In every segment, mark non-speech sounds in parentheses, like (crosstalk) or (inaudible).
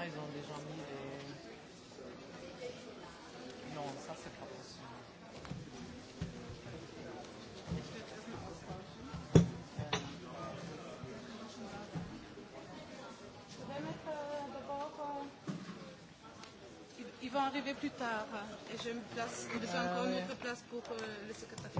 matin, ils ont déjà mis les. Non, ça c'est pas possible. Ils vont arriver plus tard et j'ai besoin encore une autre place pour euh, le secrétaire.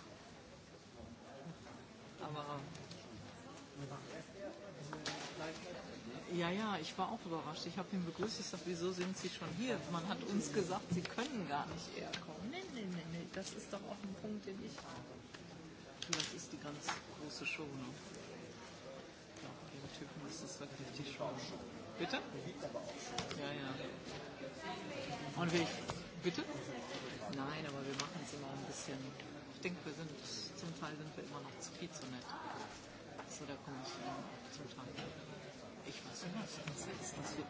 Ja, ja, ich war auch überrascht. Ich habe ihn begrüßt. Ich sage, wieso sind Sie schon hier? Man hat uns gesagt, Sie können gar nicht eher kommen. Nee, nee, nee, nee. Das ist doch auch ein Punkt, den ich habe. Und das ist die ganz große Show. Ne? Ja, den Typen ist das wirklich die Show. Bitte? Ja, ja. Und wie ich, bitte? Nein, aber wir machen es immer ein bisschen. Ich denke, wir sind, zum Teil sind wir immer noch zu viel zu nett. So, da komme ich äh, zum Teil. Ich weiß nicht, was das ist.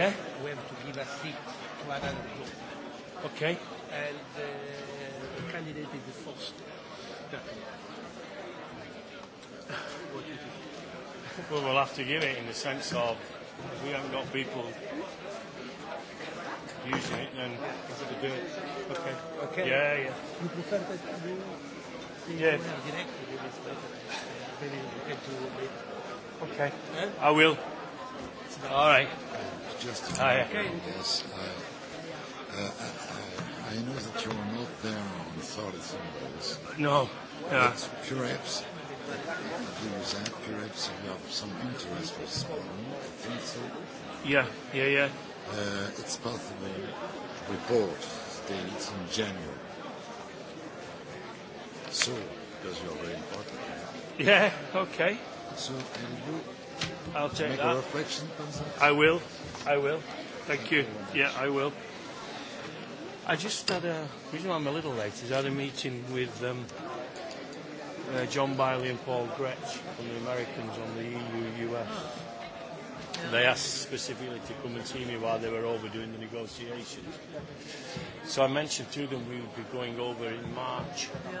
Yeah? Who have to give a seat to another group. Okay. And uh, the candidate is the first. what do you think? Well, we'll have to give it in the sense of if we haven't got people using it, then yeah. we've got to do it. Okay. Okay. Yeah, yeah. You prefer that you yeah. Okay. Yeah? I will. All right. Just a Hi. Minute, yes. I, uh, I, uh, uh, I know that you are not there on solid symbols. No. Yeah. It's perhaps use that. Perhaps you have some interest for Spain. I think so. Yeah. Yeah. Yeah. Uh, it's possible report dates in January. So, because you're very important. Yeah. Okay. So, and you I'll take Make that. A reflection on that. I will. I will. Thank you. Yeah, I will. I just had a reason why I'm a little late is I had a meeting with um, uh, John Biley and Paul Gretsch from the Americans on the EU US. Oh. Yeah. They asked specifically to come and see me while they were over doing the negotiations. So I mentioned to them we would be going over in March. Yeah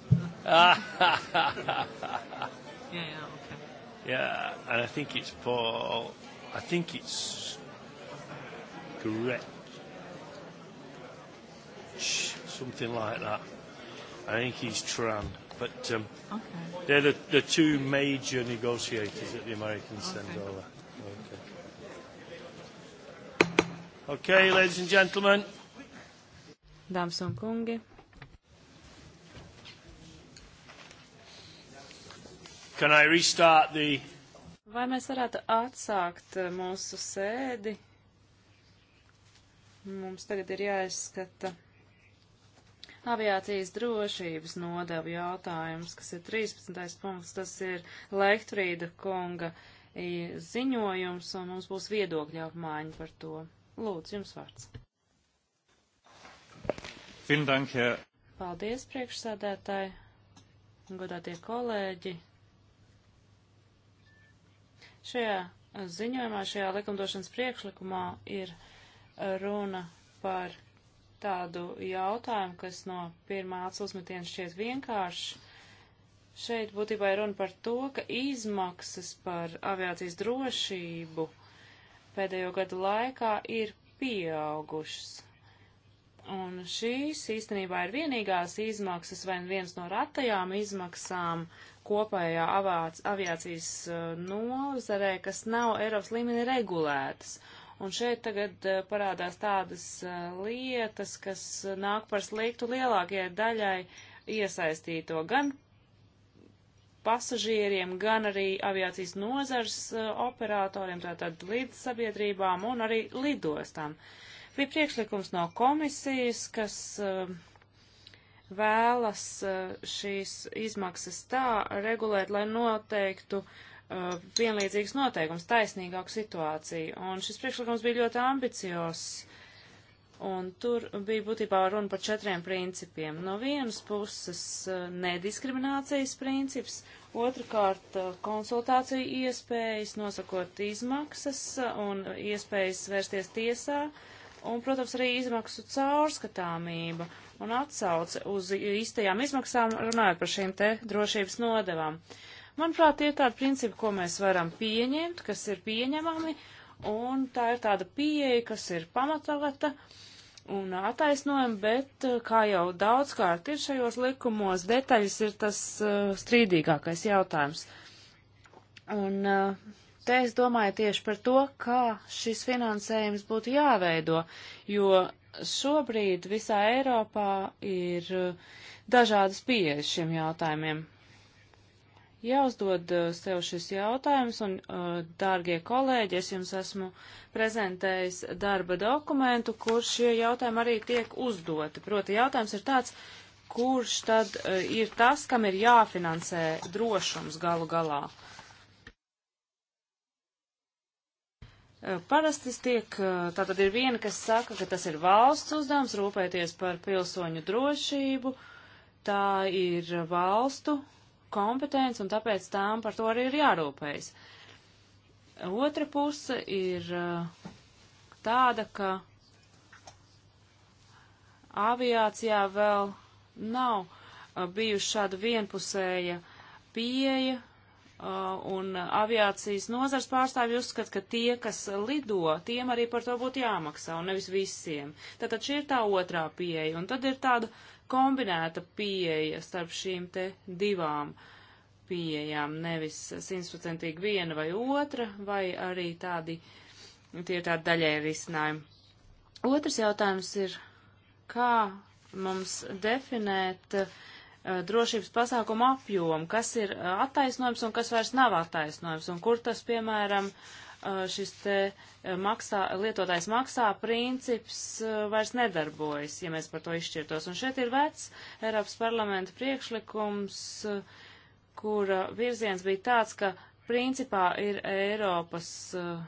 yeah, yeah, okay. Yeah, and I think it's Paul. I think it's Gretch, something like that. I think he's Tran. But um, okay. they're the, the two major negotiators that the Americans okay. send over. Okay. okay, ladies and gentlemen. Dāmas un kungi. Can I restart the... Vai mēs varētu atsākt eh, mūsu sēdi? Mums tagad ir jāizskata aviācijas drošības nodevu jautājums, kas ir 13. punkts. Tas ir Leichtfrīda kunga ziņojums, un mums būs viedokļa apmaiņa par to. Lūdzu, jums vārds. Dank, Paldies, priekšsādētāji, godātie kolēģi, Šajā ziņojumā, šajā likumdošanas priekšlikumā ir e, runa par tādu jautājumu, kas no pirmā atsūsmetiena šķiet vienkāršs. Šeit būtībā ir runa par to, ka izmaksas par aviācijas drošību pēdējo gadu laikā ir pieaugušas. Un šīs īstenībā ir vienīgās izmaksas vai viens no ratajām izmaksām kopējā avāc, aviācijas e, nozarē, kas nav Eiropas līmenī regulētas. Un šeit tagad e, parādās tādas e, lietas, kas nāk par sliktu lielākajai daļai iesaistīto gan pasažieriem, gan arī aviācijas nozars operatoriem, tātad līdz sabiedrībām un arī lidostām. Uh, Bija priekšlikums no komisijas, kas uh, vēlas uh, šīs izmaksas tā regulēt, lai noteiktu uh, eh, vienlīdzīgs noteikums, taisnīgāku situāciju. Un šis priekšlikums bija ļoti ambiciozs. Un tur bija būtībā runa par četriem principiem. No vienas puses nediskriminācijas princips, otrkārt konsultāciju iespējas, nosakot izmaksas un iespējas vērsties tiesā. Uh, un, protams, arī izmaksu caurskatāmība un atsauce uz īstajām izmaksām, runājot par šīm te drošības nodevām. Manuprāt, tie ir tādi principi, ko mēs varam pieņemt, kas ir pieņemami, un tā ir tāda pieeja, kas ir pamatavata un attaisnojama, bet, eh, kā jau daudzkārt ir šajos likumos, detaļas ir tas uh, strīdīgākais jautājums. Un uh, Te es domāju tieši par to, kā šis finansējums būtu jāveido, jo šobrīd visā Eiropā ir uh, dažādas pieejas šiem jautājumiem. Jāuzdod uh, sev šis jautājums, un, uh, dārgie kolēģi, es jums esmu prezentējis darba dokumentu, kur šie jautājumi arī tiek uzdoti. Proti, jautājums ir tāds, kurš tad ir tas, kam ir jāfinansē drošums galu galā. Uh, Eh, parasti tiek, eh, tātad ir viena, kas saka, ka tas ir valsts uzdevums rūpēties par pilsoņu drošību, tā ir valstu kompetence un tāpēc tām par to arī ir jārūpējas. Otra puse ir eh, tāda, ka aviācijā vēl nav bijuši šāda vienpusēja pieeja Uh, un aviācijas nozars pārstāvji uzskat, ka tie, kas lido, tiem arī par to būtu jāmaksā, un nevis visiem. Tātad šī ir tā otrā pieeja, un tad ir tāda kombinēta pieeja starp šīm te divām pieejām, nevis simtprocentīgi viena vai otra, vai arī tādi, tie ir tādi daļēji risinājumi. Otrs jautājums ir, kā mums definēt uh, Eh, drošības pasākumu apjomu, kas ir eh, attaisnojums un kas vairs nav attaisnojums, un kur tas, piemēram, eh, šis te maksā, lietotājs maksā princips vairs nedarbojas, ja mēs par to izšķirtos. Un šeit ir vecs Eiropas parlamenta priekšlikums, kura virziens bija tāds, ka principā ir Eiropas uh,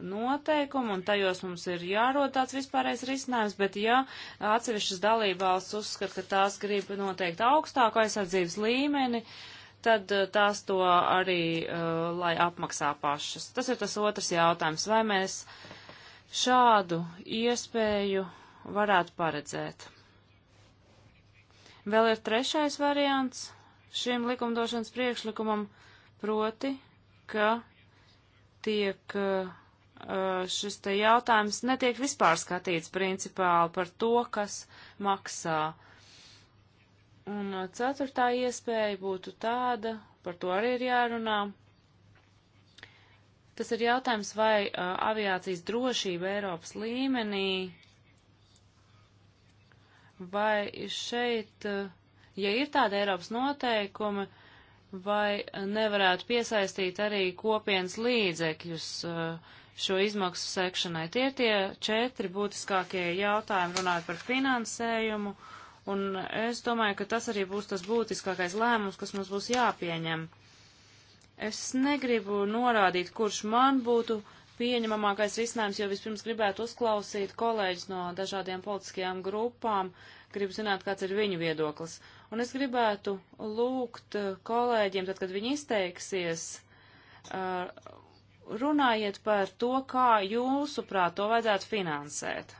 noteikumu, un tajos mums ir jārod tāds vispārējais risinājums, bet ja atsevišķas dalībvalsts uzskata, ka tās grib noteikt augstāku aizsardzības līmeni, tad eh, tās to arī, uh, lai apmaksā pašas. Tas ir tas otrs jautājums, vai mēs šādu iespēju varētu paredzēt. Vēl ir trešais variants šim likumdošanas priekšlikumam, proti, ka tiek uh, Uh, šis te jautājums netiek vispār skatīts principāli par to, kas maksā. Un uh, ceturtā iespēja būtu tāda, par to arī ir jārunā. Tas ir jautājums, vai uh, aviācijas drošība Eiropas līmenī, vai šeit, uh, ja ir tāda Eiropas noteikuma, vai nevarētu piesaistīt arī kopienas līdzekļus. Uh, šo izmaksu sekšanai. Tie tie četri būtiskākie jautājumi runājot par finansējumu, un es domāju, ka tas arī būs tas būtiskākais lēmums, kas mums būs jāpieņem. Es negribu norādīt, kurš man būtu pieņemamākais risinājums, jo vispirms gribētu uzklausīt kolēģis no dažādiem politiskajām grupām, gribu zināt, kāds ir viņu viedoklis. Un es gribētu lūgt kolēģiem, tad, kad viņi izteiksies, uh, Runājiet par to, kā jūsuprāt to vajadzētu finansēt.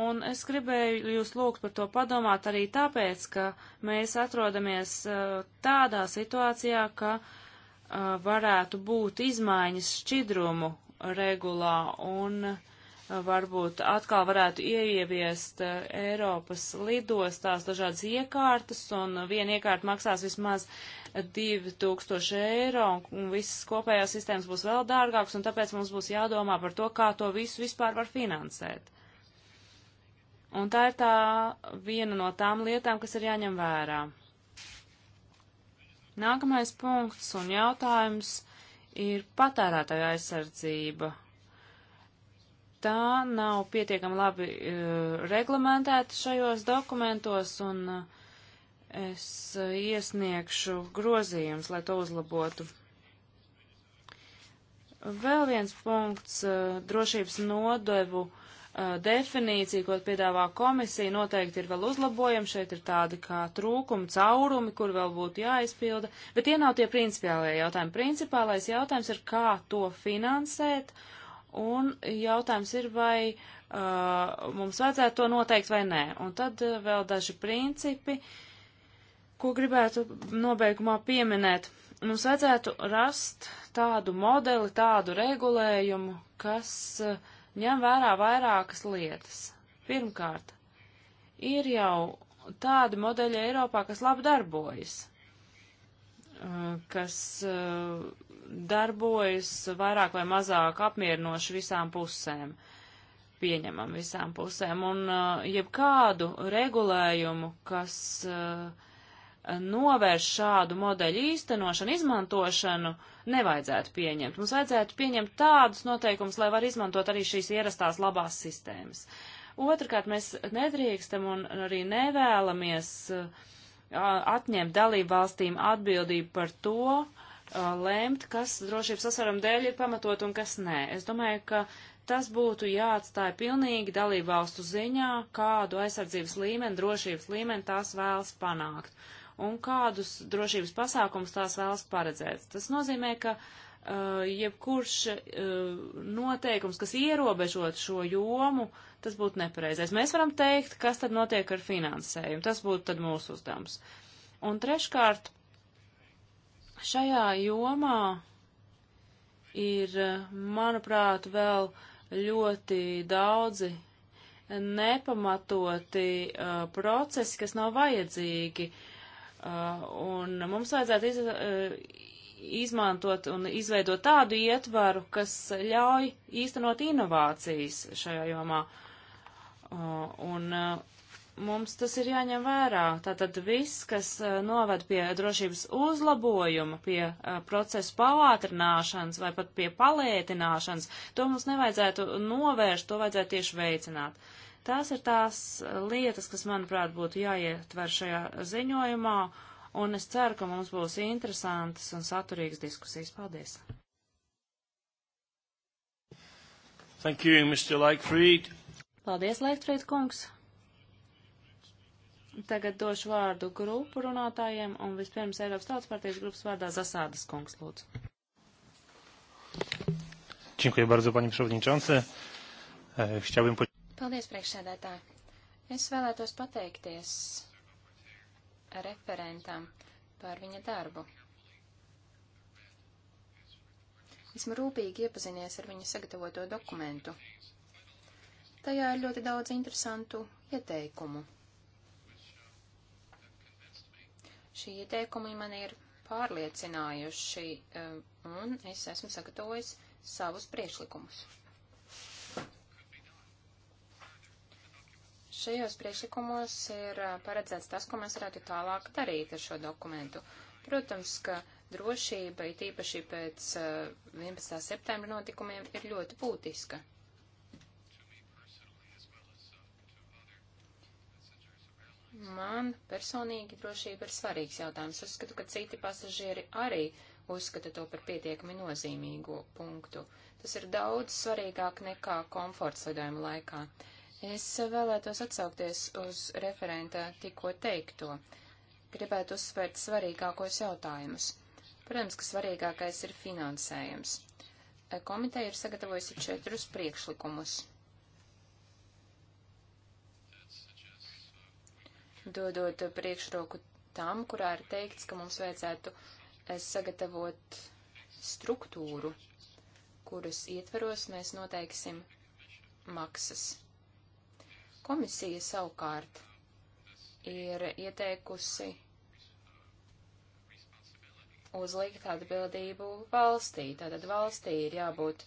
Un es gribēju jūs lūgt par to padomāt arī tāpēc, ka mēs atrodamies uh, tādā situācijā, ka uh, varētu būt izmaiņas šķidrumu regulā un uh, varbūt atkal varētu ieviest Eiropas lidostās dažādas iekārtas un viena iekārta maksās vismaz 2000 eiro un, un visas kopējās sistēmas būs vēl dārgāks, un tāpēc mums būs jādomā par to, kā to visu vispār var finansēt. Un tā ir tā viena no tām lietām, kas ir jāņem vērā. Nākamais punkts un jautājums ir patērētāja aizsardzība. Tā nav pietiekami labi uh, reglamentēta šajos dokumentos, un uh, Es iesniegšu grozījums, lai to uzlabotu. Vēl viens punkts eh, - drošības nodevu eh, definīcija, ko piedāvā komisija, noteikti ir vēl uzlabojumi. Šeit ir tādi kā trūkumi, caurumi, kur vēl būtu jāizpilda, bet tie nav tie principiālajie jautājumi. Principālais jautājums ir, kā to finansēt, un jautājums ir, vai uh, mums vajadzētu to noteikt vai nē. Un tad vēl daži principi. Uh, ko gribētu nobeigumā pieminēt. Mums vajadzētu rast tādu modeli, tādu regulējumu, kas eh, ņem vērā vairākas lietas. Pirmkārt, ir jau tādi modeļi Eiropā, kas labi darbojas, eh, kas eh, darbojas vairāk vai mazāk apmierinoši visām pusēm pieņemam visām pusēm, un jebkādu regulējumu, kas uh, novērš šādu modeļu īstenošanu, izmantošanu, nevajadzētu pieņemt. Mums vajadzētu pieņemt tādus noteikumus, lai var izmantot arī šīs ierastās labās sistēmas. Otrakārt, mēs nedrīkstam un arī nevēlamies uh, atņemt dalību valstīm atbildību par to, uh, lēmt, kas drošības sasvaram dēļ ir pamatot un kas nē. Es domāju, ka tas būtu jāatstāja pilnīgi dalībvalstu ziņā, kādu aizsardzības līmeni, drošības līmeni tās vēlas panākt un kādus drošības pasākumus tās vēlas paredzēt. Tas nozīmē, ka uh, jebkurš uh, noteikums, kas ierobežot šo jomu, tas būtu nepareizais. Mēs varam teikt, kas tad notiek ar finansējumu. Tas būtu tad mūsu uzdevums. Un treškārt, šajā jomā ir, uh, manuprāt, vēl ļoti daudzi nepamatoti uh, procesi, kas nav vajadzīgi. Uh, Uh, un mums vajadzētu iz, uh, izmantot un izveidot tādu ietvaru, kas ļauj īstenot inovācijas šajā jomā. Uh, un mums tas ir jāņem vērā. Tātad viss, kas noved pie drošības uzlabojuma, pie procesu pātrināšanas vai pat pie palētināšanas, to mums nevajadzētu novērst, to vajadzētu tieši veicināt. Uh, Tās ir tās lietas, kas, manuprāt, būtu jāietver šajā ziņojumā, un es ceru, ka mums būs interesantas un saturīgas diskusijas. Paldies! Thank you, Mr. Laikfried. Paldies, Laikfried kungs. Tagad došu vārdu grupu runātājiem, un vispirms Eiropas Tautas partijas grupas vārdā Zasādas kungs, lūdzu. Dziękuję bardzo, panie przewodniczący. E, chciałbym Paldies, priekšsēdētāji! Es vēlētos pateikties referentam par viņa darbu. Esmu rūpīgi iepazinies ar viņa sagatavoto dokumentu. Tajā ir ļoti daudz interesantu ieteikumu. Šī ieteikumi man ir pārliecinājuši, eh, un es esmu sagatavojis savus priešlikumus. Šajos priekšlikumos ir paredzēts tas, ko mēs varētu tālāk darīt ar šo dokumentu. Protams, ka drošība, it īpaši pēc 11. septembra notikumiem, ir ļoti būtiska. Man personīgi drošība ir svarīgs jautājums. Uzskatu, ka citi pasažieri arī uzskata to par pietiekami nozīmīgu punktu. Tas ir daudz svarīgāk nekā komforts lidojuma laikā. Es vēlētos atsaukties uz referenta tikko teikto. Gribētu uzsvērt svarīgākos jautājumus. Protams, ka svarīgākais ir finansējums. Komiteja ir sagatavojusi četrus priekšlikumus. Dodot priekšroku tam, kurā ir teikts, ka mums vajadzētu eh, sagatavot struktūru, kuras ietveros mēs noteiksim maksas. Komisija savukārt ir ieteikusi uzlikt atbildību valstī. Tātad valstī ir jābūt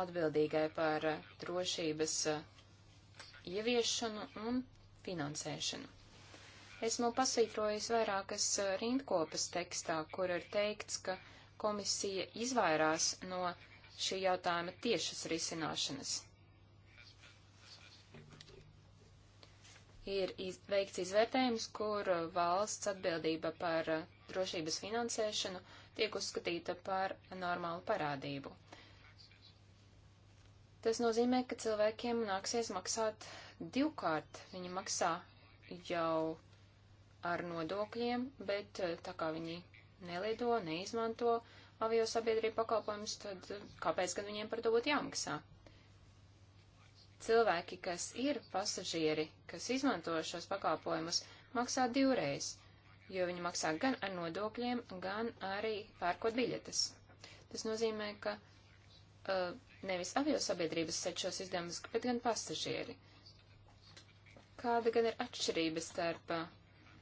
atbildīgai par drošības ieviešanu un finansēšanu. Esmu pasvītrojis vairākas rindkopas tekstā, kur ir teikts, ka komisija izvairās no šī jautājuma tiešas risināšanas. ir iz, veikts izvērtējums, kur uh, valsts atbildība par uh, drošības finansēšanu tiek uzskatīta par normālu parādību. Tas nozīmē, ka cilvēkiem nāksies maksāt divkārt. Viņi maksā jau ar nodokļiem, bet uh, tā kā viņi nelido, neizmanto avio sabiedrību pakalpojumus, tad kāpēc gan viņiem par to būtu jāmaksā? cilvēki, kas ir pasažieri, kas izmanto šos pakalpojumus, maksā divreiz, jo viņi maksā gan ar nodokļiem, gan arī pērkot biļetes. Tas nozīmē, ka uh, nevis avio sabiedrības set šos izdevumus, bet gan pasažieri. Kāda gan ir atšķirība starp uh,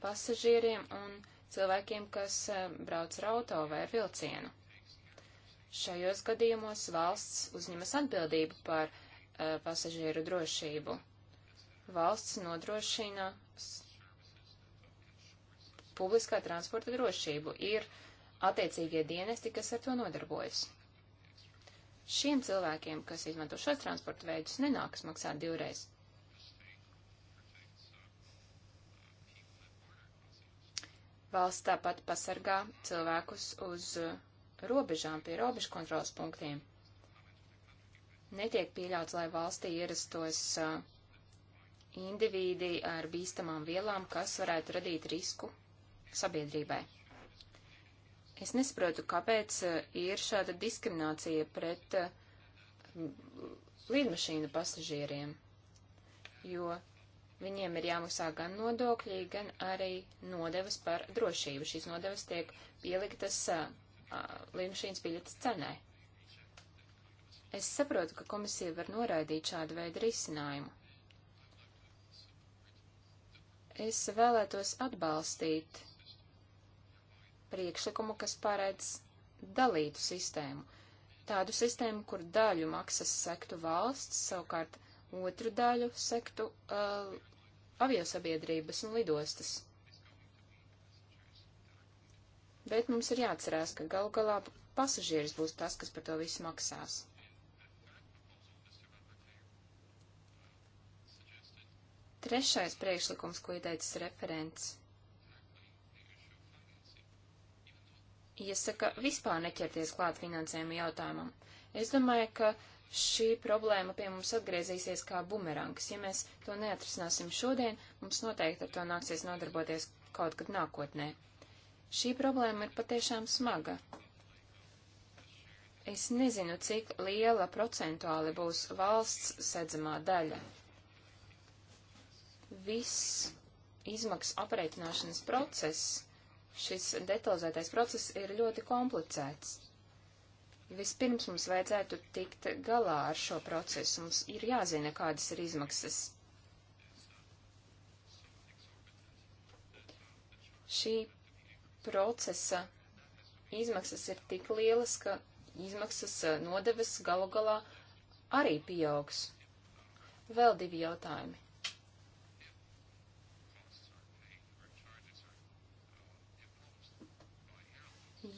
pasažieriem un cilvēkiem, kas uh, brauc ar auto vai ar vilcienu? Šajos gadījumos valsts uzņemas atbildību par uh, Uh, pasažieru drošību. Valsts nodrošina publiskā transporta drošību. Ir attiecīgie dienesti, kas ar to nodarbojas. Šiem cilvēkiem, kas izmanto šos transporta veidus, nenāks maksāt divreiz. Valsts tāpat pasargā cilvēkus uz uh, robežām pie robežu kontrolas punktiem netiek pieļauts, lai valstī ierastos indivīdi ar bīstamām vielām, kas varētu radīt risku sabiedrībai. Es nesaprotu, kāpēc ir šāda diskriminācija pret lidmašīnu pasažieriem, jo viņiem ir jāmaksā gan nodokļi, gan arī nodevas par drošību. Šīs nodevas tiek pieliktas lidmašīnas biļetes cenai. Es saprotu, ka komisija var noraidīt šādu veidu risinājumu. Es vēlētos atbalstīt priekšlikumu, kas paredz dalītu sistēmu. Tādu sistēmu, kur daļu maksas sektu valsts, savukārt otru daļu sektu uh, aviosabiedrības un lidostas. Bet mums ir jāatcerās, ka galu galā pasažieris būs tas, kas par to visu maksās. Trešais priekšlikums, ko ieteicis referents, iesaka vispār neķerties klāt finansējuma jautājumam. Es domāju, ka šī problēma pie mums atgriezīsies kā bumerangs. Ja mēs to neatrisināsim šodien, mums noteikti ar to nāksies nodarboties kaut kad nākotnē. Šī problēma ir patiešām smaga. Es nezinu, cik liela procentuāli būs valsts sedzamā daļa viss izmaksu apreikināšanas process, šis detalizētais process ir ļoti komplicēts. Vispirms mums vajadzētu tikt galā ar šo procesu. Mums ir jāzina, kādas ir izmaksas. Šī procesa izmaksas ir tik lielas, ka izmaksas eh, nodevas galu galā arī pieaugs. Vēl divi jautājumi.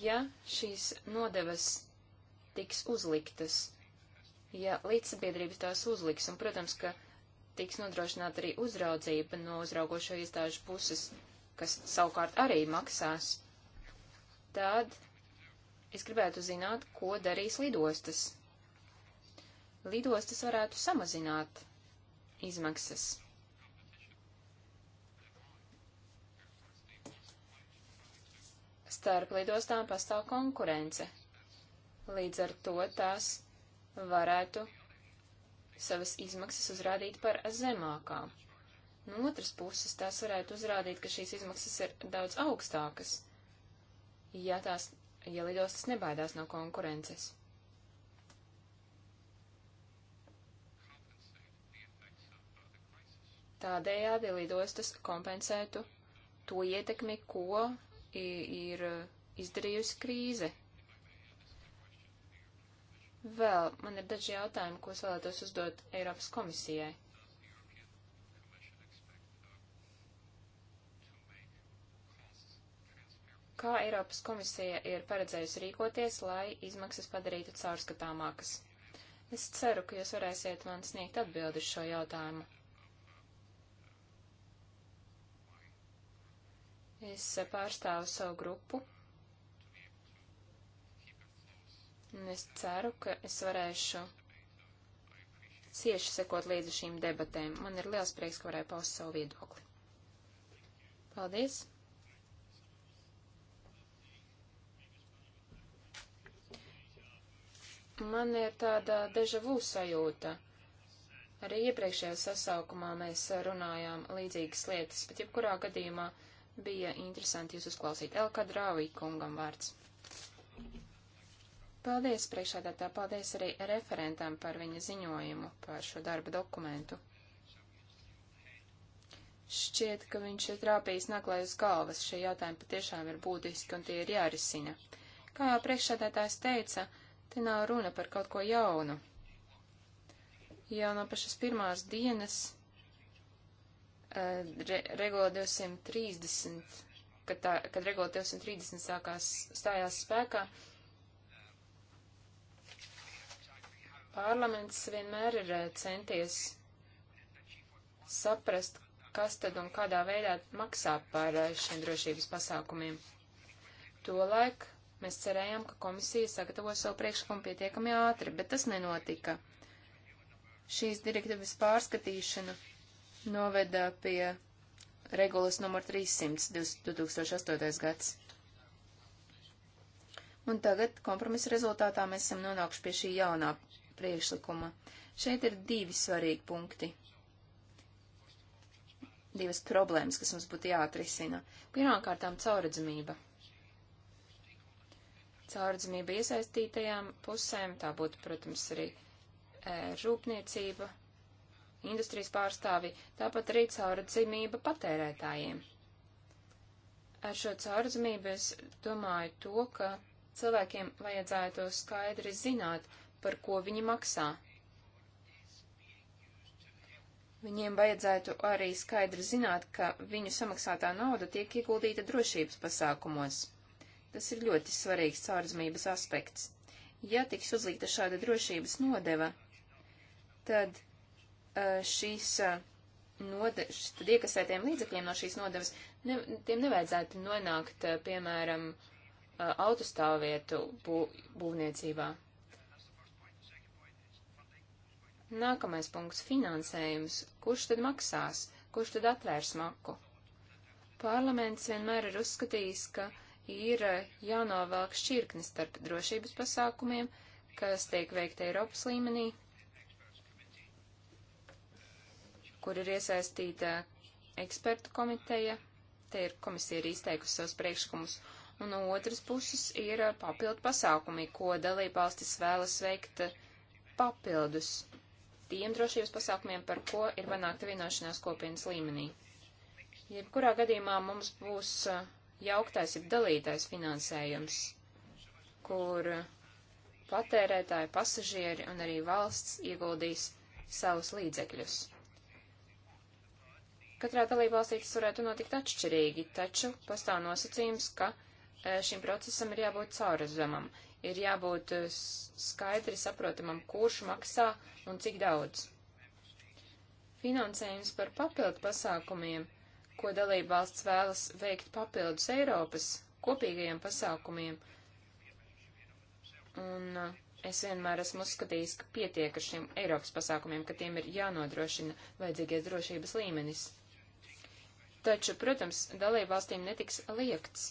ja šīs nodevas tiks uzliktas, ja līdzsabiedrības tās uzliks, un, protams, ka tiks nodrošināta arī uzraudzība no uzraugošo iestāžu puses, kas savukārt arī maksās, tad es gribētu zināt, ko darīs lidostas. Lidostas varētu samazināt izmaksas. starp lidostām pastāv konkurence. Līdz ar to tās varētu savas izmaksas uzrādīt par zemākām. No otras puses, tās varētu uzrādīt, ka šīs izmaksas ir daudz augstākas, ja tās, ja lidostas nebaidās no konkurences. Tādējādi lidostas kompensētu to ietekmi, ko ir uh, izdarījusi krīze. Vēl man ir daži jautājumi, ko es vēlētos uzdot Eiropas komisijai. Kā Eiropas komisija ir paredzējusi rīkoties, lai izmaksas padarītu caurskatāmākas? Es ceru, ka jūs varēsiet man sniegt atbildi šo jautājumu. Es pārstāvu savu grupu. Un es ceru, ka es varēšu cieši sekot līdzi šīm debatēm. Man ir liels prieks, ka varēju paust savu viedokli. Paldies! Man ir tāda deja vu sajūta. Arī iepriekšējā sasaukumā mēs runājām līdzīgas lietas, bet jebkurā gadījumā. Ja Bija interesanti jūs uzklausīt. Elka Drāvī kungam vārds. Paldies priekšādātā, paldies arī referentam par viņa ziņojumu par šo darba dokumentu. Šķiet, ka viņš ir trāpījis naklai uz galvas. Šie jautājumi patiešām ir būtiski un tie ir jārisina. Kā jau priekšādātājs teica, te nav runa par kaut ko jaunu. Jau no pašas pirmās dienas Eh, re, regula 230, kad, tā, kad regula 230 sākās, stājās spēkā, parlaments vienmēr ir eh, centies saprast, kas tad un kādā veidā maksā par eh, šiem drošības pasākumiem. Tolaik mēs cerējām, ka komisija sagatavo savu priekšlikumu pietiekami ātri, bet tas nenotika. Šīs direktīvas pārskatīšana noveda pie regulas numur 300 2008. gads. Un tagad kompromisa rezultātā mēs esam nonākuši pie šī jaunā priekšlikuma. Šeit ir divi svarīgi punkti. Divas problēmas, kas mums būtu jāatrisina. Pirmkārtām caurredzamība. Caurredzamība iesaistītajām pusēm, tā būtu, protams, arī e, rūpniecība, industrijas pārstāvi, tāpat arī caurredzamība patērētājiem. Ar šo caurredzamību es domāju to, ka cilvēkiem vajadzētu skaidri zināt, par ko viņi maksā. Viņiem vajadzētu arī skaidri zināt, ka viņu samaksātā nauda tiek ieguldīta drošības pasākumos. Tas ir ļoti svarīgs caurdzamības aspekts. Ja tiks uzlikta šāda drošības nodeva, tad Eh, šīs eh, nodevas, tad iekasētiem līdzekļiem no šīs nodevas, ne, tiem nevajadzētu nonākt, eh, piemēram, autostāvvietu bū, būvniecībā. Nākamais punkts - finansējums. Kurš tad maksās? Kurš tad atvērs maku? Parlaments vienmēr ir uzskatījis, ka ir jānovelk šķirknis starp drošības pasākumiem, kas tiek veikta Eiropas līmenī, kur ir iesaistīta ekspertu komiteja. Te ir komisija ir izteikusi savus priekšlikumus. Un no otras puses ir uh, papildu pasākumi, ko dalībvalstis vēlas veikt uh, papildus tiem drošības pasākumiem, par ko ir panākta vienošanās kopienas līmenī. Jebkurā gadījumā mums būs uh, jauktais, jeb dalītais finansējums, kur patērētāji, pasažieri un arī valsts ieguldīs savus līdzekļus. Katrā dalībvalstī tas varētu notikt atšķirīgi, taču pastāv nosacījums, ka e, šim procesam ir jābūt caurredzamam, ir jābūt e, skaidri saprotamam, kurš maksā un cik daudz. Finansējums par papildu pasākumiem, ko dalībvalsts vēlas veikt papildus Eiropas kopīgajiem pasākumiem, un e, es vienmēr esmu uzskatījis, ka pietiek ar šiem Eiropas pasākumiem, ka tiem ir jānodrošina vajadzīgais drošības līmenis. Taču, protams, dalībvalstīm netiks liekts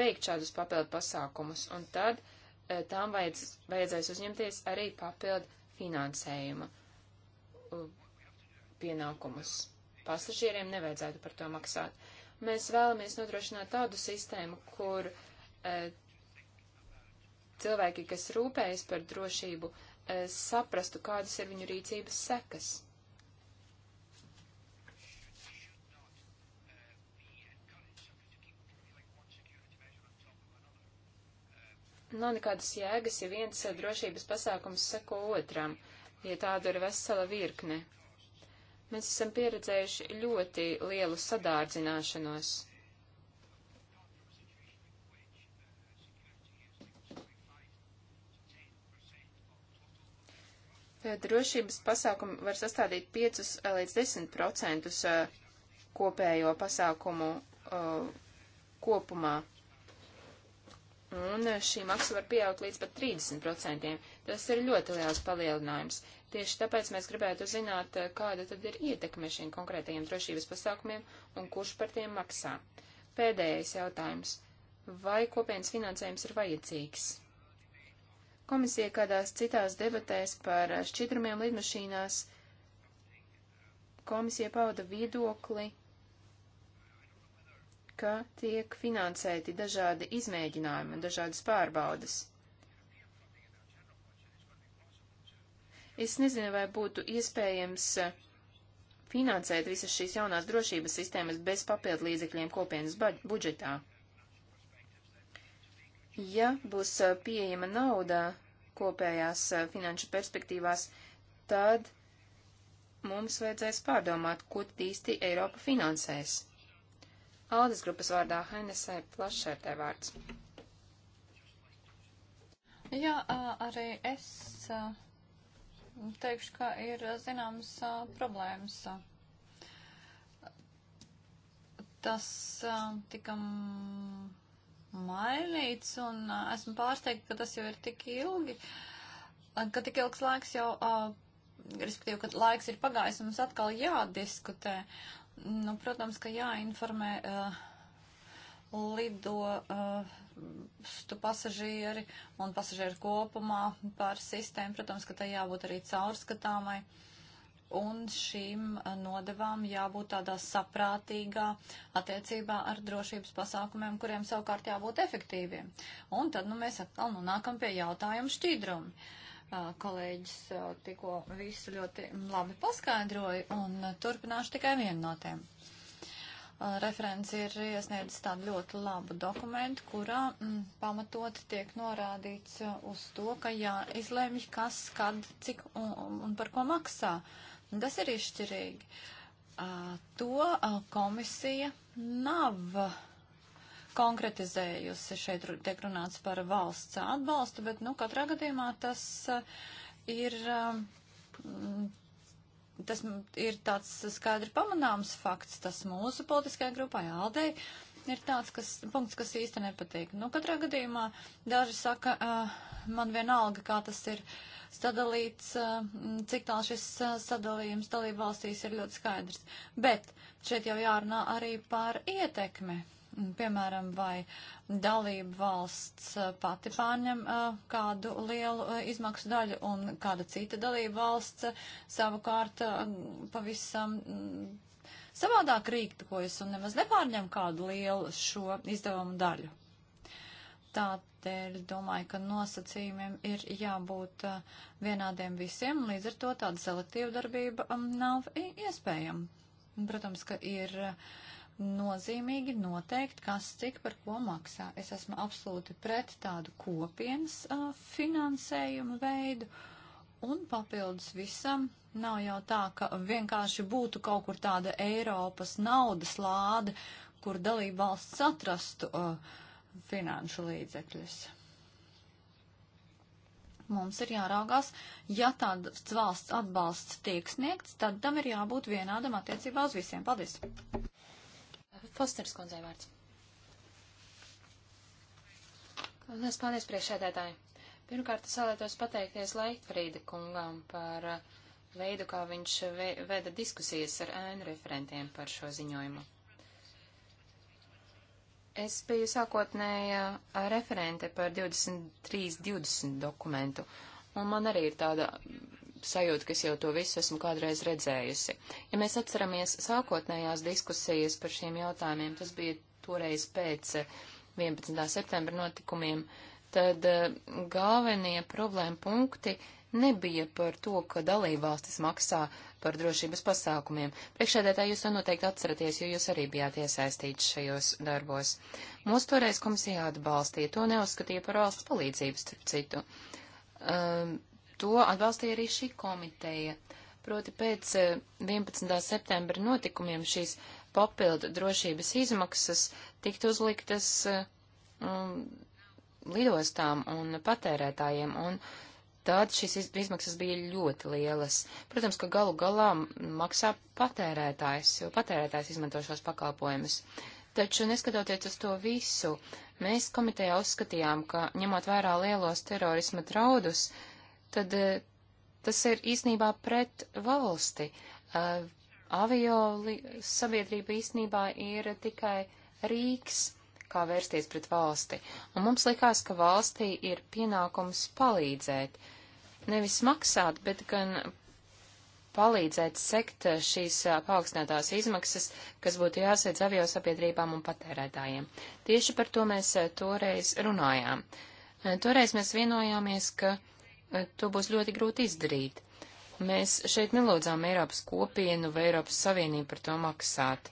veikt šādus papildu pasākumus, un tad e, tām vajadz, vajadzēs uzņemties arī papildu finansējuma pienākumus. Pasažieriem nevajadzētu par to maksāt. Mēs vēlamies nodrošināt tādu sistēmu, kur eh, cilvēki, kas rūpējas par drošību, eh, saprastu, kādas ir viņu rīcības sekas. nav nekādas jēgas, ja viens drošības pasākums seko otram, ja tāda ir vesela virkne. Mēs esam pieredzējuši ļoti lielu sadārdzināšanos. Drošības pasākumi var sastādīt 5 līdz 10% kopējo pasākumu kopumā un eh, šī maksa var pieaugt līdz pat 30%. Tas ir ļoti liels palielinājums. Tieši tāpēc mēs gribētu zināt, eh, kāda tad ir ietekme šiem konkrētajiem drošības pasākumiem un kurš par tiem maksā. Pēdējais jautājums. Vai kopienas finansējums ir vajadzīgs? Komisija kādās citās debatēs par eh, šķidrumiem lidmašīnās komisija pauda viedokli, ka tiek finansēti dažādi izmēģinājumi un dažādas pārbaudas. Es nezinu, vai būtu iespējams finansēt visas šīs jaunās drošības sistēmas bez papildu līdzekļiem kopienas budžetā. Ja būs uh, pieejama nauda kopējās uh, finanšu perspektīvās, tad mums vajadzēs pārdomāt, ko īsti Eiropa finansēs. Aldas grupas vārdā Hainesai plašērtē vārds. Jā, arī es teikšu, ka ir zināmas problēmas. Tas tika mainīts un esmu pārsteigta, ka tas jau ir tik ilgi, ka tik ilgs laiks jau respektīvi, ka laiks ir pagājis un mums atkal jādiskutē. Nu, protams, ka jāinformē uh, lido uh, stu pasažieri un pasažieri kopumā par sistēmu. Protams, ka tai jābūt arī caurskatāmai. Un šīm uh, nodevām jābūt tādā saprātīgā attiecībā ar drošības pasākumiem, kuriem savukārt jābūt efektīviem. Un tad nu, mēs atkal nonākam pie jautājuma šķīdrumi. Uh, Kolēģis tikko visu ļoti labi paskaidroja un turpināšu tikai vienu no tiem. Referents ir iesniedzis tādu ļoti labu dokumentu, kurā m, mm, pamatoti tiek norādīts uz to, ka jāizlemj, kas, kad, cik un, un par ko maksā. Tas ir izšķirīgi. To komisija nav konkretizējusi. Šeit tiek runāts par valsts atbalstu, bet, nu, katrā gadījumā tas eh, ir. Eh, mm, tas ir tāds skaidri pamanāms fakts, tas mūsu politiskajā grupā, Aldei, ir tāds kas, punkts, kas īsti nepatīk. Nu, katrā gadījumā daži saka, uh, man vienalga, kā tas ir sadalīts, uh, cik tālu šis uh, sadalījums dalību valstīs ir ļoti skaidrs. Bet šeit jau jārunā arī par ietekmi. Piemēram, vai dalība valsts eh, pati pārņem eh, kādu lielu eh, izmaksu daļu un kāda cita dalība valsts savukārt pavisam mm, savādāk rīktojas un nemaz nepārņem kādu lielu šo izdevumu daļu. Tādēļ domāju, ka nosacījumiem ir jābūt vienādiem visiem, un līdz ar to tāda selektīva darbība mm, nav iespējama. Protams, ka ir uh, nozīmīgi noteikt, kas cik par ko maksā. Es esmu absolūti pret tādu kopienas uh, finansējumu veidu. Un papildus visam nav jau tā, ka vienkārši būtu kaut kur tāda Eiropas naudas lāde, kur dalība valsts atrastu uh, finanšu līdzekļus. Mums ir jāraugās, ja tāds valsts atbalsts tiek sniegts, tad tam ir jābūt vienādam attiecībā uz visiem. Paldies! Fosters kundzei vārds. Lielas paldies priekšēdētāji. Pirmkārt, es vēlētos pateikties Leitfrīda kungam par uh, veidu, kā viņš veda diskusijas ar ēnu referentiem par šo ziņojumu. Es biju sākotnēja uh, referente par 23.20 dokumentu, un man arī ir tāda sajūta, ka es jau to visu esmu kādreiz redzējusi. Ja mēs atceramies sākotnējās diskusijas par šiem jautājumiem, tas bija toreiz pēc 11. Eh, septembra notikumiem, tad eh, galvenie problēma punkti nebija par to, ka dalībvalstis maksā par drošības pasākumiem. Priekšēdētāji jūs to noteikti atceraties, jo jūs arī bijāt iesaistīti šajos darbos. Mūsu toreiz komisija atbalstīja, to neuzskatīja par valsts palīdzību, starp citu. Um, To atbalstīja arī šī komiteja. Proti pēc 11. Eh, septembra notikumiem šīs papildu drošības izmaksas tiktu uzliktas eh, um, lidostām un patērētājiem, un tad šīs izmaksas bija ļoti lielas. Protams, ka galu galā maksā patērētājs, jo patērētājs izmanto šos pakalpojumus. Taču, neskatoties uz to visu, mēs komitejā uzskatījām, ka ņemot vērā lielos terorisma draudus, uh, tad eh, tas ir īsnībā pret valsti. Eh, avio sabiedrība īsnībā ir tikai rīks, kā vērsties pret valsti, un mums likās, ka valstī ir pienākums palīdzēt, nevis maksāt, bet gan palīdzēt sekt eh, šīs paaugstinātās izmaksas, kas būtu jāsēdz avio sabiedrībām un patērētājiem. Tieši par to mēs toreiz runājām. Toreiz mēs vienojāmies, ka to būs ļoti grūti izdarīt. Mēs šeit nelūdzām Eiropas kopienu vai Eiropas Savienību par to maksāt.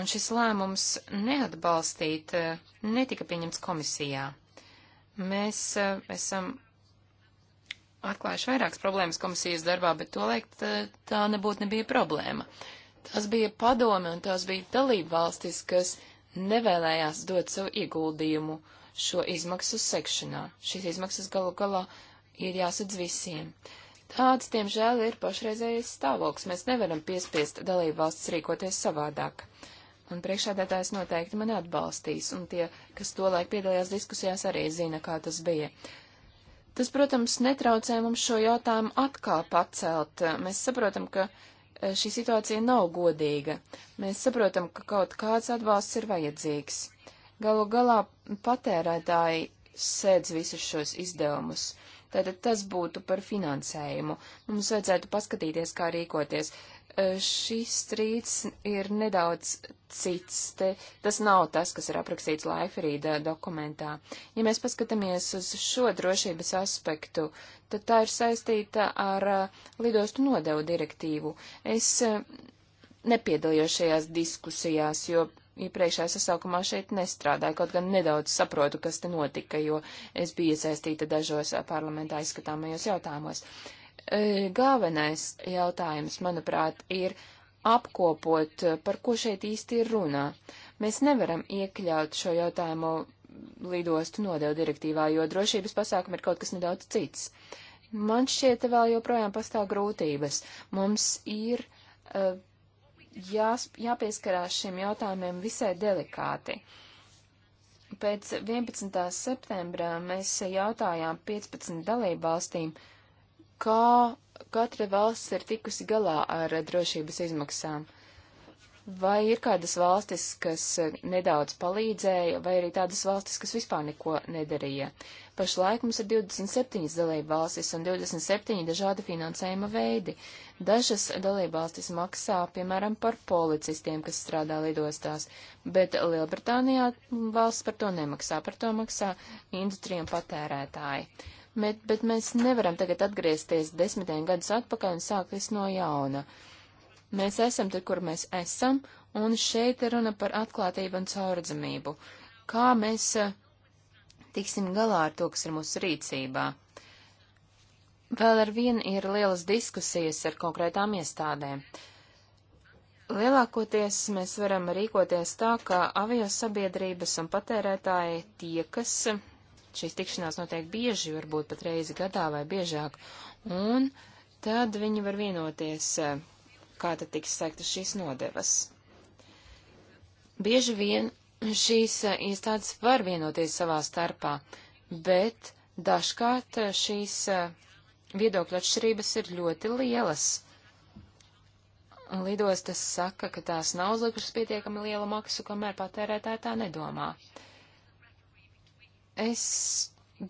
Un šis lēmums neatbalstīt eh, netika pieņemts komisijā. Mēs eh, esam atklājuši vairākas problēmas komisijas darbā, bet to laikt eh, tā nebūtu nebija problēma. Tās bija padome un tās bija dalība valstis, kas nevēlējās dot savu ieguldījumu šo izmaksu sekšanā. Šīs izmaksas galu galā ir jāsadz visiem. Tāds, diemžēl, ir pašreizējais stāvoklis. Mēs nevaram piespiest dalību valsts rīkoties savādāk. Un priekšādātājs noteikti mani atbalstīs, un tie, kas to laik piedalījās diskusijās, arī zina, kā tas bija. Tas, protams, netraucē mums šo jautājumu atkal pacelt. Mēs saprotam, ka e, šī situācija nav godīga. Mēs saprotam, ka kaut kāds atbalsts ir vajadzīgs. Galu galā patērētāji sēdz visus šos izdevumus. Tātad tas būtu par finansējumu. Mums vajadzētu paskatīties, kā rīkoties. E, šis strīds ir nedaudz cits. Te, tas nav tas, kas ir aprakstīts Laifrīda dokumentā. Ja mēs paskatāmies uz šo drošības aspektu, tad tā ir saistīta ar e, lidostu nodevu direktīvu. Es e, nepiedalījos šajās diskusijās, jo iepriekšējā sasaukumā šeit nestrādāju, kaut gan nedaudz saprotu, kas te notika, jo es biju iesaistīta dažos parlamentā izskatāmajos jautājumos. Galvenais jautājums, manuprāt, ir apkopot, par ko šeit īsti ir runā. Mēs nevaram iekļaut šo jautājumu lidostu nodevu direktīvā, jo drošības pasākumi ir kaut kas nedaudz cits. Man šķiet, vēl joprojām pastāv grūtības. Mums ir uh, jās, jāpieskarās šiem jautājumiem visai delikāti. Pēc 11. septembra mēs jautājām 15 dalībvalstīm, kā katra valsts ir tikusi galā ar drošības izmaksām. Vai ir kādas valstis, kas nedaudz palīdzēja, vai arī tādas valstis, kas vispār neko nedarīja. Uh, Pašlaik mums ir 27 dalība valstis un 27 dažādi finansējuma veidi. Dažas dalība valstis maksā, piemēram, par policistiem, kas strādā lidostās, bet Lielbritānijā valsts par to nemaksā, par to maksā industrija un patērētāji. Bet, bet mēs nevaram tagad atgriezties desmitiem gadus atpakaļ un sākt visu no jauna. Mēs esam tur, kur mēs esam, un šeit ir runa par atklātību un caurdzamību. Kā mēs uh, tiksim galā ar to, kas ir mūsu rīcībā. Vēl ar vienu ir lielas diskusijas ar konkrētām iestādēm. Lielākoties mēs varam rīkoties tā, ka aviosabiedrības un patērētāji tie, kas šīs tikšanās notiek bieži, varbūt pat reizi gadā vai biežāk, un tad viņi var vienoties, eh, kā tad tiks sekta šīs nodevas. Bieži vien šīs eh, iestādes var vienoties savā starpā, bet dažkārt eh, šīs eh, viedokļa atšķirības ir ļoti lielas. Lidostas saka, ka tās nav uzlikušas pietiekami lielu maksu, kamēr patērētāji tā nedomā. Es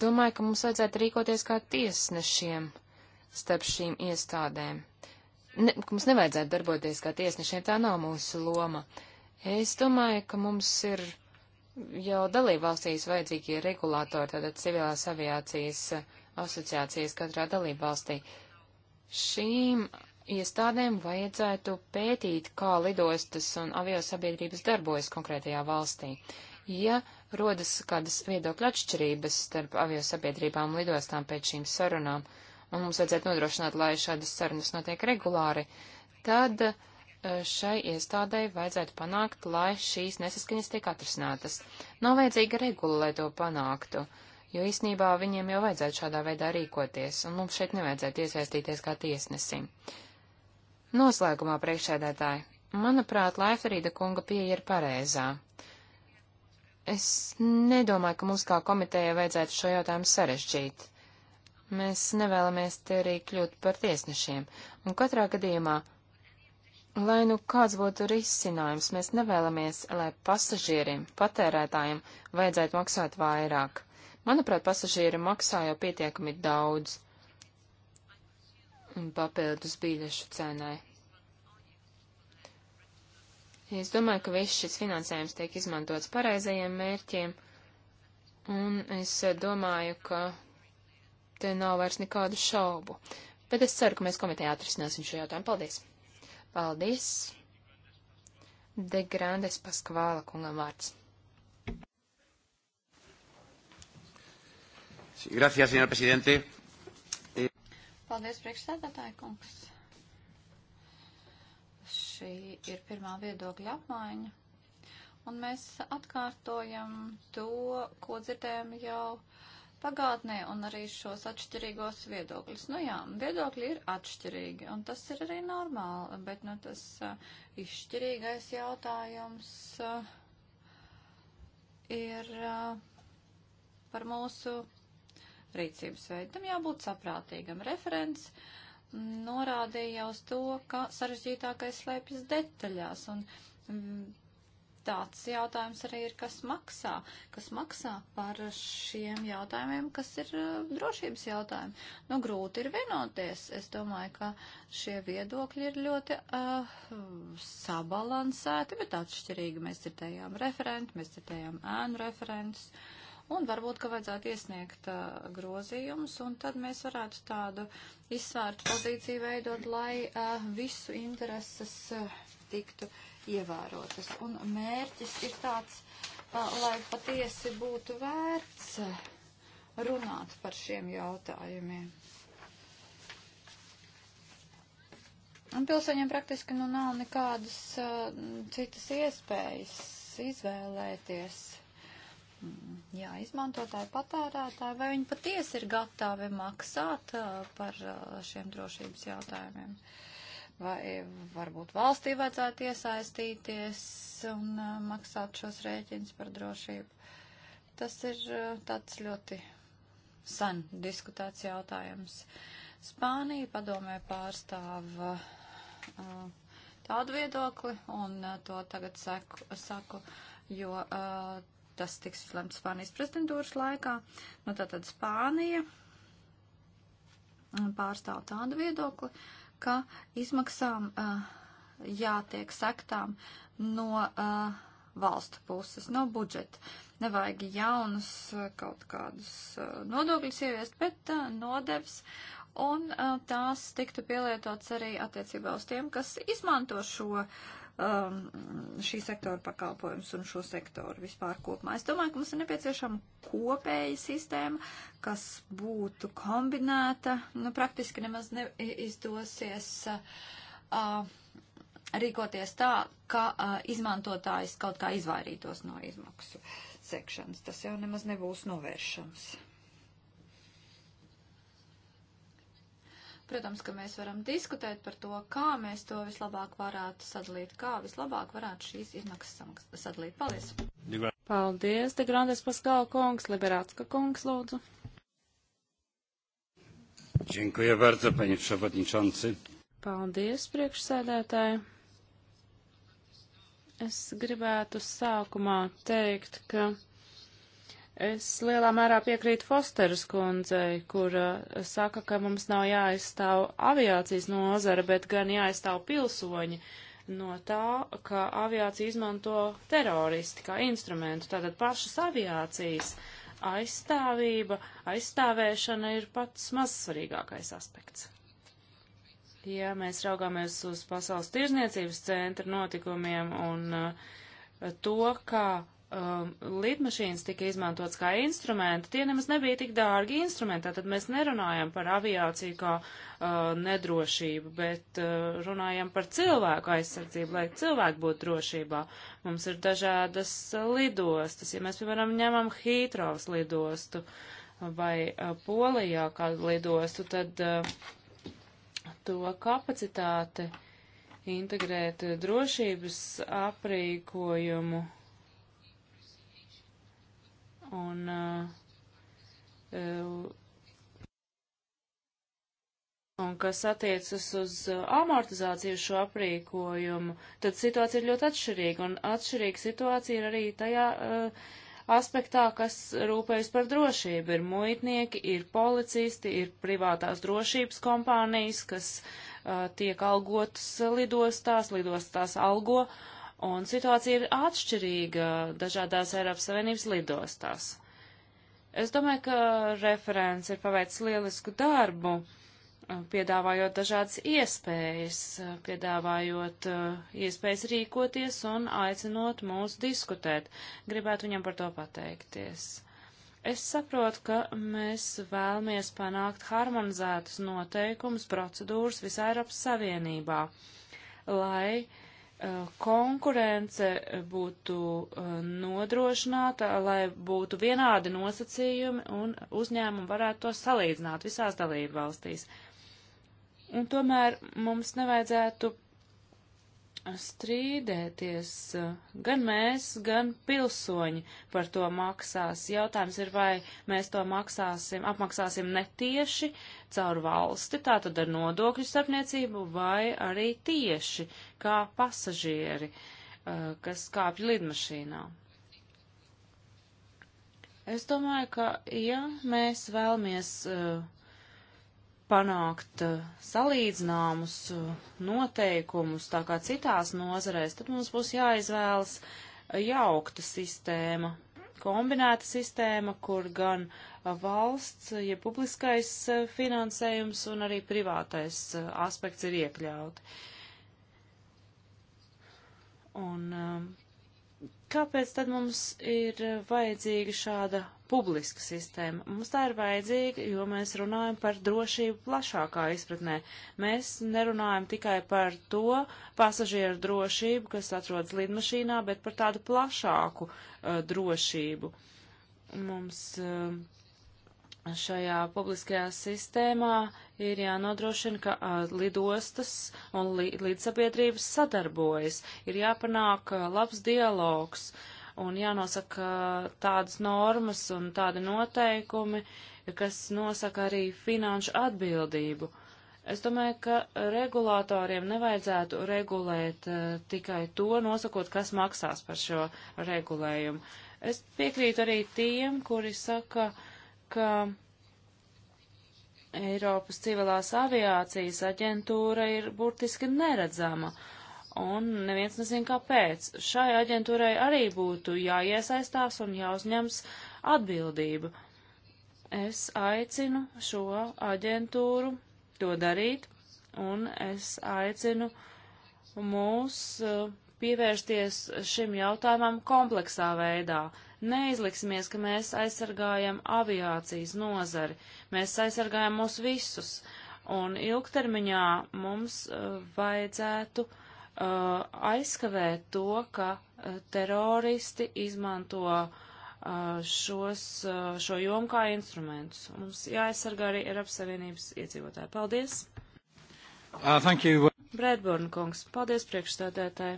domāju, ka mums vajadzētu rīkoties kā tiesnešiem starp šīm iestādēm. Ne, mums nevajadzētu darboties kā tiesnešiem, tā nav mūsu loma. Uh, Es domāju, ka mums ir jau dalībvalstīs vajadzīgie regulātori, tātad civilās aviācijas asociācijas katrā dalībvalstī. Šīm iestādēm vajadzētu pētīt, kā lidostas un aviosabiedrības darbojas konkrētajā valstī. Ja rodas kādas viedokļa atšķirības starp aviosabiedrībām un lidostām pēc šīm sarunām, un mums vajadzētu nodrošināt, lai šādas sarunas notiek regulāri, tad uh, Eh, šai iestādēji vajadzētu panākt, lai šīs nesaskaņas tiek atrisinātas. Nav vajadzīga regula, lai to panāktu, jo īsnībā viņiem jau vajadzētu šādā veidā rīkoties, un mums šeit nevajadzētu iesaistīties kā tiesnesim. Noslēgumā priekšēdētāji, manuprāt, Laiferīda kunga pieeja ir pareizā. Es nedomāju, ka mums kā komitejai vajadzētu šo jautājumu sarežģīt. Mēs nevēlamies te arī kļūt par tiesnešiem, un katrā gadījumā Lai nu kāds būtu risinājums, mēs nevēlamies, lai pasažierim, patērētājiem vajadzētu maksāt vairāk. Manuprāt, pasažieri maksā jau pietiekami daudz un papildus bīļešu cenai. Es domāju, ka viss šis finansējums tiek izmantots pareizajiem mērķiem, un es domāju, ka te nav vairs nekādu šaubu. Bet es ceru, ka mēs komitejā atrisināsim šo jautājumu. Paldies! Paldies! De Grandes Paskvāla kungam vārds. Gracias, señor presidente. Eh, Paldies, priekšsēdētāji kungs. Šī ir pirmā viedokļa apmaiņa. Un mēs atkārtojam to, ko dzirdējam jau pagātnē un arī šos atšķirīgos viedokļus. Nu jā, viedokļi ir atšķirīgi, un tas ir arī normāli, bet nu, tas uh, izšķirīgais jautājums uh, ir uh, par mūsu rīcības veidu. Tam jābūt saprātīgam. Referents norādīja uz to, ka sarežģītākais slēpjas detaļās, un mm, tāds jautājums arī ir, kas maksā, kas maksā par šiem jautājumiem, kas ir eh, drošības jautājumi. Nu, grūti ir vienoties. Es domāju, ka šie viedokļi ir ļoti uh, sabalansēti, bet atšķirīgi. Mēs dzirdējām referentu, mēs dzirdējām ēnu referentus. Un varbūt, ka vajadzētu iesniegt uh, grozījumus, un tad mēs varētu tādu izsvērtu pozīciju veidot, lai uh, visu intereses uh, tiktu uh, ievērotas. Un mērķis ir tāds, lai patiesi būtu vērts runāt par šiem jautājumiem. Un pilsoņiem praktiski nu nav nekādas uh, citas iespējas izvēlēties. Mm, jā, izmantotāji, patērētāji, vai viņi patiesi ir gatavi maksāt uh, par uh, šiem drošības jautājumiem. Uh, Vai varbūt valstī vajadzētu iesaistīties un uh, maksāt šos rēķinus par drošību? Tas ir uh, tāds ļoti sen diskutēts jautājums. Spānija padomē pārstāv uh, tādu viedokli, un uh, to tagad saku, saku jo uh, tas tiks lemts Spānijas prezidentūras laikā. Nu, tātad Spānija mm, pārstāv tādu viedokli. Uh, ka izmaksām uh, jātiek sektām no uh, valstu puses, no budžeta. Nevajag jaunus eh, kaut kādus nodokļus ieviest, bet nodevs un tās tiktu pielietots arī attiecībā uz tiem, kas izmanto šo uh, um, šī sektora pakalpojumus un šo sektoru vispār kopumā. Es domāju, ka mums ir nepieciešama kopēja sistēma, kas būtu kombinēta. Nu, praktiski nemaz neizdosies. Uh, rīkoties tā, ka uh, izmantotājs kaut kā izvairītos no izmaksu sekšanas. Tas jau nemaz nebūs novēršams. Protams, ka mēs varam diskutēt par to, kā mēs to vislabāk varētu sadalīt, kā vislabāk varētu šīs izmaksas sadalīt. Paldies! Paldies, te Grandes Paskala kungs, Liberātska kungs, lūdzu. Dziękuję bardzo, panie przewodniczący. Paldies, priekšsēdētāji. Es gribētu sākumā teikt, ka Es lielā mērā piekrītu Fosteras kundzei, kur uh, saka, ka mums nav jāaizstāv aviācijas nozara, bet gan jāaizstāv pilsoņi no tā, ka aviācija izmanto teroristi kā instrumentu. Tātad pašas aviācijas aizstāvība, aizstāvēšana ir pats mazsvarīgākais aspekts. Ja mēs raugāmies uz pasaules tirzniecības centra notikumiem un uh, to, kā um, lidmašīnas tika izmantotas kā instrumenti, tie nemaz nebija tik dārgi instrumenti. Tātad mēs nerunājam par aviāciju kā uh, nedrošību, bet uh, runājam par cilvēku aizsardzību, lai cilvēki būtu drošībā. Mums ir dažādas uh, lidostas. Ja mēs, piemēram, ņemam Hītrovs lidostu vai uh, Polijā kādu lidostu, tad uh, to kapacitāte integrēt drošības aprīkojumu un uh, uh, Un kas attiecas uz uh, amortizāciju šo aprīkojumu, tad situācija ir ļoti atšķirīga, un atšķirīga situācija ir arī tajā uh, aspektā, kas rūpējas par drošību. Ir muitnieki, ir policisti, ir privātās drošības kompānijas, kas uh, tiek algotas lidostās, lidostās algo, uh, un situācija ir atšķirīga dažādās Eiropas Savienības lidostās. Es domāju, ka referents ir paveicis lielisku darbu, uh, piedāvājot dažādas iespējas, uh, piedāvājot uh, iespējas rīkoties un aicinot mūs diskutēt. Gribētu viņam par to pateikties. Es saprotu, ka mēs vēlamies panākt harmonizētus noteikumus, procedūras visā Eiropas Savienībā, lai uh, Eh, konkurence būtu eh, nodrošināta, lai būtu vienādi nosacījumi un uzņēmumi varētu to salīdzināt visās dalību valstīs. Un tomēr mums nevajadzētu strīdēties. Gan mēs, gan pilsoņi par to maksās. Jautājums ir, vai mēs to maksāsim, apmaksāsim netieši caur valsti, tātad ar nodokļu starpniecību, vai arī tieši kā pasažieri, eh, kas kāpj lidmašīnā. Es domāju, ka, ja mēs vēlamies uh, panākt eh, salīdzināmus eh, noteikumus, tā kā citās nozarēs, tad mums būs jāizvēlas eh, jaukta sistēma, kombinēta sistēma, kur gan valsts, ja publiskais finansējums un arī privātais aspekts ir iekļauti. Un kāpēc tad mums ir vajadzīga šāda publiska sistēma. Mums tā ir vajadzīga, jo mēs runājam par drošību plašākā izpratnē. Mēs nerunājam tikai par to pasažieru drošību, kas atrodas lidmašīnā, bet par tādu plašāku uh, drošību. Mums uh, šajā publiskajā sistēmā ir jānodrošina, ka a, uh, lidostas un li, līdzsabiedrības sadarbojas, ir jāpanāk a, uh, labs dialogs. Uh, un jānosaka tādas normas un tādi noteikumi, kas nosaka arī finanšu atbildību. Es domāju, ka regulātoriem nevajadzētu regulēt uh, tikai to, nosakot, kas maksās par šo regulējumu. Es piekrītu arī tiem, kuri saka, ka Eiropas civilās aviācijas aģentūra ir burtiski neredzama. Uh, un neviens nezin kāpēc. Šai aģentūrai arī būtu jāiesaistās un jāuzņems atbildība. Es aicinu šo aģentūru to darīt, un es aicinu mūs uh, pievērsties šim jautājumam kompleksā veidā. Neizliksimies, ka mēs aizsargājam aviācijas nozari, mēs aizsargājam mūs visus, un ilgtermiņā mums uh, vajadzētu uh, Uh, aizskavē to, ka uh, teroristi izmanto uh, šos, šo jomu kā instrumentus. Mums jāaizsargā arī Eiropas Savienības iedzīvotāji. Paldies! Uh, thank you. Brēdborn kungs, paldies priekšstādētāji.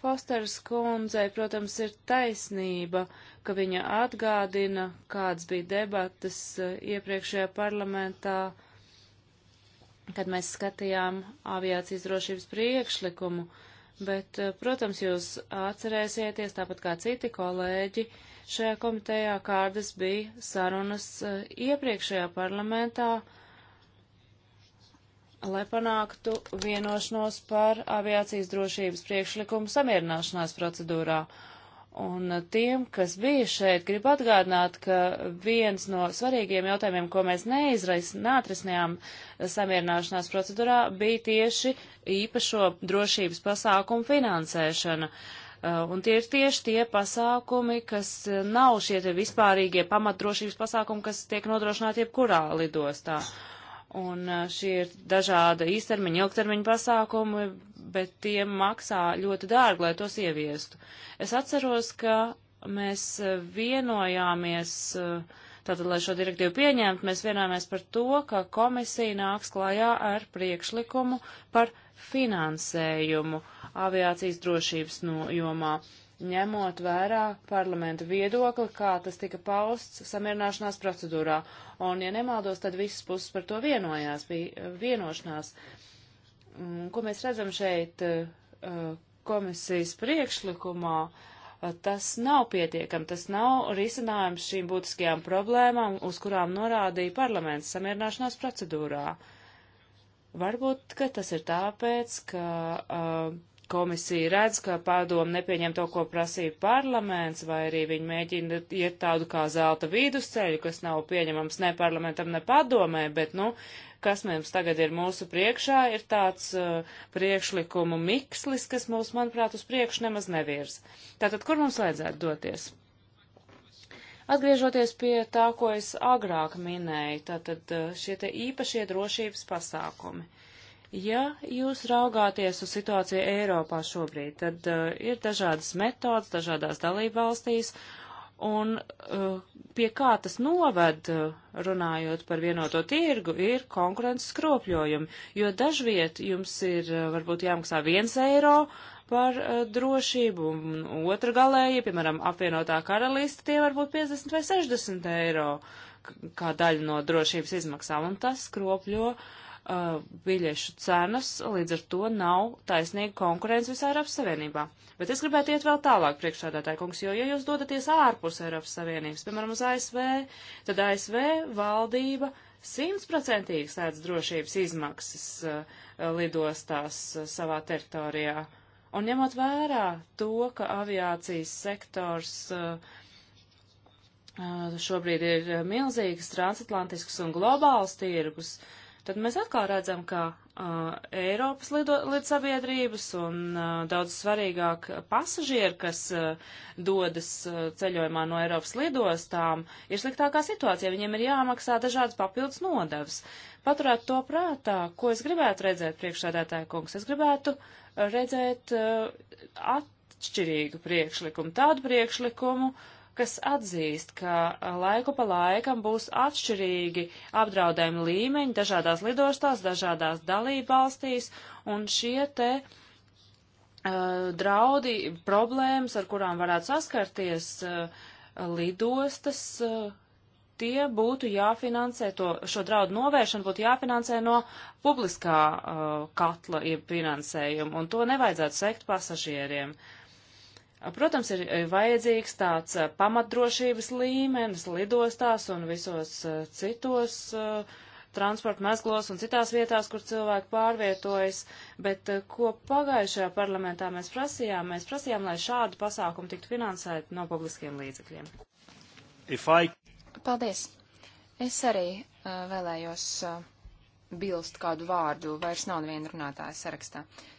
Fosters kundzei, protams, ir taisnība, ka viņa atgādina, kāds bija debatas iepriekšējā parlamentā kad mēs skatījām aviācijas drošības priekšlikumu, bet, eh, protams, jūs atcerēsieties, tāpat kā citi kolēģi, šajā komitejā kādas bija sarunas eh, iepriekšējā parlamentā, lai panāktu vienošanos par aviācijas drošības priekšlikumu samierināšanās procedūrā. Uh, Un tiem, kas bija šeit, gribu atgādināt, ka viens no svarīgiem jautājumiem, ko mēs neatrisinājām samierināšanās procedūrā, bija tieši īpašo drošības pasākumu finansēšana. Uh, un tie ir tieši tie pasākumi, kas uh, nav šie vispārīgie pamatdrošības pasākumi, kas tiek nodrošināti jebkurā lidostā. Uh, Un šie ir dažāda īstermiņa, ilgtermiņa pasākumi, bet tie maksā ļoti dārgi, lai tos ieviestu. Es atceros, ka mēs vienojāmies, tātad, lai šo direktīvu pieņemtu, mēs vienojāmies par to, ka komisija nāks klājā ar priekšlikumu par finansējumu aviācijas drošības no jomā. Uh, ņemot vērā parlamenta viedokli, kā tas tika pausts samierināšanās procedūrā. Un, ja nemaldos, tad visas puses par to vienojās, bija eh, vienošanās. Mm, ko mēs redzam šeit eh, eh, komisijas priekšlikumā, tas nav pietiekami, tas nav risinājums šīm būtiskajām problēmām, uz kurām norādīja parlaments samierināšanās procedūrā. Varbūt, ka tas ir tāpēc, ka uh, komisija redz, ka pārdomu nepieņem to, ko prasīja parlaments, vai arī viņi mēģina iet tādu kā zelta vidusceļu, kas nav pieņemams ne parlamentam, ne padomē, bet, nu, kas mums tagad ir mūsu priekšā, ir tāds uh, priekšlikumu mikslis, kas mūs, manuprāt, uz priekšu nemaz nevirs. Tātad, kur mums vajadzētu doties? Atgriežoties pie tā, ko es agrāk minēju, tātad uh, šie te īpašie drošības pasākumi. Ja jūs raugāties uz situāciju Eiropā šobrīd, tad uh, ir dažādas metodas dažādās dalībvalstīs, un uh, pie kā tas noved, uh, runājot par vienoto tirgu, ir konkurences skropļojumi, jo dažviet jums ir uh, varbūt jāmaksā viens eiro par uh, drošību, un otra galēja, piemēram, apvienotā karalista, tie varbūt 50 vai 60 eiro kā daļa no drošības izmaksām, un tas skropļo uh, uh, biļešu cenas, līdz ar to nav taisnīga konkurence visā Eiropas Savienībā. Bet es gribētu iet vēl tālāk, priekšsādātāji kungs, jo, ja jūs dodaties ārpus Eiropas Savienības, piemēram, uz ASV, tad ASV valdība simtprocentīgi sēdz drošības izmaksas uh, lidostās uh, savā teritorijā. Un ņemot vērā to, ka aviācijas sektors uh, uh šobrīd ir milzīgs transatlantisks un globāls tirgus, tad mēs atkal redzam, ka uh, Eiropas lidsabiedrības un uh, daudz svarīgāk pasažieri, kas uh, dodas uh, ceļojumā no Eiropas lidostām, ir sliktākā situācija. Viņiem ir jāmaksā dažādas papildus nodevas. Paturēt to prātā, ko es gribētu redzēt priekšsēdētāja kungs. Es gribētu redzēt uh, atšķirīgu priekšlikumu, tādu priekšlikumu, uh, kas atzīst, ka laiku pa laikam būs atšķirīgi apdraudējumi līmeņi dažādās lidostās, dažādās dalībvalstīs, un šie te uh, draudi, problēmas, ar kurām varētu saskarties uh, lidostas, uh, tie būtu jāfinansē, to, šo draudu novēršanu būtu jāfinansē no publiskā uh, katla, jeb finansējuma, un to nevajadzētu sekt pasažieriem. Uh, Protams, ir eh, vajadzīgs tāds eh, pamatdrošības līmenis lidostās un visos eh, citos uh, transporta mezglos un citās vietās, kur cilvēki pārvietojas, bet uh, ko pagājušajā parlamentā mēs prasījām? Mēs prasījām, lai šādu pasākumu tiktu finansēt no publiskiem līdzekļiem. I... Paldies! Es arī uh, vēlējos uh, bilst kādu vārdu, vairs nav neviena runātāja sarakstā. Uh,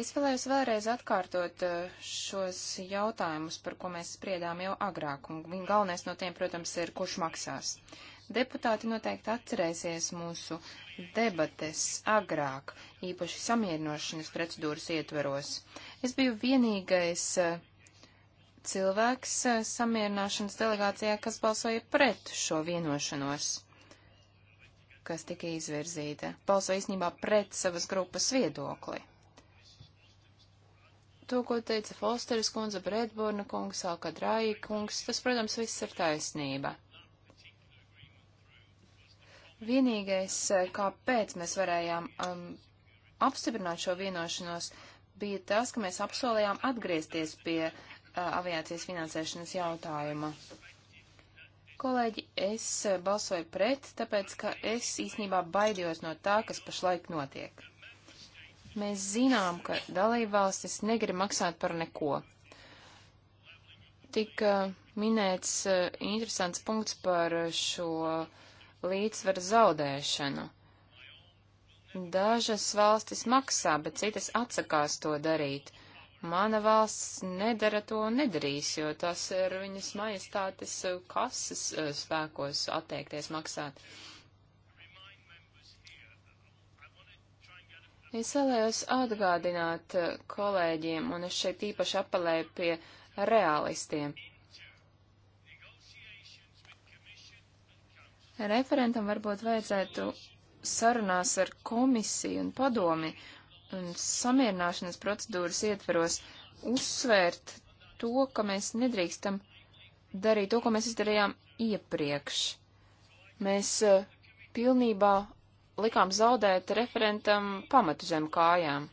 Es vēlējos vēlreiz atkārtot eh, šos jautājumus, par ko mēs spriedām jau agrāk, un galvenais no tiem, protams, ir, kurš maksās. Deputāti noteikti atcerēsies mūsu debates agrāk, īpaši samierinošanas procedūras ietveros. Es biju vienīgais eh, cilvēks eh, samierināšanas delegācijā, kas balsoja pret šo vienošanos, kas tika izvirzīta. Balsoja īstenībā pret savas grupas viedokli to, ko teica Fosteris kundze, Bredborna kungs, Alkadrai kungs, tas, protams, viss ir taisnība. Vienīgais, eh, kāpēc mēs varējām um, apstiprināt šo vienošanos, bija tas, ka mēs apsolījām atgriezties pie uh, aviācijas finansēšanas jautājuma. Kolēģi, es eh, balsoju pret, tāpēc, ka es īsnībā baidījos no tā, kas pašlaik notiek. Mēs zinām, ka dalībvalstis negrib maksāt par neko. Tika minēts eh, interesants punkts par šo līdzsvaru zaudēšanu. Dažas valstis maksā, bet citas atsakās to darīt. Mana valsts nedara to un nedarīs, jo tas ir viņas majestātes eh, kases eh, spēkos atteikties maksāt. Uh, Es vēlējos atgādināt eh, kolēģiem, un es šeit īpaši apelēju pie realistiem. Referentam varbūt vajadzētu sarunās ar komisiju un padomi un samierināšanas procedūras ietveros uzsvērt to, ka mēs nedrīkstam darīt to, ko mēs izdarījām iepriekš. Mēs uh, pilnībā likām zaudēt referentam pamatu zem kājām.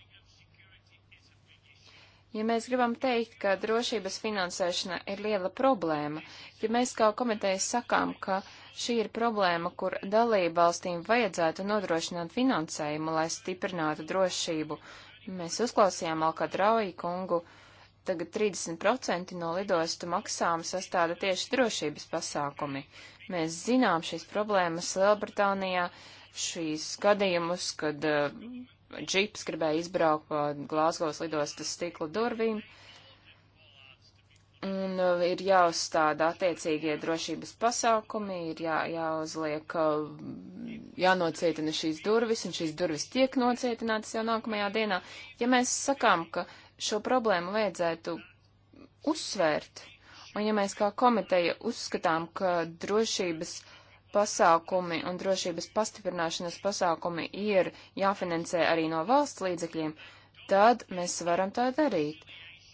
Ja mēs gribam teikt, ka drošības finansēšana ir liela problēma, ja mēs kā komiteja sakām, ka šī ir problēma, kur dalību valstīm vajadzētu nodrošināt finansējumu, lai stiprinātu drošību, mēs uzklausījām Alkadrauju kungu, tagad 30% no lidostu maksām sastāda tieši drošības pasākumi. Mēs zinām šīs problēmas Lielbritānijā, šīs gadījumus, kad uh, džips gribēja izbraukt pa Glāzgovas lidostas stikla durvīm. Un uh, ir jāuzstāda attiecīgie drošības pasākumi, ir jā, jāuzliek, uh, jānocietina šīs durvis, un šīs durvis tiek nocietinātas jau nākamajā dienā. Ja mēs sakām, ka šo problēmu vajadzētu uzsvērt, un ja mēs kā komiteja uzskatām, ka drošības uh, pasākumi un drošības pastiprināšanas pasākumi ir jāfinansē arī no valsts līdzekļiem, tad mēs varam tā darīt.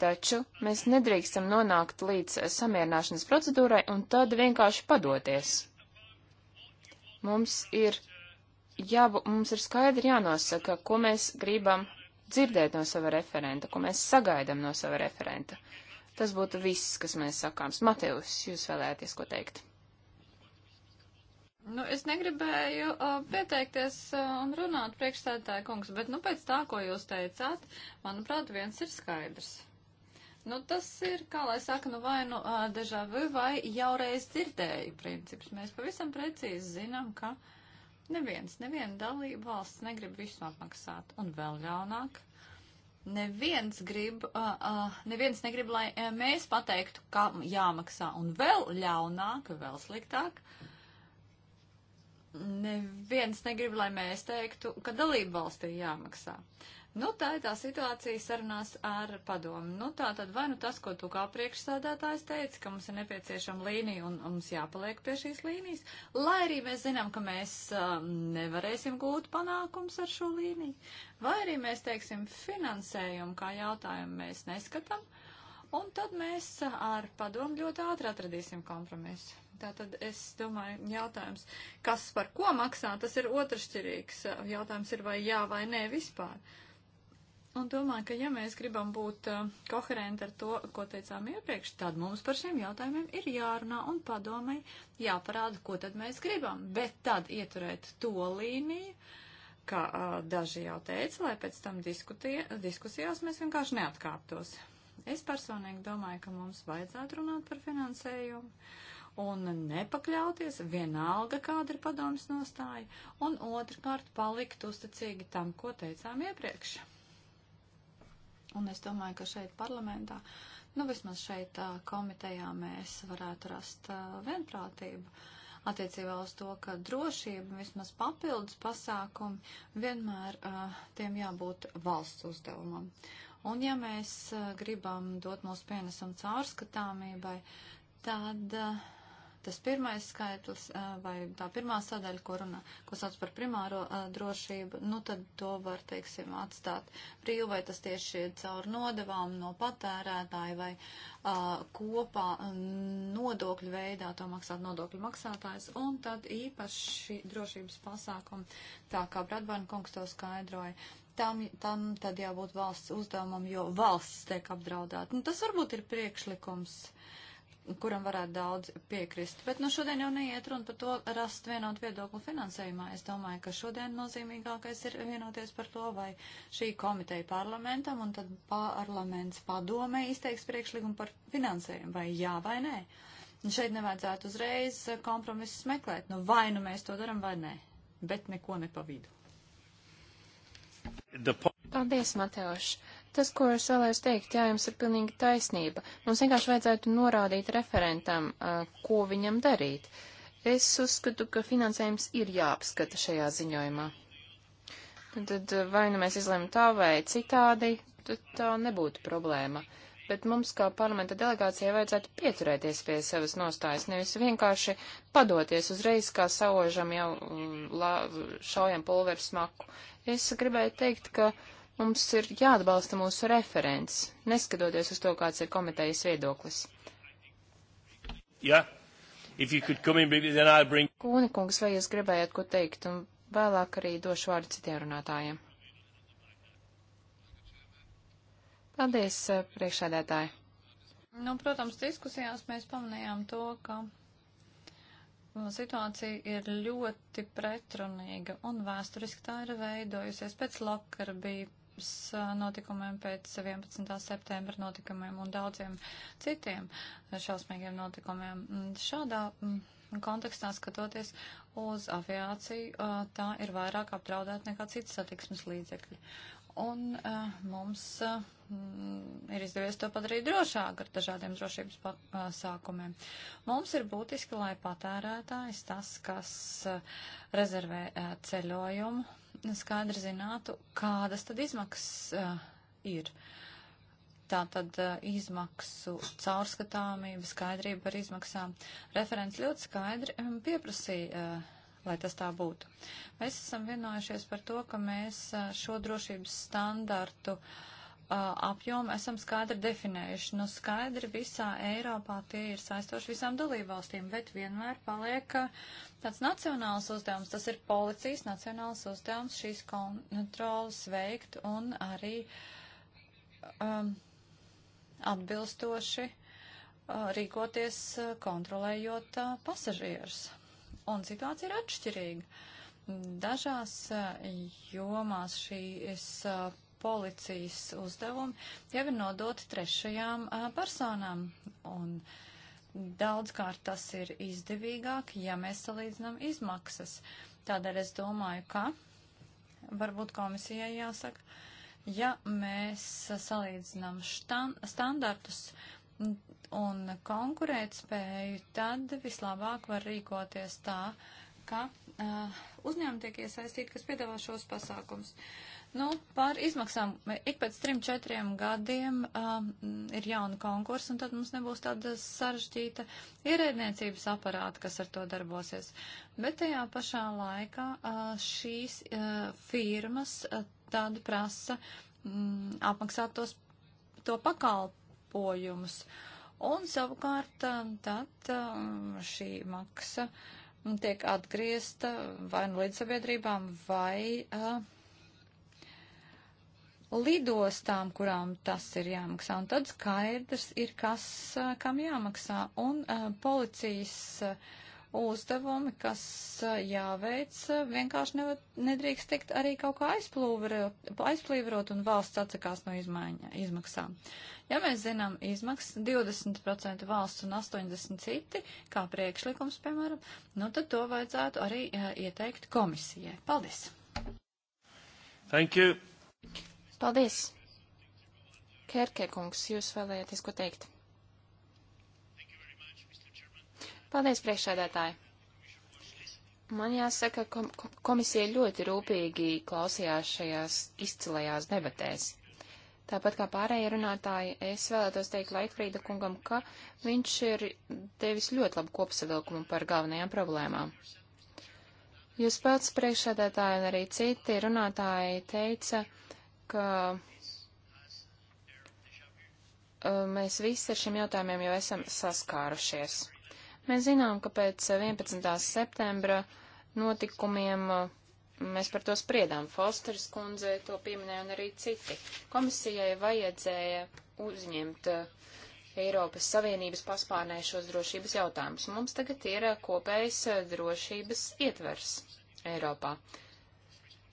Taču mēs nedrīkstam nonākt līdz samierināšanas procedūrai un tad vienkārši padoties. Mums ir, jā, mums ir skaidri jānosaka, ko mēs gribam dzirdēt no sava referenta, ko mēs sagaidām no sava referenta. Tas būtu viss, kas mēs sakāms. Mateus, jūs vēlēties ko teikt? Nu, es negribēju uh, pieteikties uh, un runāt priekšstādātāja kungs, bet, nu, pēc tā, ko jūs teicāt, manuprāt, viens ir skaidrs. Nu, tas ir, kā lai saka, nu vai nu uh, dežā vu vai jau reiz dzirdēju princips. Mēs pavisam precīzi zinām, ka neviens, neviena dalība valsts negrib visu apmaksāt. Un vēl ļaunāk, neviens grib, uh, uh, neviens negrib, lai uh, mēs pateiktu, kā jāmaksā. Un vēl ļaunāk, vēl sliktāk. Uh, neviens negrib, lai mēs teiktu, ka dalību valstī jāmaksā. Nu, tā ir tā situācija sarunās ar padomu. Nu, tā tad vai nu tas, ko tu kā priekšsādātājs teici, ka mums ir nepieciešama līnija un, un mums jāpaliek pie šīs līnijas, lai arī mēs zinām, ka mēs um, nevarēsim gūt panākums ar šo līniju, vai arī mēs teiksim finansējumu kā jautājumu mēs neskatam, un tad mēs ar padomu ļoti ātri atradīsim kompromisu. Tātad es domāju, jautājums, kas par ko maksā, tas ir otršķirīgs. Jautājums ir vai jā vai nē vispār. Un domāju, ka ja mēs gribam būt uh, koherenti ar to, ko teicām iepriekš, tad mums par šiem jautājumiem ir jārunā un padomai jāparāda, ko tad mēs gribam. Bet tad ieturēt to līniju, kā uh, daži jau teica, lai pēc tam diskutie, diskusijās mēs vienkārši neatkārtos. Es personīgi domāju, ka mums vajadzētu runāt par finansējumu un nepakļauties vienalga, kāda ir padomas nostāja, un otrkārt palikt uzticīgi tam, ko teicām iepriekš. Un es domāju, ka šeit parlamentā, nu vismaz šeit komitejā mēs varētu rast vienprātību attiecībā uz to, ka drošība, vismaz papildus pasākumi vienmēr tiem jābūt valsts uzdevumam. Un ja mēs gribam dot mūsu pienesumu caurskatāmībai, tad uh, tas pirmais skaitlis vai tā pirmā sadaļa, ko runā, ko sauc par primāro drošību, nu tad to var, teiksim, atstāt brīvu, vai tas tieši caur nodevām no patērētāja vai kopā nodokļu veidā to maksāt nodokļu maksātājs. Un tad īpaši drošības pasākumi, tā kā Bradbārna kungs to skaidroja, tam, tam tad jābūt valsts uzdevumam, jo valsts tiek apdraudēta. Nu, tas varbūt ir priekšlikums. Uh, kuram varētu daudz piekrist. Bet nu šodien jau neiet runa par to rast vienot viedokli finansējumā. Es domāju, ka šodien nozīmīgākais ir vienoties par to, vai šī komiteja parlamentam un tad parlaments padomē izteiks priekšlikumu par finansējumu, vai jā vai nē. Un šeit nevajadzētu uzreiz kompromisus meklēt. Nu vai nu mēs to daram vai nē, bet neko ne pa vidu. Paldies, Mateoši tas, ko es vēlējos teikt, jā, jums ir pilnīgi taisnība. Mums vienkārši vajadzētu norādīt referentam, ko viņam darīt. Es uzskatu, ka finansējums ir jāapskata šajā ziņojumā. Tad vai nu mēs izlemam tā vai citādi, tad tā nebūtu problēma. Bet mums, kā parlamenta delegācijai, vajadzētu pieturēties pie savas nostājas, nevis vienkārši padoties uzreiz, kā saužam jau la, šaujam pulveru smaku. Es gribēju teikt, ka uh, Mums ir jāatbalsta mūsu referents, neskatoties uz to, kāds ir komitejas viedoklis. Yeah. In, bring... Kūni kungs, vai jūs gribējāt ko teikt, un vēlāk arī došu vārdu citiem runātājiem. Paldies, eh, priekšsēdētāji. Nu, protams, diskusijās mēs pamanījām to, ka mm, situācija ir ļoti pretrunīga un vēsturiski tā ir veidojusies. Pēc Lokara bija Eiropas notikumiem, pēc 11. septembra notikumiem un daudziem citiem šausmīgiem notikumiem. Mm, šādā mm, kontekstā skatoties uz aviāciju, tā ir vairāk apdraudēta nekā citas satiksmes līdzekļi. Un mums mm, ir izdevies to padarīt drošāk ar dažādiem drošības pasākumiem. Mums ir būtiski, lai patērētājs tas, kas rezervē ceļojumu, skaidri zinātu, kādas tad izmaksas uh, ir. Tā tad uh, izmaksu caurskatāmība, skaidrība par izmaksām. Referents ļoti skaidri um, pieprasīja, uh, lai tas tā būtu. Mēs esam vienojušies par to, ka mēs uh, šo drošības standartu uh, Uh, apjomu esam skaidri definējuši. Nu, skaidri visā Eiropā tie ir saistoši visām dalībvalstīm, bet vienmēr paliek uh, tāds nacionāls uzdevums. Tas ir policijas nacionāls uzdevums šīs kontrolas veikt un arī um, atbilstoši uh, rīkoties uh, kontrolējot uh, pasažierus. Un situācija ir atšķirīga. Dažās uh, jomās šīs uh, policijas uzdevumi jau ir nodoti trešajām a, personām. Un daudzkārt tas ir izdevīgāk, ja mēs salīdzinām izmaksas. Tādēļ es domāju, ka varbūt komisijai jāsaka, ja mēs salīdzinām štan, standartus un konkurētspēju, tad vislabāk var rīkoties tā, ka uh, uzņēmumi tiek iesaistīti, kas piedāvā šos pasākums. Nu, par izmaksām ik pēc trim, četriem gadiem um, ir jauna konkursa, un tad mums nebūs tāda sarežģīta ierēdniecības aparāta, kas ar to darbosies. Bet tajā pašā laikā uh, šīs uh, firmas uh, tāda prasa um, apmaksāt tos, to pakalpojumus. Un savukārt uh, tad um, šī maksa tiek atgriezta vai nu līdz sabiedrībām, vai. Uh, lidostām, kurām tas ir jāmaksā. Un tad skaidrs ir, kas kam jāmaksā. Un uh, policijas uzdevumi, kas jāveic, vienkārši nevar, nedrīkst tikt arī kaut kā aizplīvrot un valsts atsakās no izmaiņa, izmaksām. Ja mēs zinām izmaksas 20% valsts un 80% citi, kā priekšlikums, piemēram, nu tad to vajadzētu arī uh, ieteikt komisijai. Paldies! Thank you. Paldies! Kērke kungs, jūs vēlējāties ko teikt? Paldies, priekšsēdētāji! Man jāsaka, kom komisija ļoti rūpīgi klausījās šajās izcilajās debatēs. Tāpat kā pārējie runātāji, es vēlētos teikt Laikfrīda kungam, ka viņš ir devis ļoti labu kopsavilkumu par galvenajām problēmām. Jūs pats priekšsēdētāji un arī citi runātāji teica, ka uh, mēs visi ar šiem jautājumiem jau esam saskārušies. Mēs zinām, ka pēc 11. septembra notikumiem uh, mēs par to spriedām. Fosteris kundze to pieminēja un arī citi. Komisijai vajadzēja uzņemt uh, Eiropas Savienības paspārnē šos drošības jautājumus. Mums tagad ir kopējs drošības ietvers Eiropā.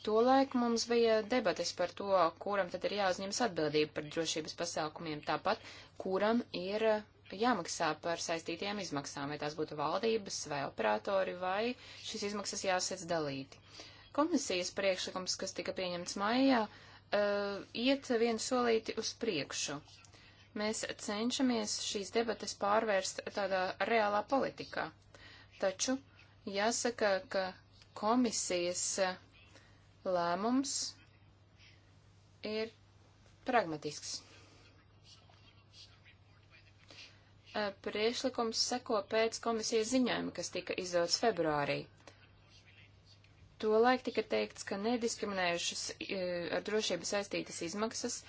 Tolaik mums bija debates par to, kuram tad ir jāuzņemas atbildība par drošības pasākumiem, tāpat kuram ir jāmaksā par saistītajām izmaksām, vai tās būtu valdības vai operatori, vai šīs izmaksas jāsēc dalīti. Komisijas priekšlikums, kas tika pieņemts maijā, uh, iet vienu solīti uz priekšu. Mēs cenšamies šīs debates pārvērst tādā reālā politikā. Taču jāsaka, ka komisijas lēmums ir pragmatisks. Priešlikums seko pēc komisijas ziņojuma, kas tika izdots februārī. Tolaik tika teikts, ka nediskriminējušas ar drošību saistītas izmaksas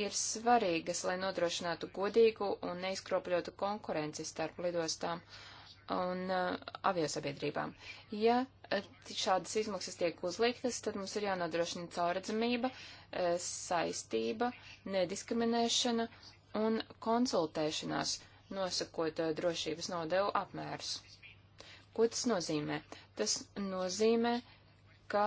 ir svarīgas, lai nodrošinātu godīgu un neizkropļotu konkurenci starp lidostām un uh, aviosabiedrībām. Ja uh, šādas izmaksas tiek uzliktas, tad mums ir jānodrošina caurredzamība, uh, saistība, nediskriminēšana un konsultēšanās, nosakot uh, drošības nodevu apmērus. Ko tas nozīmē? Tas nozīmē, ka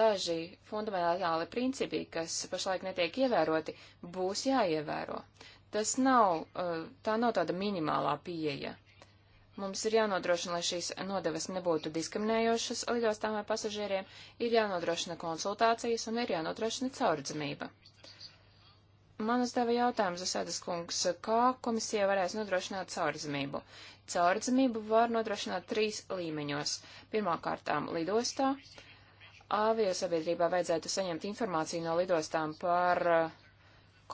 daži fundamentāli principi, kas pašlaik netiek ievēroti, būs jāievēro. Tas nav, uh, tā nav tāda minimālā pieeja. Mums ir jānodrošina, lai šīs nodevas nebūtu diskriminējošas lidostām vai pasažieriem, ir jānodrošina konsultācijas un ir jānodrošina caurdzamība. Man uzdeva jautājums Zasēdas kungs, kā komisija varēs nodrošināt caurdzamību. Caurdzamību var nodrošināt trīs līmeņos. Pirmkārtām lidostā. Avio sabiedrībā vajadzētu saņemt informāciju no lidostām par uh,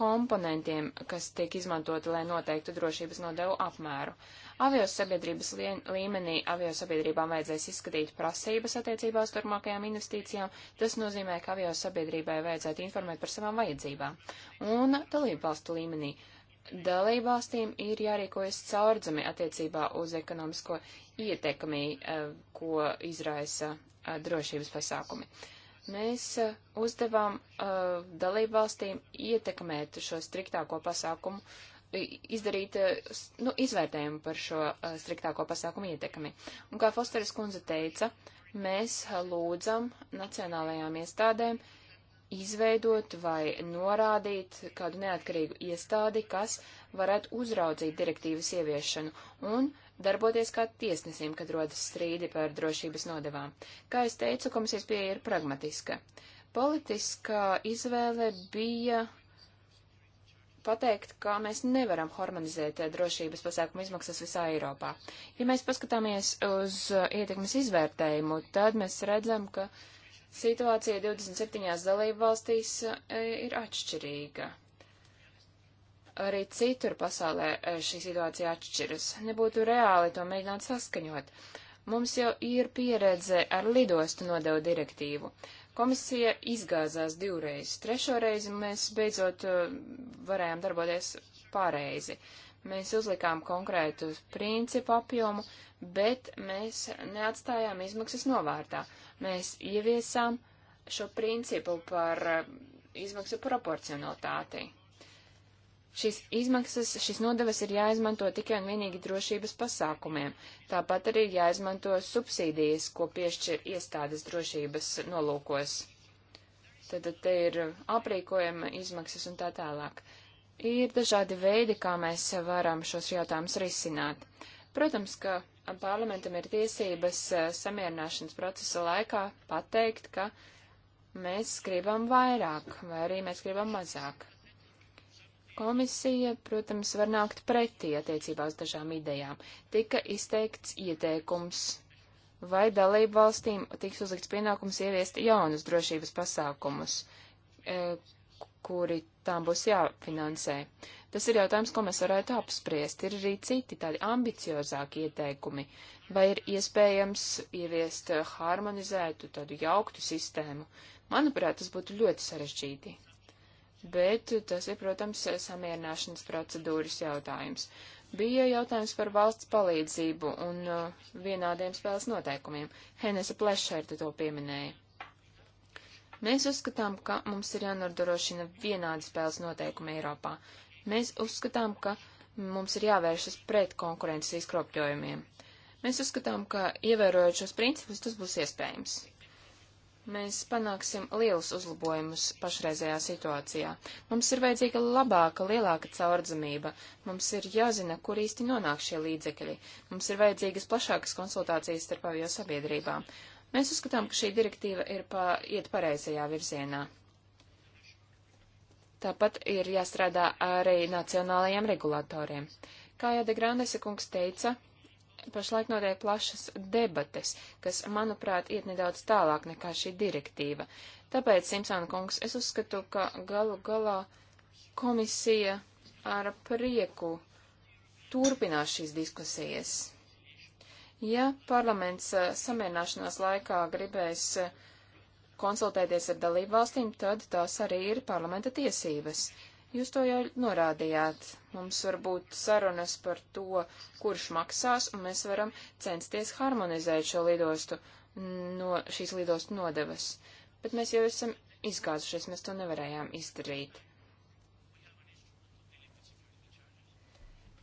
komponentiem, kas tiek izmantoti, lai noteiktu drošības nodevu apmēru. Uh, Aviosabiedrības līmenī aviosabiedrībām vajadzēs izskatīt prasības attiecībā uz turpmākajām investīcijām. Tas nozīmē, ka aviosabiedrībai vajadzētu informēt par savām vajadzībām. Un dalību valstu līmenī. Dalību valstīm ir jārīkojas caurdzami attiecībā uz ekonomisko ietekmi, eh, ko izraisa eh, drošības pasākumi mēs uh, uzdevām uh, dalībvalstīm ietekmēt šo striktāko pasākumu izdarīt eh, nu, izvērtējumu par šo eh, striktāko pasākumu ietekmi. Un kā Fosteris kundze teica, mēs eh, lūdzam nacionālajām iestādēm izveidot vai norādīt kādu neatkarīgu iestādi, kas varētu uzraudzīt direktīvas ieviešanu un darboties kā tiesnesim, kad rodas strīdi par drošības nodevām. Kā es teicu, komisijas pieeja ir pragmatiska. Politiskā izvēle bija pateikt, ka mēs nevaram harmonizēt eh, drošības pasākumu izmaksas visā Eiropā. Ja mēs paskatāmies uz eh, ietekmes izvērtējumu, tad mēs redzam, ka situācija 27. dalību valstīs eh, ir atšķirīga. Arī citur pasaulē šī situācija atšķiras. Nebūtu reāli to mēģināt saskaņot. Mums jau ir pieredze ar lidostu nodevu direktīvu. Uh, Komisija izgāzās divreiz. Trešo reizi mēs beidzot uh, varējām darboties pareizi. Mēs uzlikām konkrētu principu apjomu, bet mēs neatstājām izmaksas novārtā. Mēs ieviesām šo principu par uh, izmaksu proporcionalitāti. Šīs izmaksas, šīs nodevas ir jāizmanto tikai un vienīgi drošības pasākumiem. Tāpat arī ir jāizmanto subsīdijas, ko piešķir iestādes drošības nolūkos. Tad te ir aprīkojuma izmaksas un tā tālāk. Ir dažādi veidi, kā mēs varam šos jautājumus risināt. Protams, ka parlamentam ir tiesības eh, samierināšanas procesa laikā pateikt, ka mēs gribam vairāk vai arī mēs gribam mazāk. Komisija, protams, var nākt pretī attiecībā uz dažām idejām. Tika izteikts ieteikums, vai dalību valstīm tiks uzlikts pienākums ieviest jaunus drošības pasākumus, e, kuri tām būs jāfinansē. Tas ir jautājums, ko mēs varētu apspriest. Ir arī citi tādi ambiciozāki ieteikumi, vai ir iespējams ieviest harmonizētu tādu jauktu sistēmu. Manuprāt, tas būtu ļoti sarežģīti bet tas ir, protams, samierināšanas procedūras jautājums. Bija jautājums par valsts palīdzību un uh, vienādiem spēles noteikumiem. Henesa Plešerta to pieminēja. Mēs uzskatām, ka mums ir jānodrošina vienādi spēles noteikumi Eiropā. Mēs uzskatām, ka mums ir jāvēršas pret konkurences izkropļojumiem. Mēs uzskatām, ka ievērojot šos principus, tas būs iespējams mēs panāksim lielus uzlabojumus pašreizējā situācijā. Mums ir vajadzīga labāka, lielāka caurdzamība, mums ir jāzina, kur īsti nonāk šie līdzekļi, mums ir vajadzīgas plašākas konsultācijas starp avio sabiedrībām. Mēs uzskatām, ka šī direktīva ir pa, iet pareizajā virzienā. Tāpat ir jāstrādā arī nacionālajiem regulatoriem. Kā Jāde Grandese kungs teica, pašlaik notiek plašas debates, kas, manuprāt, iet nedaudz tālāk nekā šī direktīva. Tāpēc, Simpsona kungs, es uzskatu, ka galu galā komisija ar prieku turpinās šīs diskusijas. Ja parlaments eh, samierināšanās laikā gribēs eh, konsultēties ar dalību valstīm, tad tās arī ir parlamenta tiesības. Jūs to jau norādījāt. Mums var būt sarunas par to, kurš maksās, un mēs varam censties harmonizēt šo lidostu, no šīs lidostu nodevas. Bet mēs jau esam izgāzušies, mēs to nevarējām izdarīt.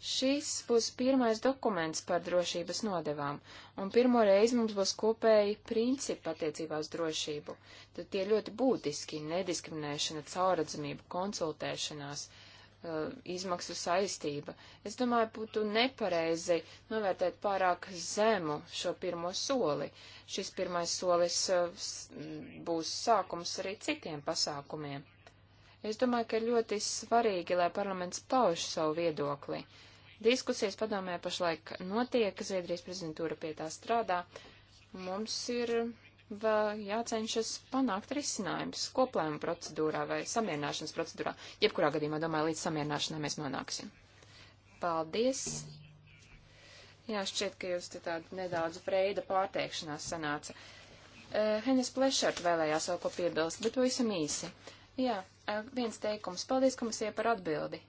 Šis būs pirmais dokuments par drošības nodevām, un pirmo reizi mums būs kopēji principi attiecībā uz drošību. Tad tie ļoti būtiski - nediskriminēšana, cauradzamība, konsultēšanās, uh, izmaksu saistība. Es domāju, būtu nepareizi novērtēt pārāk zemu šo pirmo soli. Šis pirmais solis uh, būs sākums arī citiem pasākumiem. Es domāju, ka ir ļoti svarīgi, lai parlaments pauž savu viedokli. Uh, Diskusijas padomē pašlaik notiek, Zviedrijas prezidentūra pie tā strādā. Mums ir vēl jācenšas panākt risinājums koplēmu procedūrā vai samierināšanas procedūrā. Jebkurā gadījumā, domāju, līdz samierināšanai mēs nonāksim. Paldies! Jā, šķiet, ka jūs te tāda nedaudz freida pārteikšanās sanāca. Uh, eh, Henes Plešert vēlējās vēl ko piebilst, bet pavisam īsi. Jā, uh, viens teikums. Paldies komisijai par atbildi.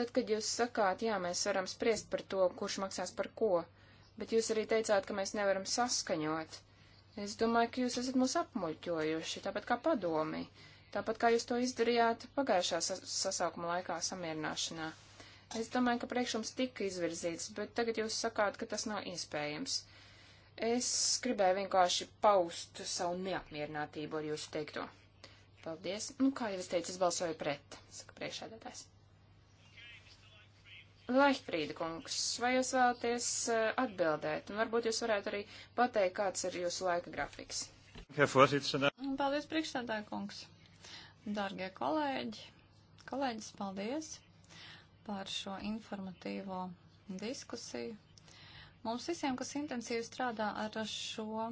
Tad, kad jūs sakāt, jā, mēs varam spriest par to, kurš maksās par ko, bet jūs arī teicāt, ka mēs nevaram saskaņot. Es domāju, ka jūs esat mūs apmuļķojuši, tāpat kā padomi, tāpat kā jūs to izdarījāt pagājušā sas sasaukuma laikā samierināšanā. Es domāju, ka priekšums tika izvirzīts, bet tagad jūs sakāt, ka tas nav iespējams. Es gribēju vienkārši paust savu neapmierinātību ar jūsu teikto. Paldies. Nu, kā jau es teicu, es balsoju pret, saka priekšādātājs. Laihfrīda kungs, vai jūs vēlaties eh, atbildēt? Un varbūt jūs varētu arī pateikt, kāds ir jūsu laika grafiks. Paldies, priekšstādāja kungs. Dargie kolēģi, kolēģis, paldies par šo informatīvo diskusiju. Mums visiem, kas intensīvi strādā ar šo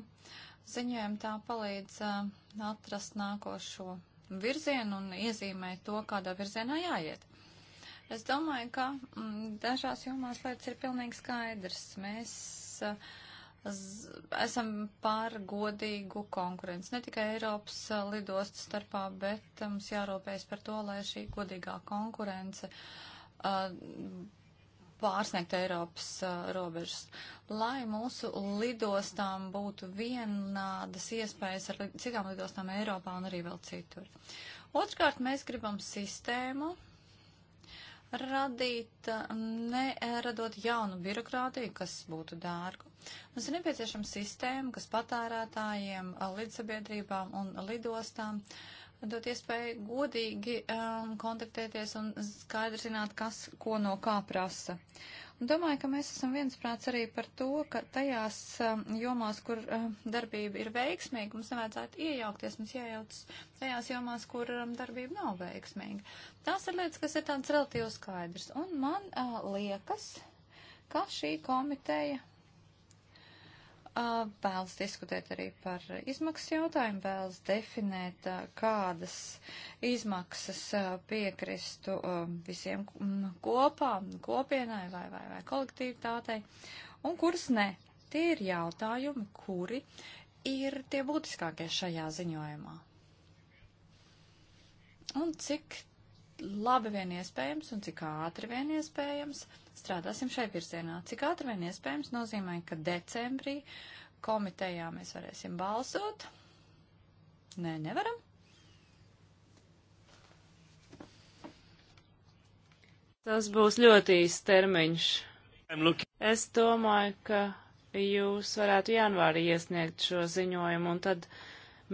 ziņojumu, tā palīdz eh, atrast nākošo virzienu un iezīmēt to, kādā virzienā jāiet. Es domāju, ka m, mm, dažās jomās lietas ir pilnīgi skaidrs. Mēs a, eh, z, esam pār godīgu konkurenci. Ne tikai Eiropas a, eh, lidostu starpā, bet a, eh, mums jārūpējas par to, lai šī godīgā konkurence pārsniegt Eiropas uh, robežas, lai mūsu lidostām būtu vienādas iespējas ar li citām lidostām Eiropā un arī vēl citur. Otrkārt, mēs gribam sistēmu, radīt, neradot jaunu birokrātiju, kas būtu dārgu. Mums ir nepieciešama sistēma, kas patērētājiem, līdzsabiedrībām un lidostām dot iespēju godīgi um, kontaktēties un skaidri zināt, kas ko no kā prasa. Nu, domāju, ka mēs esam viensprāts arī par to, ka tajās um, jomās, kur um, darbība ir veiksmīga, mums nevajadzētu iejaukties, mums jājauc tajās jomās, kur um, darbība nav veiksmīga. Tās ir lietas, kas ir tādas relatīvi skaidrs. Un man uh, liekas, ka šī komiteja vēlas diskutēt arī par izmaksu jautājumu, vēlas definēt, kādas izmaksas piekristu visiem kopā, kopienai vai, vai, vai kolektivitātei, un kuras ne. Tie ir jautājumi, kuri ir tie būtiskākie šajā ziņojumā. Un cik labi vien iespējams un cik ātri vien iespējams strādāsim šai virzienā. Cik ātri vien iespējams nozīmē, ka decembrī komitejā mēs varēsim balsot. Nē, nevaram. Tas būs ļoti īsts termiņš. Es domāju, ka jūs varētu janvārī iesniegt šo ziņojumu un tad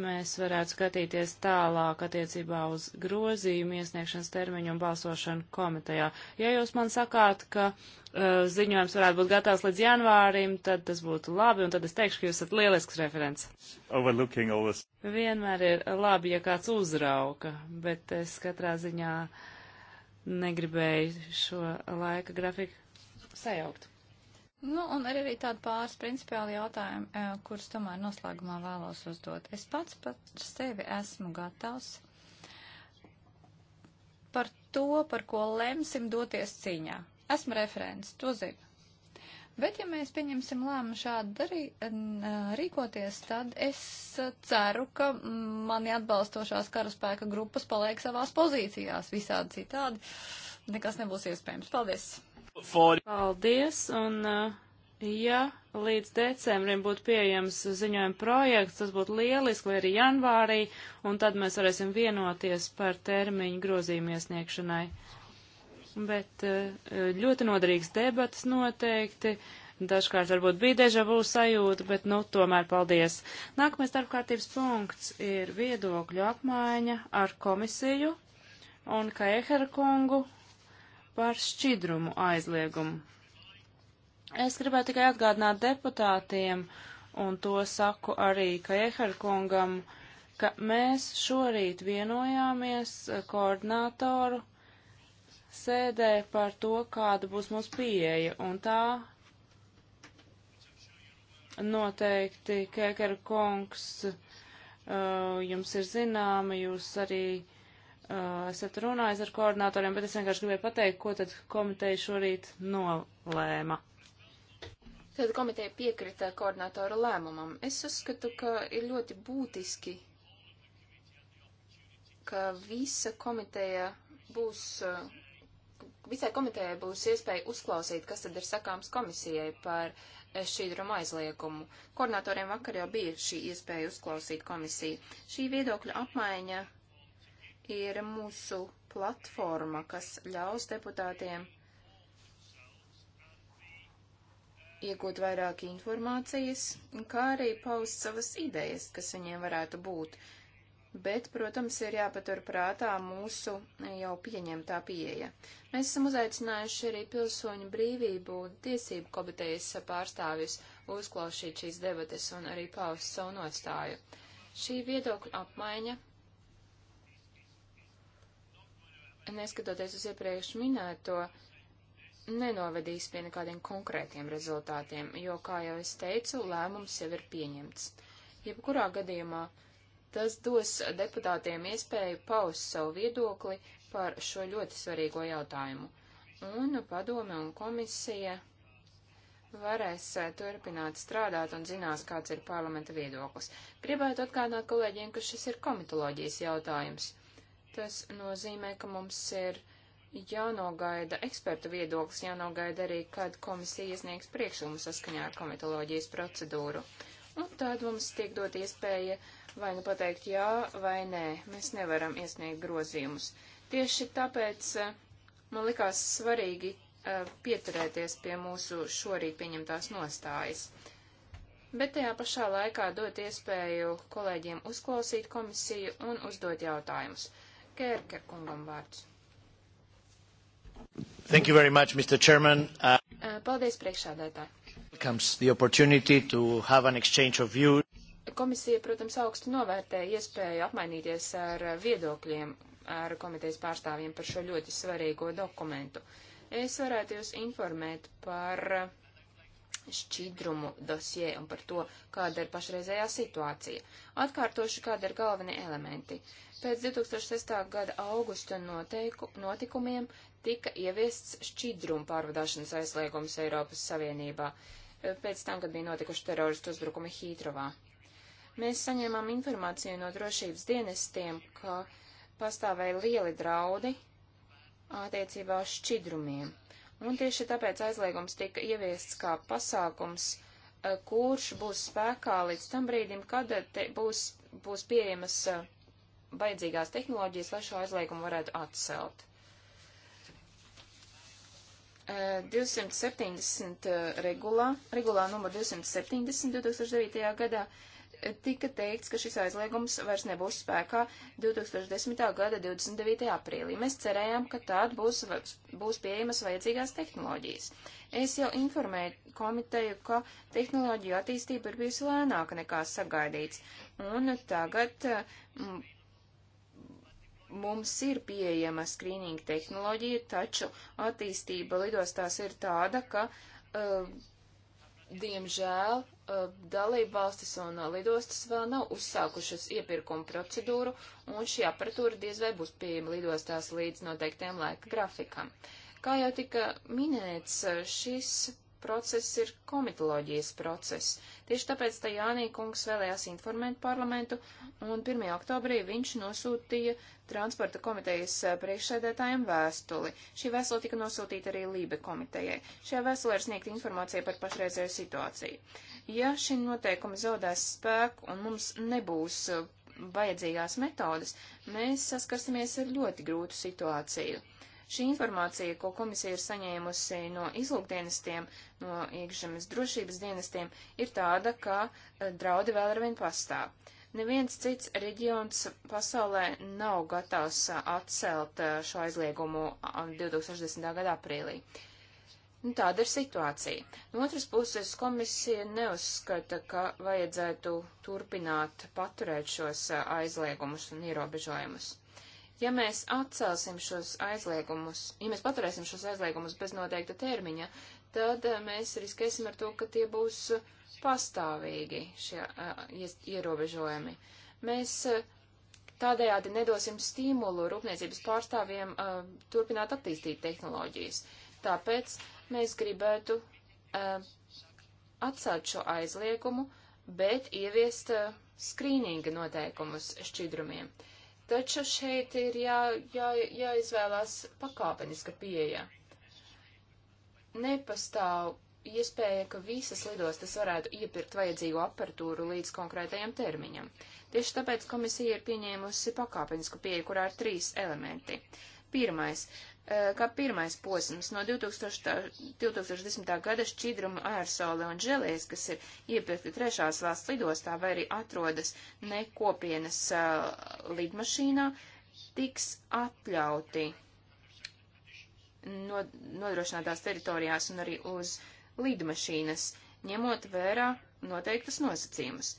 mēs varētu skatīties tālāk attiecībā uz grozījumu iesniegšanas termiņu un balsošanu komitejā. Ja jūs man sakāt, ka uh, ziņojums varētu būt gatavs līdz janvārim, tad tas būtu labi, un tad es teikšu, ka jūs esat lielisks referents. Vienmēr ir labi, ja kāds uzrauka, bet es katrā ziņā negribēju šo laika grafiku sajaukt. Nu, un ir arī tādi pāris principiāli jautājumi, e, kurus tomēr noslēgumā vēlos uzdot. Es pats par sevi esmu gatavs par to, par ko lemsim doties cīņā. Esmu referents, to zinu. Bet, ja mēs pieņemsim lēmumu šādi darī, e, rīkoties, tad es ceru, ka mani atbalstošās karaspēka grupas paliek savās pozīcijās. Visādi citādi nekas nebūs iespējams. Paldies! For... Paldies, un uh, ja līdz decembrim būtu pieejams ziņojuma projekts, tas būtu lieliski, vai arī janvārī, un tad mēs varēsim vienoties par termiņu grozījumu iesniegšanai. Bet uh, ļoti noderīgs debats noteikti. Dažkārt varbūt bija dežavu sajūta, bet nu tomēr paldies. Nākamais starpkārtības punkts ir viedokļu apmaiņa ar komisiju un Kaehera kungu par šķidrumu aizliegumu. Es gribētu tikai atgādināt deputātiem, un to saku arī Kajeharkungam, ka mēs šorīt vienojāmies koordinātoru sēdē par to, kāda būs mūsu pieeja, un tā noteikti Kekera kungs uh, jums ir zināma, jūs arī Uh, esat runājis ar koordinatoriem, bet es vienkārši gribēju pateikt, ko tad komiteja šorīt nolēma. Tad komiteja piekrita koordinatora lēmumam. Es uzskatu, ka ir ļoti būtiski, ka visa komiteja būs, uh, visai komitejai būs iespēja uzklausīt, kas tad ir sakāms komisijai par eh, šķīdrumu aizliegumu. Koordinatoriem vakar jau bija šī iespēja uzklausīt komisiju. Šī viedokļa apmaiņa ir mūsu platforma, kas ļaus deputātiem iegūt vairāk informācijas, kā arī paust savas idejas, kas viņiem varētu būt. Bet, protams, ir jāpatur prātā mūsu jau pieņemtā pieeja. Mēs esam uzaicinājuši arī pilsoņu brīvību tiesību komitejas pārstāvjus uzklausīt šīs debates un arī paust savu nostāju. Šī viedokļa apmaiņa neskatoties uz iepriekš minēto, nenovedīs pie nekādiem konkrētiem rezultātiem, jo, kā jau es teicu, lēmums jau ir pieņemts. Jebkurā gadījumā tas dos deputātiem iespēju paust savu viedokli par šo ļoti svarīgo jautājumu, un padome un komisija varēs eh, turpināt strādāt un zinās, kāds ir parlamenta viedoklis. Gribētu atgādināt kolēģiem, ka šis ir komitoloģijas jautājums Tas nozīmē, ka mums ir jānogaida eksperta viedoklis, jānogaida arī, kad komisija iesniegs priekšlikumu saskaņā ar komitoloģijas procedūru. Un tad mums tiek dot iespēja vai nu pateikt jā vai nē. Mēs nevaram iesniegt grozījumus. Tieši tāpēc eh, man likās svarīgi uh, pieturēties pie mūsu šorīt pieņemtās nostājas. Bet tajā pašā laikā dot iespēju kolēģiem uzklausīt komisiju un uzdot jautājumus. Kērke kungam vārds. Thank you very much, Mr. Chairman. Uh, uh Paldies, priekšādētāji. Comes the opportunity to have an exchange of views. Komisija, protams, augstu novērtē iespēju apmainīties ar viedokļiem ar komitejas pārstāvjiem par šo ļoti svarīgo dokumentu. Es varētu jūs informēt par uh, šķidrumu dosie un par to, kāda ir pašreizējā situācija. Atkārtošu, kāda ir galvenie elementi. Pēc 2006. gada augusta noteiku, notikumiem tika ieviests šķidrumu pārvadāšanas aizliegums Eiropas Savienībā, pēc tam, kad bija notikuši teroristu uzbrukumi Hītrovā. Mēs saņēmām informāciju no drošības dienestiem, ka pastāvēja lieli draudi attiecībā uz šķidrumiem Un tieši tāpēc aizliegums tika ieviests kā pasākums, eh, kurš būs spēkā līdz tam brīdim, kad būs, būs pieejamas eh, vajadzīgās tehnoloģijas, lai šo aizliegumu varētu atcelt. 270 eh, regulā, regulā numur 270 2009. gadā tika teikts, ka šis aizliegums vairs nebūs spēkā 2010. gada 29. aprīlī. Mēs cerējām, ka tād būs, būs pieejamas vajadzīgās tehnoloģijas. Es jau informēju komiteju, ka tehnoloģija attīstība ir bijusi lēnāka nekā sagaidīts, un tagad mm, mums ir pieejama skrīninga tehnoloģija, taču attīstība lidostās ir tāda, ka, uh, diemžēl, Uh, dalībvalstis un uh, lidostas vēl nav uzsākušas iepirkuma procedūru, un šī aparatūra diez vai būs pieejama lidostās līdz noteiktiem laika grafikam. Kā jau tika minēts, uh, šis process ir komitoloģijas process. Tieši tāpēc tā Jānī kungs vēlējās informēt parlamentu, un 1. oktobrī viņš nosūtīja transporta komitejas priekšsēdētājiem vēstuli. Šī vēstule tika nosūtīta arī Lībe komitejai. Šajā vēstulē ir sniegta informācija par pašreizēju situāciju. Ja šie noteikumi zaudēs spēku un mums nebūs uh, vajadzīgās metodas, mēs saskarsimies ar ļoti grūtu situāciju. Šī informācija, ko komisija ir saņēmusi no izlūkdienestiem, no iekšzemes drošības dienestiem, ir tāda, ka uh, draudi vēl ar vien pastāv. Neviens cits reģions pasaulē nav gatavs uh, atcelt šo aizliegumu 2060. gada aprīlī. Nu, tāda ir situācija. No otras puses, komisija neuzskata, ka vajadzētu turpināt paturēt šos aizliegumus un ierobežojumus. Ja mēs atcelsim šos aizliegumus, ja mēs paturēsim šos aizliegumus bez noteikta termiņa, tad mēs riskēsim ar to, ka tie būs pastāvīgi šie uh, ierobežojumi. Mēs uh, Tādējādi nedosim stimulu rūpniecības pārstāvjiem uh, turpināt attīstīt tehnoloģijas. Tāpēc mēs gribētu uh, atcelt šo aizliegumu, bet ieviest uh, skrīninga noteikumus šķidrumiem. Taču šeit ir jā, jā, jāizvēlās pakāpeniska pieeja. Nepastāv iespēja, ka visas lidostas varētu iepirkt vajadzīgo aparatūru līdz konkrētajam termiņam. Tieši tāpēc komisija ir pieņēmusi pakāpenisku pieeju, kurā ir trīs elementi. Pirmais Eh, kā pirmais posms no 2000, 2010. gada šķidruma aerosoli un želies, kas ir iepirkti trešās valsts lidostā vai arī atrodas nekopienas uh, lidmašīnā, tiks atļauti nodrošinātās teritorijās un arī uz lidmašīnas, ņemot vērā noteiktus nosacījumus.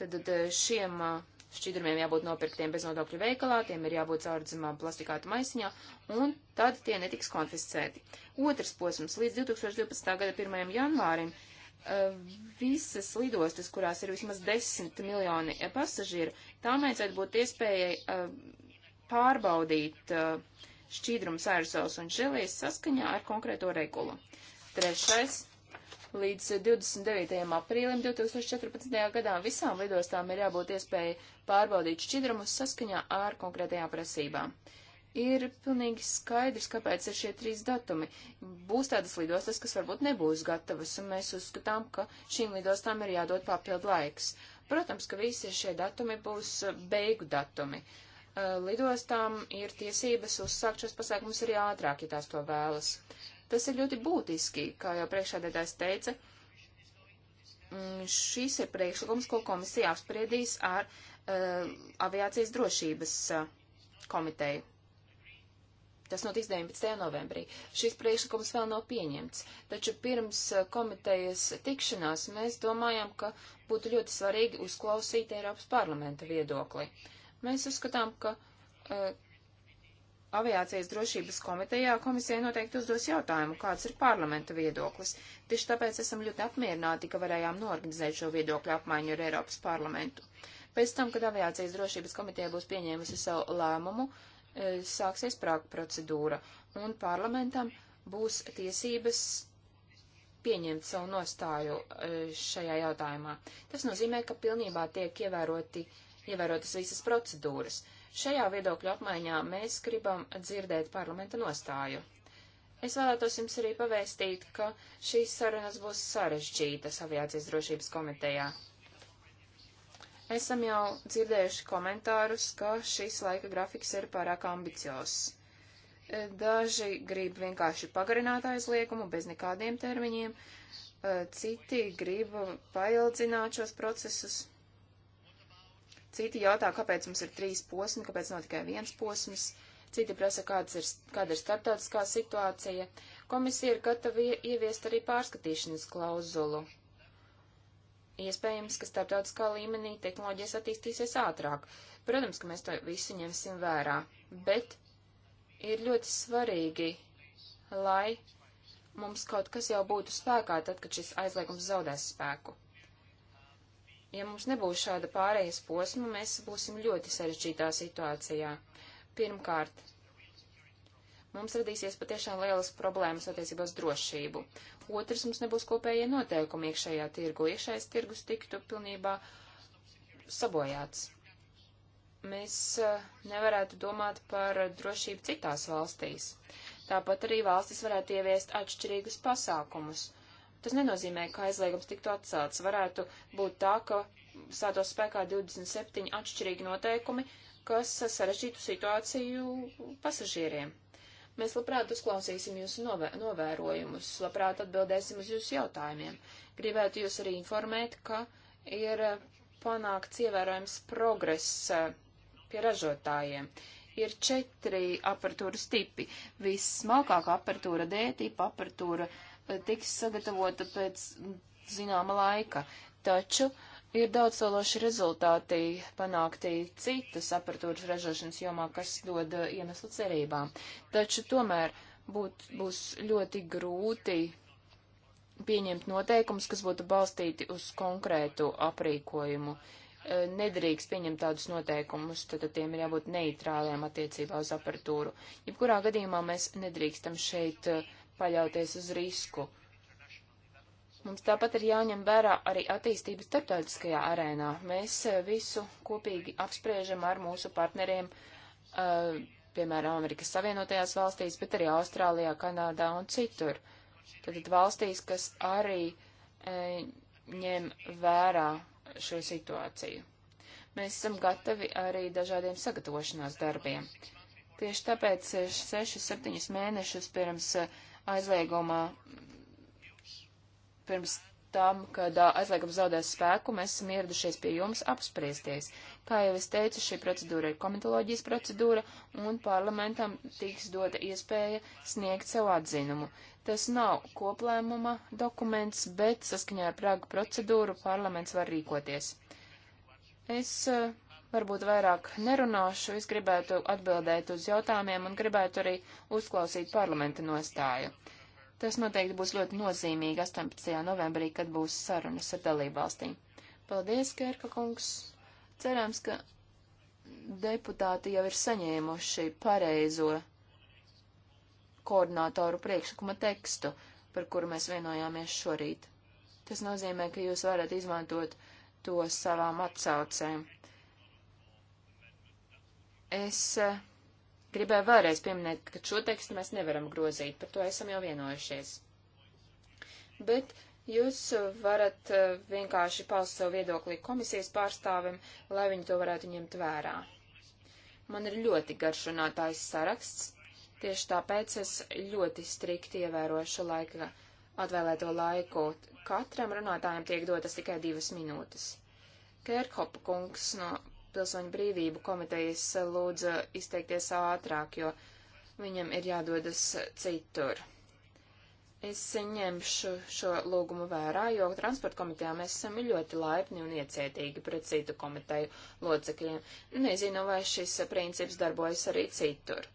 Tad eh, šiem uh, šķidrumiem jābūt nopirktiem beznodokļu veikalā, tiem ir jābūt caurdzimā plastikāta maisiņā, un tad tie netiks konfiscēti. Otrs posms līdz 2012. gada 1. janvārim eh, visas lidostas, kurās ir vismaz 10 miljoni eh, pasažieru, tām vajadzētu būt iespējai eh, pārbaudīt šķīdrumu sērsos un želies saskaņā ar konkrēto regulu. Trešais Līdz 29. aprīlim 2014. gadā visām lidostām ir jābūt iespēja pārbaudīt šķidrumus saskaņā ar konkrētajām prasībām. Ir pilnīgi skaidrs, kāpēc ir šie trīs datumi. Būs tādas lidostas, kas varbūt nebūs gatavas, un mēs uzskatām, ka šīm lidostām ir jādod papildu laiks. Protams, ka visi šie datumi būs beigu datumi lidostām ir tiesības uzsākt šos pasākumus arī ātrāk, ja tās to vēlas. Tas ir ļoti būtiski, kā jau priekšādētājs teica. Mm, šis ir priekšlikums, ko komisija apspriedīs ar uh, aviācijas drošības uh, komiteju. Tas notiks 19. novembrī. Šis priekšlikums vēl nav pieņemts, taču pirms eh, komitejas tikšanās mēs domājām, ka būtu ļoti svarīgi uzklausīt Eiropas parlamenta viedokli. Mēs uzskatām, ka aviācijas drošības komitejā komisija noteikti uzdos jautājumu, kāds ir parlamenta viedoklis. Tieši tāpēc esam ļoti apmierināti, ka varējām norganizēt šo viedokļu apmaiņu ar Eiropas parlamentu. Pēc tam, kad aviācijas drošības komiteja būs pieņēmusi savu lēmumu, eh, sāksies prāka procedūra, un parlamentam būs tiesības pieņemt savu nostāju eh, šajā jautājumā. Tas nozīmē, ka pilnībā tiek ievēroti, ievērotas visas procedūras. Uh, Šajā viedokļu apmaiņā mēs gribam dzirdēt parlamenta nostāju. Es vēlētos jums arī pavēstīt, ka šīs sarunas būs sarežģītas aviācijas drošības komitejā. Esam jau dzirdējuši komentārus, ka šis laika grafiks ir pārāk ambiciozs. Daži grib vienkārši pagarināt aizliegumu bez nekādiem termiņiem, citi grib paildzināt šos procesus. Citi jautā, kāpēc mums ir trīs posmi, kāpēc nav tikai viens posms. Citi prasa, kādas ir, kāda ir starptautiskā situācija. Komisija ir gatava ieviest arī pārskatīšanas klauzulu. Iespējams, ka starptautiskā līmenī tehnoloģijas attīstīsies ātrāk. Protams, ka mēs to visu ņemsim vērā, bet ir ļoti svarīgi, lai mums kaut kas jau būtu spēkā tad, kad šis aizliegums zaudēs spēku. Ja mums nebūs šāda pārējais posma, mēs būsim ļoti sarežģītā situācijā. Pirmkārt, mums radīsies patiešām lielas problēmas attiecībā uz drošību. Otrs, mums nebūs kopējie noteikumi iekšējā tirgu. Iekšējais tirgus tiktu pilnībā sabojāts. Mēs eh, nevarētu domāt par drošību citās valstīs. Tāpat arī valstis varētu ieviest atšķirīgus pasākumus Tas nenozīmē, ka aizliegums tiktu atcelts. Varētu būt tā, ka stātos spēkā 27 atšķirīgi noteikumi, kas sarežģītu situāciju pasažieriem. Mēs labprāt uzklausīsim jūsu novē novērojumus, labprāt atbildēsim uz jūsu jautājumiem. Gribētu jūs arī informēt, ka ir panākts ievērojams progress eh, pie ražotājiem. Ir četri aparatūras tipi. Vissmalkākā aparatūra D tipa, aparatūra tiks sagatavota pēc zināma laika, taču ir daudz sološi rezultāti panākti citas aparatūras ražošanas jomā, kas dod uh, iemeslu cerībām. Taču tomēr būt, būs ļoti grūti pieņemt noteikumus, kas būtu balstīti uz konkrētu aprīkojumu. Uh, nedrīkst pieņemt tādus noteikumus, tad tiem ir jābūt neitrāliem attiecībā uz aparatūru. Jebkurā gadījumā mēs nedrīkstam šeit uh, paļauties uz risku. Mums tāpat ir jāņem vērā arī attīstība starptautiskajā arēnā. Mēs eh, visu kopīgi apspriežam ar mūsu partneriem, eh, piemēram, Amerikas Savienotajās valstīs, bet arī Austrālijā, Kanādā un citur. Tātad valstīs, kas arī eh, ņem vērā šo situāciju. Mēs esam gatavi arī dažādiem sagatavošanās darbiem. Tieši tāpēc 6-7 mēnešus pirms uh, aizlieguma pirms tam, kad aizliegums zaudēs spēku, mēs esam ieradušies pie jums apspriesties. Kā jau es teicu, šī procedūra ir komitoloģijas procedūra, un parlamentam tiks dota iespēja sniegt savu atzinumu. Tas nav koplēmuma dokuments, bet saskaņā ar Pragu procedūru parlaments var rīkoties. Es uh, Varbūt vairāk nerunāšu, es gribētu atbildēt uz jautājumiem un gribētu arī uzklausīt parlamenta nostāju. Tas noteikti būs ļoti nozīmīgi 18. novembrī, kad būs sarunas ar dalībvalstīm. Paldies, Kērka kungs! Cerams, ka deputāti jau ir saņēmuši pareizo koordinātoru priekšlikuma tekstu, par kuru mēs vienojāmies šorīt. Tas nozīmē, ka jūs varat izmantot to savām atsaucēm. Es eh, gribēju vēlreiz pieminēt, ka šo tekstu mēs nevaram grozīt, par to esam jau vienojušies. Bet Jūs varat eh, vienkārši paust savu viedoklī komisijas pārstāvim, lai viņi to varētu ņemt vērā. Man ir ļoti garš runātājs saraksts, tieši tāpēc es ļoti strikti ievērošu laika atvēlēto laiku. Katram runātājam tiek dotas tikai divas minūtes. Kērkopa kungs no pilsoņu brīvību komitejas lūdza izteikties ātrāk, jo viņam ir jādodas citur. Es ņemšu šo lūgumu vērā, jo transporta komitejā mēs esam ļoti laipni un iecietīgi pret citu komiteju locekļiem. Nezinu, vai šis princips darbojas arī citur.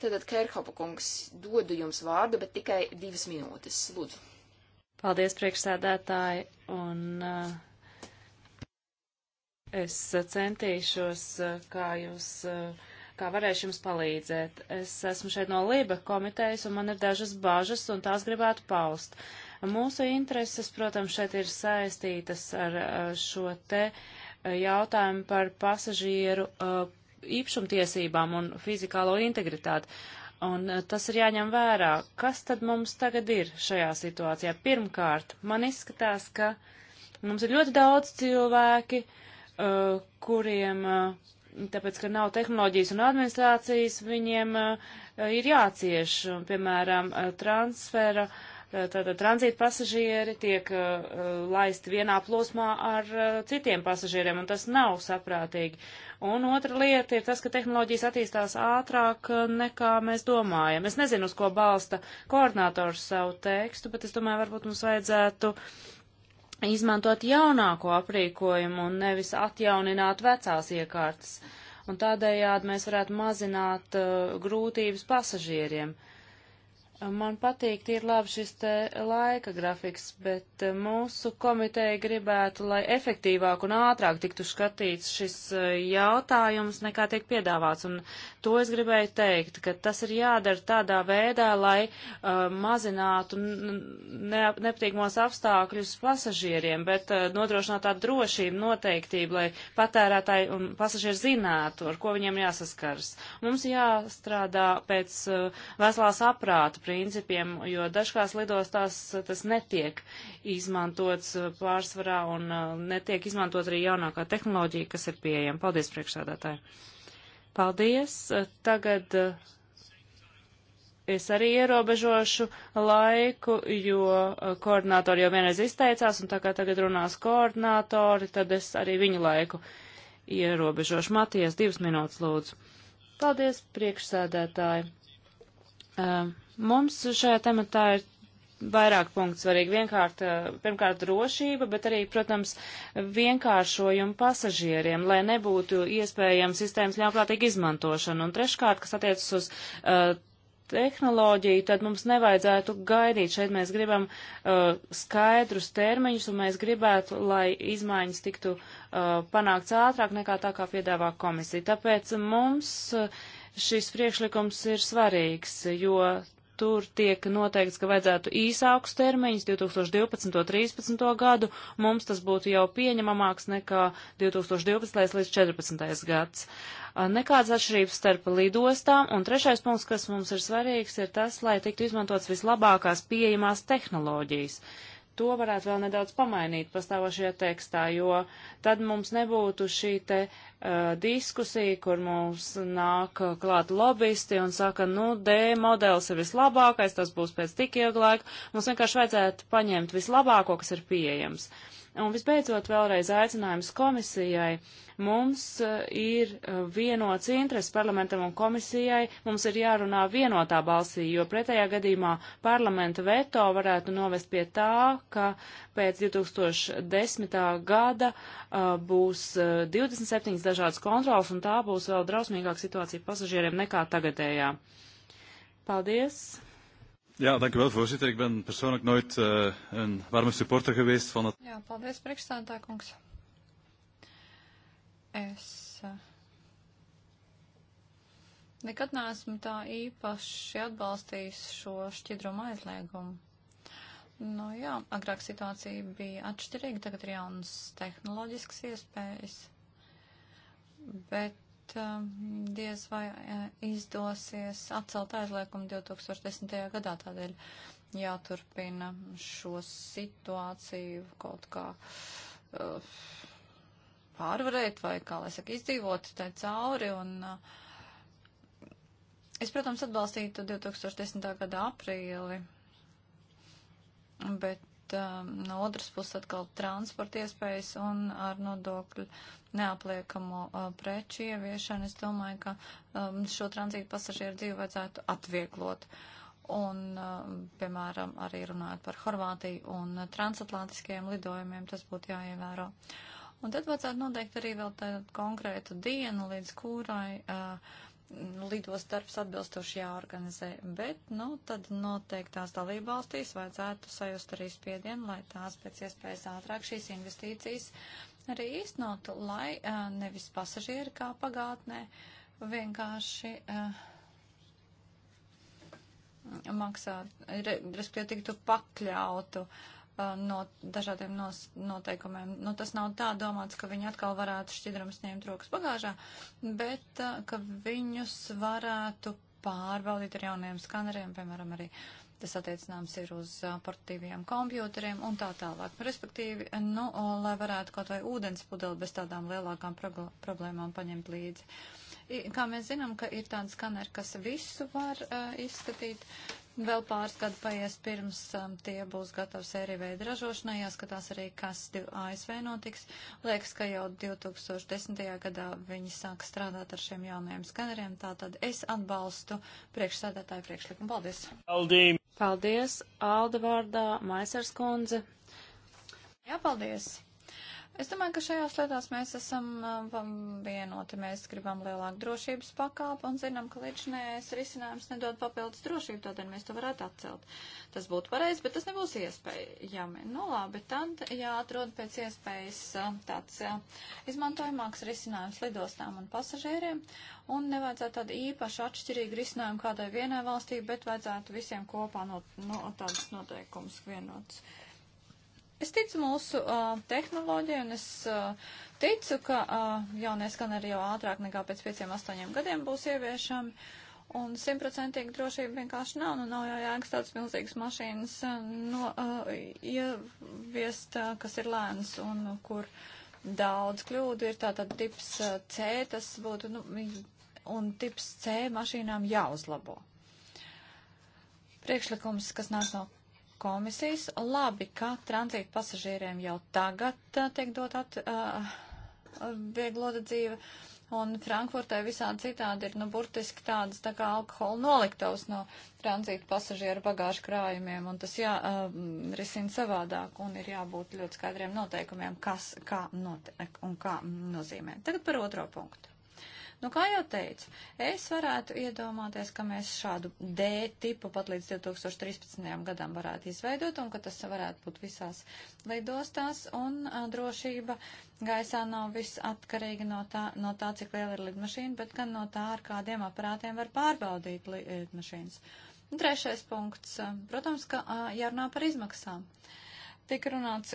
Tātad, Kērhopa kungs, dodu jums vārdu, bet tikai divas minūtes, lūdzu. Paldies, priekšsēdētāji, un uh, Es centīšos, kā jūs, kā varēšu jums palīdzēt. Es esmu šeit no Liba komitejas, un man ir dažas bažas, un tās gribētu paust. Mūsu intereses, protams, šeit ir saistītas ar šo te eh, jautājumu par pasažieru eh, īpašumtiesībām un fizikālo integritāti. Un eh, tas ir jāņem vērā. Kas tad mums tagad ir šajā situācijā? Pirmkārt, man izskatās, ka mums ir ļoti daudz cilvēki, uh, Uh, kuriem, uh, tāpēc, ka nav tehnoloģijas un administrācijas, viņiem uh, ir jācieš, piemēram, transfera, tātad tranzīta pasažieri tiek laisti vienā plosmā ar citiem pasažieriem, un tas nav saprātīgi. Un otra lieta ir tas, ka tehnoloģijas attīstās ātrāk nekā mēs domājam. Es nezinu, uz ko balsta koordinators savu tekstu, bet es domāju, varbūt mums vajadzētu uh, izmantot jaunāko aprīkojumu un nevis atjaunināt vecās iekārtas. Un tādējādi mēs varētu mazināt uh, grūtības pasažieriem. Uh, Man patīk, ir labi šis te laika grafiks, bet eh, mūsu komiteja gribētu, lai efektīvāk un ātrāk tiktu skatīts šis eh, jautājums, nekā tiek piedāvāts. Un to es gribēju teikt, ka tas ir jādara tādā veidā, lai uh, mazinātu ne nepatīkamos apstākļus pasažieriem, bet uh, nodrošinātu tādu drošību, noteiktību, lai patērētāji un pasažieri zinātu, ar ko viņiem jāsaskars. Mums jāstrādā pēc uh, veselās aprāta principiem, jo dažkās lidostās eh, tas netiek izmantots eh, pārsvarā un eh, netiek izmantot arī jaunākā tehnoloģija, kas ir pieejama. Paldies, priekšsādātāji! Paldies! Tagad es arī ierobežošu laiku, jo koordinātori jau vienreiz izteicās, un tā kā tagad runās koordinātori, tad es arī viņu laiku ierobežošu. Matijas, divas minūtes lūdzu. Paldies, priekšsēdētāji. Uh, Mums šajā tematā ir vairāk punktu svarīgi. Vienkārt, eh, pirmkārt, drošība, bet arī, protams, vienkāršojumu pasažieriem, lai nebūtu iespējama sistēmas ļauprātīga izmantošana. Un treškārt, kas attiecas uz uh, tehnoloģiju, tad mums nevajadzētu gaidīt. Šeit mēs gribam uh, skaidrus termiņus, un mēs gribētu, lai izmaiņas tiktu uh, panākts ātrāk nekā tā, kā piedāvā komisija. Tāpēc mums uh, šis priekšlikums ir svarīgs, jo tur tiek noteikts, ka vajadzētu īsākus termiņus 2012. 13. gadu, mums tas būtu jau pieņemamāks nekā 2012. līdz 14. gads. Nekādas atšķirības starp lidostām, un trešais punkts, kas mums ir svarīgs, ir tas, lai tiktu izmantots vislabākās pieejamās tehnoloģijas to varētu vēl nedaudz pamainīt pastāvošajā tekstā, jo tad mums nebūtu šī te uh, diskusija, kur mums nāk klāt lobbyisti un saka, nu, D modelis ir vislabākais, tas būs pēc tik ilga laika. Mums vienkārši vajadzētu paņemt vislabāko, kas ir pieejams. Uh, Un visbeidzot vēlreiz aicinājums komisijai. Mums eh, ir eh, vienots interesi parlamentam un komisijai, mums ir jārunā vienotā balsī, jo pretējā gadījumā parlamenta veto varētu novest pie tā, ka pēc 2010. gada eh, būs 27 dažādas kontrolas un tā būs vēl drausmīgāka situācija pasažieriem nekā tagadējā. Paldies! Ja, dank u wel, voorzitter. Ik ben persoonlijk nooit uh, een warme supporter geweest van het... Ja, paldies, priekšstādā, kungs. Es uh, nekad neesmu tā īpaši atbalstījis šo šķidrumu aizliegumu. Nu jā, agrāk situācija bija atšķirīga, tagad ir jaunas tehnoloģiskas iespējas. Bet bet um, diez vai e, izdosies atcelt aizliekumu 2010. gadā. Tādēļ jāturpina šo situāciju kaut kā uh, pārvarēt vai, kā lai saka, izdzīvot tai cauri. Un, uh, es, protams, atbalstītu 2010. gada aprīli, bet um, no otras puses atkal transporta iespējas un ar nodokļu neapliekamo uh, preču ieviešanu. Es domāju, ka um, šo tranzītu pasažieru dzīvi vajadzētu atvieglot. Un, uh, piemēram, arī runājot par Horvātiju un uh, transatlantiskajiem lidojumiem, tas būtu jāievēro. Un tad vajadzētu noteikt arī vēl tādu konkrētu dienu, līdz kurai uh, lidos darbs atbilstoši jāorganizē, bet, nu, tad noteiktās dalībvalstīs vajadzētu sajust arī spiedienu, lai tās pēc iespējas ātrāk šīs investīcijas arī īstenotu, lai uh, nevis pasažieri kā pagātnē vienkārši uh, maksā, respektīvi tiktu pakļautu uh, Uh, no dažādiem nos, noteikumiem. Nu, tas nav tā domāts, ka viņi atkal varētu šķidrams ņemt rokas bagāžā, bet uh, ka viņus varētu pārbaudīt ar jauniem skaneriem, piemēram, arī tas attiecināms ir uz uh, portīviem kompjūteriem un tā tālāk. Nu, respektīvi, nu, lai varētu kaut vai ūdens pudeli bez tādām lielākām problēmām paņemt līdzi. Kā mēs zinām, ka ir tāda skaneri, kas visu var uh, izskatīt, Vēl pāris gadu paies pirms um, tie būs gatavi sēriju veidu ražošanai, jāskatās arī, kas ASV notiks. Liekas, ka jau 2010. gadā viņi sāk strādāt ar šiem jaunajiem skaneriem, tātad es atbalstu priekšsēdētāju priekšlikumu. Paldies! Aldīm. Paldies! Alda vārdā, Maisers kundze. Jā, paldies! Es domāju, ka šajās lietās mēs esam um, vienoti. Mēs gribam lielāku drošības pakāpu un zinām, ka līdzinējais risinājums nedod papildus drošību, tādēļ mēs to varētu atcelt. Tas būtu pareizi, bet tas nebūs iespējami. Nu labi, tad jāatrod pēc iespējas um, tāds uh, izmantojamāks risinājums lidostām un pasažieriem un nevajadzētu tādu īpašu atšķirīgu risinājumu kādai vienai valstī, bet vajadzētu visiem kopā no, no tādas noteikumus vienotas. Es ticu mūsu uh, tehnoloģiju un es uh, ticu, ka uh, jaunie skaneri jau ātrāk nekā pēc 5-8 gadiem būs ieviešami. Un simtprocentīgi drošība vienkārši nav, nu nav jau jēgas tādas milzīgas mašīnas no, uh, ieviest, uh, kas ir lēns un uh, kur daudz kļūdu ir. Tātad tips uh, C tas būtu, nu, un tips C mašīnām jāuzlabo. Priekšlikums, kas nāk no komisijas. Labi, ka tranzīta pasažieriem jau tagad a, uh, tiek dot at, uh, vieglota dzīve. Un Frankfurtē visādi citādi ir, nu, burtiski tādas tā kā alkohola noliktavas no tranzīta pasažieru bagāžu krājumiem, un tas jā, uh, risina savādāk, un ir jābūt ļoti skaidriem noteikumiem, kas, kā notiek un kā nozīmē. Tagad par otro punktu. Nu, kā jau teicu, es varētu iedomāties, ka mēs šādu D tipu pat līdz 2013. gadam varētu izveidot un ka tas varētu būt visās lidostās un a, drošība gaisā nav viss atkarīga no tā, no tā, cik liela ir lidmašīna, bet gan no tā, ar kādiem aparātiem var pārbaudīt lidmašīnas. Un trešais punkts. Protams, ka a, jārunā par izmaksām. Uh, Tika runāts,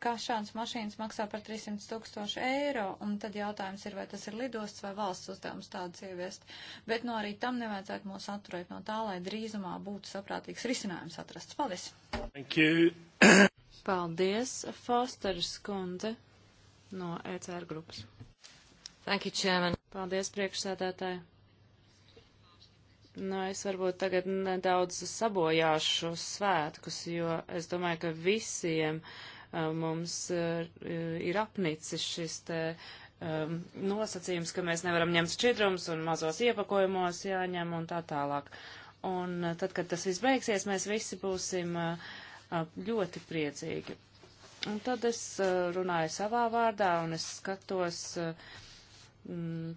ka šādas mašīnas maksā par 300 tūkstoši eiro, un tad jautājums ir, vai tas ir lidosts vai valsts uzdevums tādas ieviest. Bet no nu, arī tam nevajadzētu mūs atturēt no tā, lai drīzumā būtu saprātīgs risinājums atrasts. Paldies! Thank you! (coughs) Paldies, Fosteris kundze no ECR grupas. Thank you, Chairman. Paldies, priekšsēdētāji. Nu, es varbūt tagad nedaudz sabojāšu svētkus, jo es domāju, ka visiem uh, mums uh, ir apnicis šis te um, nosacījums, ka mēs nevaram ņemt šķidrums un mazos iepakojumos jāņem un tā tālāk. Un uh, tad, kad tas viss beigsies, mēs visi būsim uh, uh, ļoti priecīgi. Un tad es uh, runāju savā vārdā un es skatos. Mm,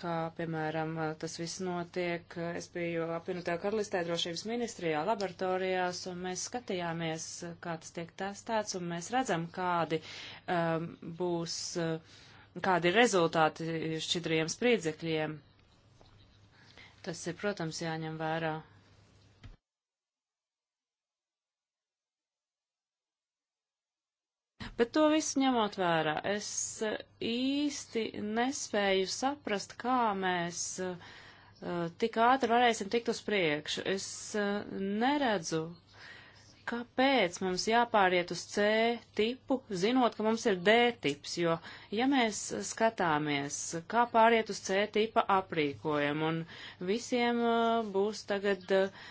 kā, piemēram, tas viss notiek. Es biju apvienotā karalistē drošības ministrijā, laboratorijās, un mēs skatījāmies, kā tas tiek testēts, un mēs redzam, kādi um, būs, kādi ir rezultāti šķidriem spriedzekļiem. Tas ir, protams, jāņem vērā. Bet to visu ņemot vērā, es eh, īsti nespēju saprast, kā mēs eh, tik ātri varēsim tikt uz priekšu. Es eh, neredzu, kāpēc mums jāpāriet uz C tipu, zinot, ka mums ir D tips, jo, ja mēs skatāmies, kā pāriet uz C tipa aprīkojumu, un visiem būs tagad uh,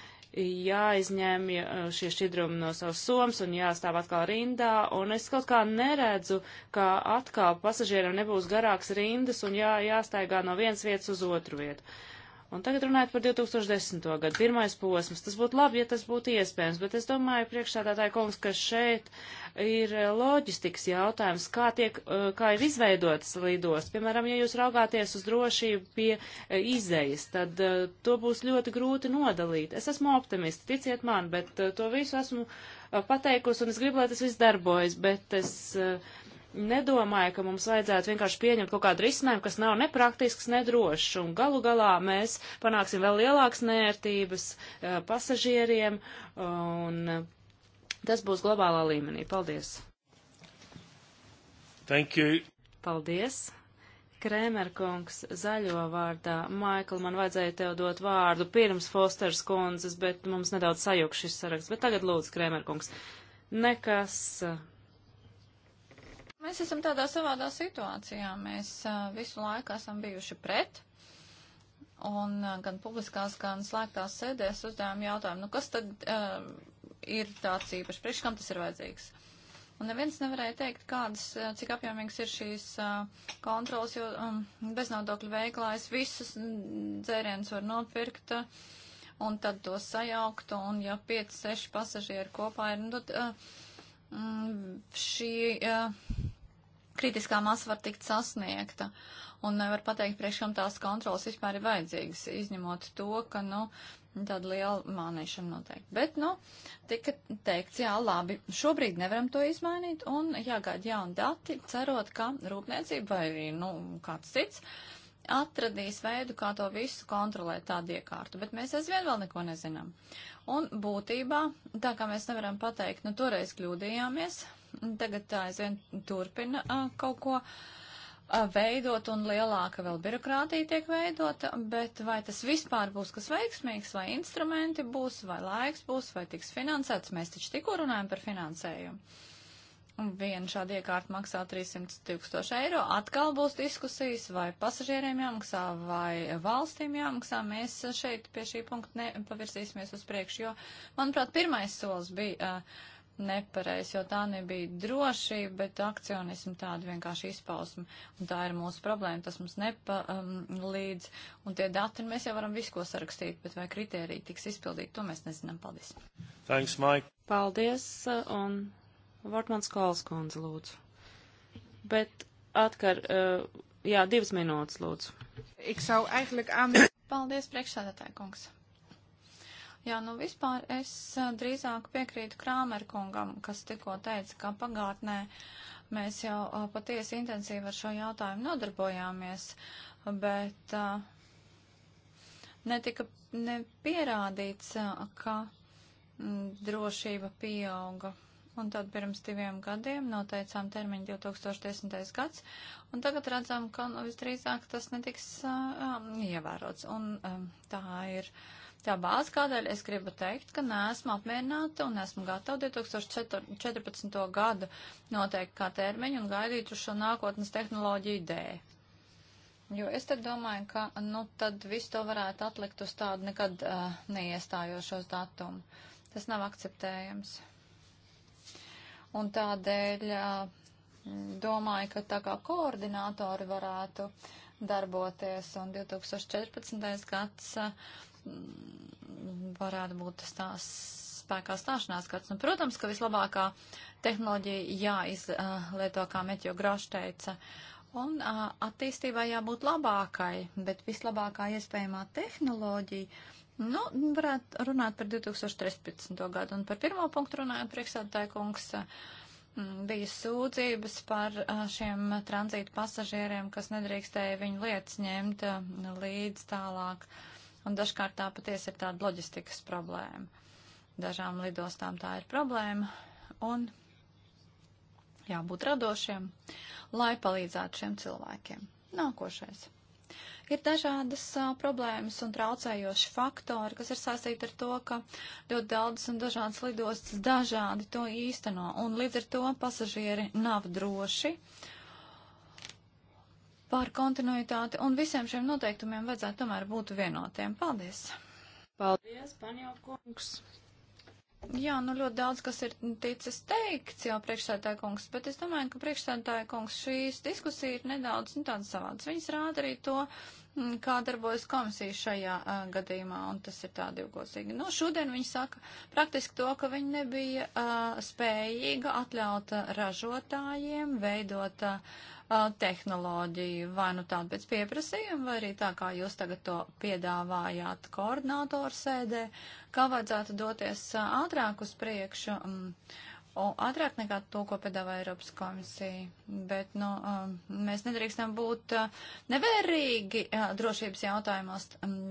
jāizņem eh, šie šķidrumi no savas somas un jāstāv atkal rindā, un es kaut kā neredzu, ka atkal pasažieram nebūs garāks rindas un jā, jāstaigā no vienas vietas uz otru vietu. Uh, Un tagad runājot par 2010. gadu, pirmais posms, tas būtu labi, ja tas būtu iespējams, bet es domāju, priekšsādātāja kungs, ka šeit ir eh, loģistikas jautājums, kā, tiek, eh, kā ir izveidotas lidos. Piemēram, ja jūs raugāties uz drošību pie eh, izējas, tad to būs ļoti grūti nodalīt. Es esmu optimists, ticiet man, bet to visu esmu pateikusi un es gribu, lai tas viss darbojas, bet es. Uh, nedomāju, ka mums vajadzētu vienkārši pieņemt kaut kādu risinājumu, kas nav nepraktisks, nedrošs, un galu galā mēs panāksim vēl lielākas nērtības uh, pasažieriem, un uh, tas būs globālā līmenī. Paldies! Thank you! Paldies! Krēmerkungs zaļo vārdā. Maikl, man vajadzēja tev dot vārdu pirms Fosters kundzes, bet mums nedaudz sajūg šis saraksts. Bet tagad lūdzu, Krēmerkungs. Nekas, Mēs esam tādā savādā situācijā. Mēs uh, visu laiku esam bijuši pret. Un uh, gan publiskās, gan slēgtās sēdēs uzdevām jautājumu, nu kas tad uh, ir tāds īpašs, priekš kam tas ir vajadzīgs? Un neviens nevarēja teikt, kādas, cik apjomīgs ir šīs uh, kontrols, jo um, beznodokļu veiklājas visus dzērienus var nopirkt uh, un tad to sajaukt, un ja 5-6 pasažieri kopā ir, nu, tad uh, šī uh, kritiskā masa var tikt sasniegta. Un nevar pateikt, priekš kam tās kontrolas vispār ir vajadzīgas, izņemot to, ka, nu, tāda liela mānīšana noteikti. Bet, nu, tika teikts, jā, labi, šobrīd nevaram to izmainīt un jāgāda jauni dati, cerot, ka rūpniecība vai arī, nu, kāds cits atradīs veidu, kā to visu kontrolēt tādu iekārtu, bet mēs aizvien vēl neko nezinām. Un būtībā, tā kā mēs nevaram pateikt, nu toreiz kļūdījāmies, tagad aizvien turpina a, kaut ko a, veidot un lielāka vēl birokrātija tiek veidota, bet vai tas vispār būs kas veiksmīgs, vai instrumenti būs, vai laiks būs, vai tiks finansēts, mēs taču tikko runājam par finansējumu. Un viena šāda iekārta maksā 300 tūkstoši eiro. Atkal būs diskusijas, vai pasažieriem jāmaksā, vai valstīm jāmaksā. Mēs šeit pie šī punkta nepavirsīsimies uz priekšu, jo, manuprāt, pirmais solis bija uh, nepareiz, jo tā nebija drošība, bet akcionismu tāda vienkārši izpausme. Un tā ir mūsu problēma, tas mums nepalīdz. Um, un tie dati, mēs jau varam visko sarakstīt, bet vai kritēriji tiks izpildīti, to mēs nezinām. Paldies. Thanks, Mike. Paldies, uh, un Vortmans Kols kundze lūdzu. Bet atkar, uh, jā, divas minūtes lūdzu. Ik sau eigenlijk aan. Paldies, priekšsādātāja kungs. Jā, nu vispār es drīzāk piekrītu Krāmerkungam, kas tikko teica, ka pagātnē mēs jau patiesi intensīvi ar šo jautājumu nodarbojāmies, bet netika nepierādīts, ka drošība pieauga. Un tad pirms diviem gadiem noteicām termiņu 2010. gads, un tagad redzam, ka nu, visdrīzāk tas netiks uh, ievērots. Un um, tā ir uh, Tā bāze, kādēļ es gribu teikt, ka neesmu apmierināta un esmu gatava 2014. gadu noteikt kā termiņu un gaidīt uz šo nākotnes tehnoloģiju ideju. Jo es te domāju, ka, nu, tad visu to varētu atlikt uz tādu nekad uh, neiestājošos datumu. Tas nav akceptējams. Un tādēļ uh, domāju, ka tā kā koordinātori varētu darboties un 2014. gads. Uh, varētu būt tās spēkā stāšanās gads. Un, nu, protams, ka vislabākā tehnoloģija jāizlieto, kā Meķo Graš teica, un attīstībai jābūt labākai, bet vislabākā iespējamā tehnoloģija. Nu, varētu runāt par 2013. gadu un par pirmo punktu runājot priekšsēdētāja kungs. Bija sūdzības par šiem tranzītu pasažieriem, kas nedrīkstēja viņu lietas ņemt līdz tālāk. Uh, un dažkārt tā patiesi ir tāda loģistikas problēma. Dažām lidostām tā ir problēma, un jābūt radošiem, lai palīdzētu šiem cilvēkiem. Nākošais. Ir dažādas uh, problēmas un traucējoši faktori, kas ir saistīti ar to, ka ļoti daudz un dažādas lidostas dažādi to īsteno, un līdz ar to pasažieri nav droši. Uh, par kontinuitāti, un visiem šiem noteikumiem vajadzētu tomēr būt vienotiem. Paldies! Paldies, paņaukungs! Jā, nu ļoti daudz, kas ir ticis teikts jau priekšsētāja kungs, bet es domāju, ka priekšsētāja kungs šīs diskusija ir nedaudz nu, tāda savāds. Viņas rāda arī to, mm, kā darbojas komisija šajā uh, gadījumā, un tas ir tā divkosīgi. Nu, šodien viņi saka praktiski to, ka viņi nebija uh, spējīga atļaut ražotājiem veidot uh, tehnoloģiju, vai nu tādu pēc pieprasījuma, vai arī tā, kā jūs tagad to piedāvājāt koordinātoru sēdē, kā vajadzētu doties ātrāk uz priekšu, mm, ātrāk nekā to, ko piedāvā Eiropas komisija. Bet, nu, mēs nedrīkstam būt nevērīgi drošības jautājumos,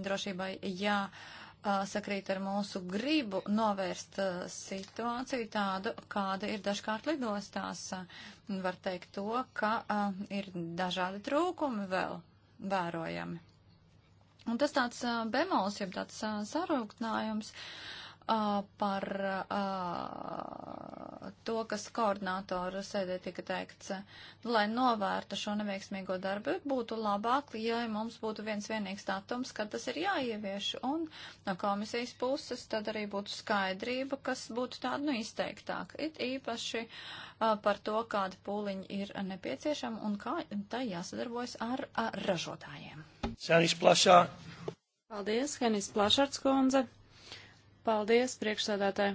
drošībai jā. Ja sakrīt ar mūsu gribu novērst situāciju tādu, kāda ir dažkārt lidostās. Var teikt to, ka ir dažādi trūkumi vēl vērojami. Un tas tāds bemols, jeb tāds sarūktinājums. Uh, par to, kas koordinātoru sēdē tika teikts, lai novērta šo neveiksmīgo darbu, būtu labāk, ja mums būtu viens vienīgs datums, kad tas ir jāievieš. Un no komisijas puses tad arī būtu skaidrība, kas būtu tāda nu izteiktāka. It īpaši par to, kāda pūliņa ir nepieciešama un kā tai jāsadarbojas ar, ar ražotājiem. Sēnis plašā. Paldies, Henis Plašards kundze. Paldies, priekšsādātāji!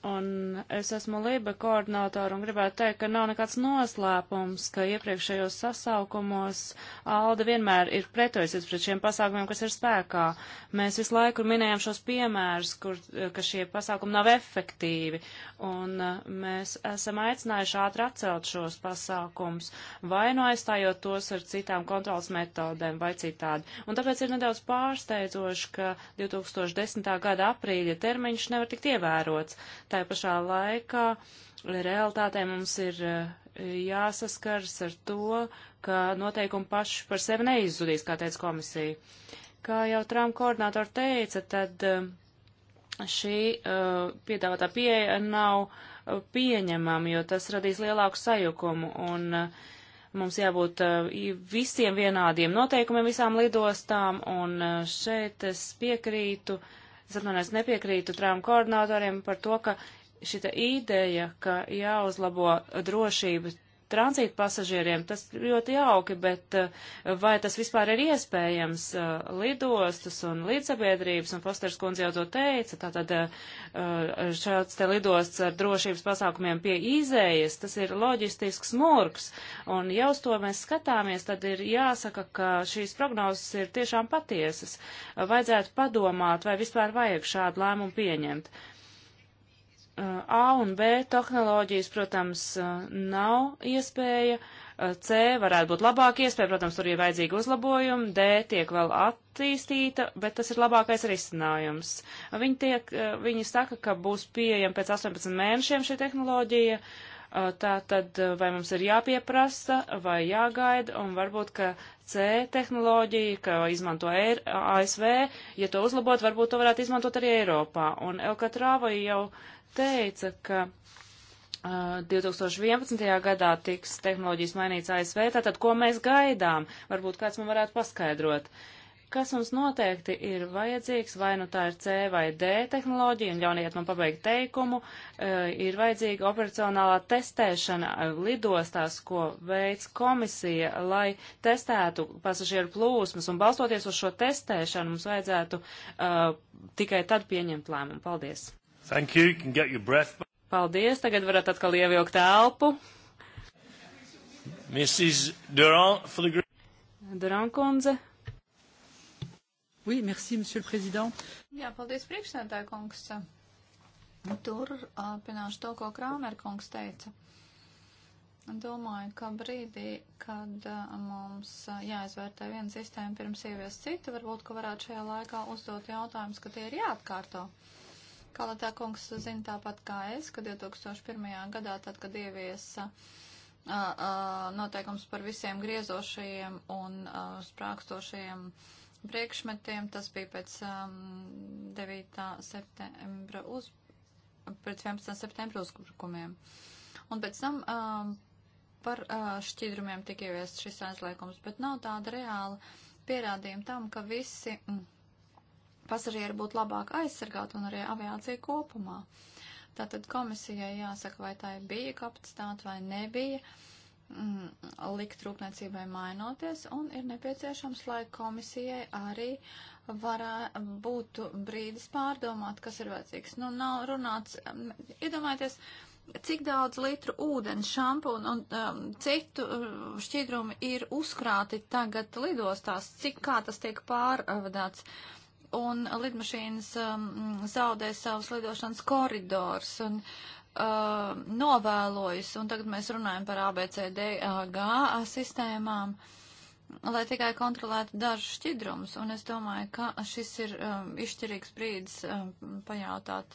Un es esmu Liba koordinātori un gribētu teikt, ka nav nekāds noslēpums, ka iepriekšējos sasaukumos Alda vienmēr ir pretojusies pret šiem pasākumiem, kas ir spēkā. Mēs visu laiku minējām šos piemērus, kur, ka šie pasākumi nav efektīvi, un uh, mēs esam aicinājuši ātri atcelt šos pasākumus, vai no nu aizstājot tos ar citām kontrolas metodēm vai citādi. Un tāpēc ir nedaudz pārsteidzoši, ka 2010. gada aprīļa termiņš nevar tikt ievērots Tā pašā laikā realitātē mums ir eh, jāsaskars ar to, ka noteikumi paši par sevi neizzudīs, kā teica komisija. Kā jau Trump koordinātori teica, tad eh, šī uh, piedāvātā pieeja nav uh, pieņemama, jo tas radīs lielāku sajukumu. Un, uh, Mums jābūt visiem vienādiem noteikumiem visām lidostām, un šeit es piekrītu Es atvainojos, nepiekrītu trām koordinatoriem par to, ka šita ideja, ka jāuzlabo drošība tranzītu pasažieriem, tas ļoti jauki, bet eh, vai tas vispār ir iespējams eh, lidostas un līdzsabiedrības, un Fosters kundze jau to teica, tātad eh, šāds te lidosts ar drošības pasākumiem pie izējas, tas ir loģistisks murgs, un ja uz to mēs skatāmies, tad ir jāsaka, ka šīs prognozes ir tiešām patiesas. Vajadzētu padomāt, vai vispār vajag šādu lēmumu pieņemt. Uh, A un B tehnoloģijas, protams, nav iespēja. C varētu būt labāka iespēja, protams, tur ir vajadzīgi uzlabojumi. D tiek vēl attīstīta, bet tas ir labākais risinājums. Viņi, tiek, viņi saka, ka būs pieejama pēc 18 mēnešiem šī tehnoloģija. Tā tad vai mums ir jāpieprasa vai jāgaida, un varbūt, ka C tehnoloģija, ka izmanto Eir ASV, ja to uzlabot, varbūt to varētu izmantot arī Eiropā. Un Elkatrāva jau teica, ka Uh, 2011. gadā tiks tehnoloģijas mainīts ASV, tātad ko mēs gaidām? Varbūt kāds man varētu paskaidrot. Kas mums noteikti ir vajadzīgs, vai nu tā ir C vai D tehnoloģija, un ļauniet man pabeigt teikumu, uh, ir vajadzīga operacionālā testēšana lidostās, ko veids komisija, lai testētu pasažieru plūsmas, un balstoties uz šo testēšanu mums vajadzētu uh, tikai tad pieņemt lēmumu. Paldies! Thank you. You can get your breath. Paldies. Tagad varat atkal ievilkt elpu. Mrs. Durand, for the... Durand kundze. Oui, merci, monsieur le président. Jā, paldies, priekšsēdētāja kungs. Turpināšu to, ko Krāmer kungs teica. Domāju, ka brīdī, kad uh, mums uh, jāizvērtē viena sistēma pirms ievies citu, varbūt, ka varētu šajā laikā uzdot jautājumus, ka tie ir jāatkārto. Uh, Kalatā kungs zina tāpat kā es, ka 2001. gadā, tad, kad ieviesa noteikums par visiem griezošajiem un a, sprākstošajiem priekšmetiem, tas bija pēc a, um, 9. septembra uz, pēc 11. septembra uzbrukumiem. Un pēc tam a, par šķidrumiem tika ieviests šis aizliekums, bet nav tāda reāla pierādījuma tam, ka visi. Mm, pasažieri būtu labāk aizsargāti un arī aviācija kopumā. Tātad komisijai jāsaka, vai tā bija kapacitāte vai nebija, mm, likt rūpniecībai mainoties, un ir nepieciešams, lai komisijai arī varā, būtu brīdis pārdomāt, kas ir vajadzīgs. Nu, nav runāts, mm, iedomājieties, cik daudz litru ūdens, šampūnu un um, citu uh, šķidrumu ir uzkrāti tagad lidostās, cik kā tas tiek pārvadāts. Uh, un lidmašīnas um, zaudē savus lidošanas koridors un uh, novēlojas, un tagad mēs runājam par ABCDAG uh, uh, sistēmām, lai tikai kontrolētu dažus šķidrumus, un es domāju, ka šis ir um, izšķirīgs brīdis um, pajautāt,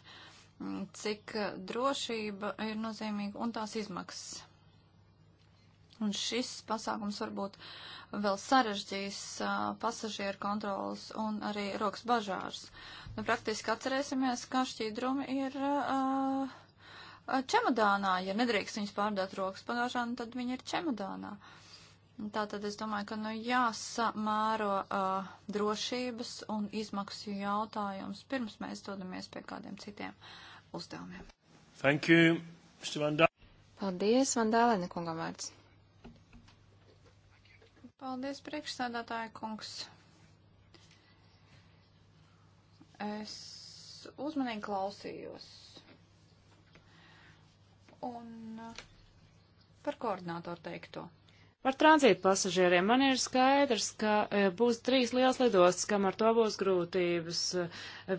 um, cik drošība ir nozīmīga un tās izmaksas. Un šis pasākums varbūt vēl sarežģīs uh, pasažieru kontrolas un arī rokas bažārs. Nu, praktiski atcerēsimies, ka šķīdrumi ir uh, čemodānā, ja nedrīkst viņus pārdot rokas bagāžā, tad viņi ir čemodānā. Tā tad es domāju, ka nu jāsamēro uh, drošības un izmaksu jautājums pirms mēs dodamies pie kādiem citiem uzdevumiem. Thank you, Mr. Vandālēna. Paldies, Vandālēna kungam vārds. Paldies, priekšsādātāja kungs. Es uzmanīgi klausījos. Un uh, par koordinātoru teikto. Par tranzītu pasažieriem man ir skaidrs, ka e, būs trīs liels lidostas, kam ar to būs grūtības. E,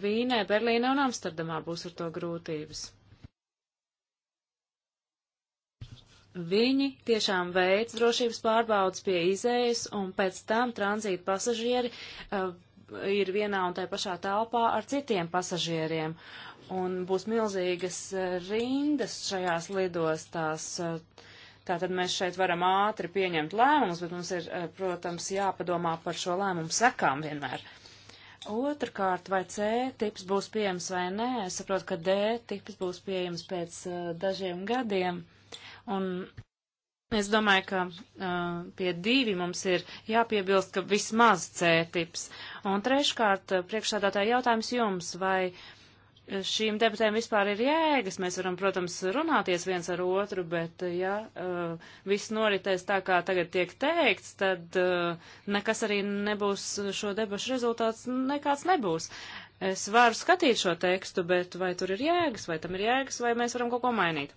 Vīnē, Berlīnē un Amsterdamā būs ar to grūtības. Viņi tiešām veic drošības pārbaudas pie izējas, un pēc tam tranzīta pasažieri uh, ir vienā un tajā pašā telpā ar citiem pasažieriem. Un būs milzīgas uh, rindas šajās lidostās. Uh, Tātad mēs šeit varam ātri pieņemt lēmumus, bet mums ir, protams, jāpadomā par šo lēmumu sekām vienmēr. Otrakārt, vai C tips būs pieejams vai nē, es saprotu, ka D tips būs pieejams pēc dažiem gadiem. Un es domāju, ka uh, pie divi mums ir jāpiebilst, ka vismaz cētips. Un treškārt, uh, priekšsādātāji jautājums jums, vai uh, šīm debatēm vispār ir jēgas. Mēs varam, protams, runāties viens ar otru, bet, uh, ja uh, viss noritēs tā, kā tagad tiek teikts, tad uh, nekas arī nebūs šo debašu rezultāts, nekāds nebūs. Es varu skatīt šo tekstu, bet vai tur ir jēgas, vai tam ir jēgas, vai mēs varam kaut ko mainīt.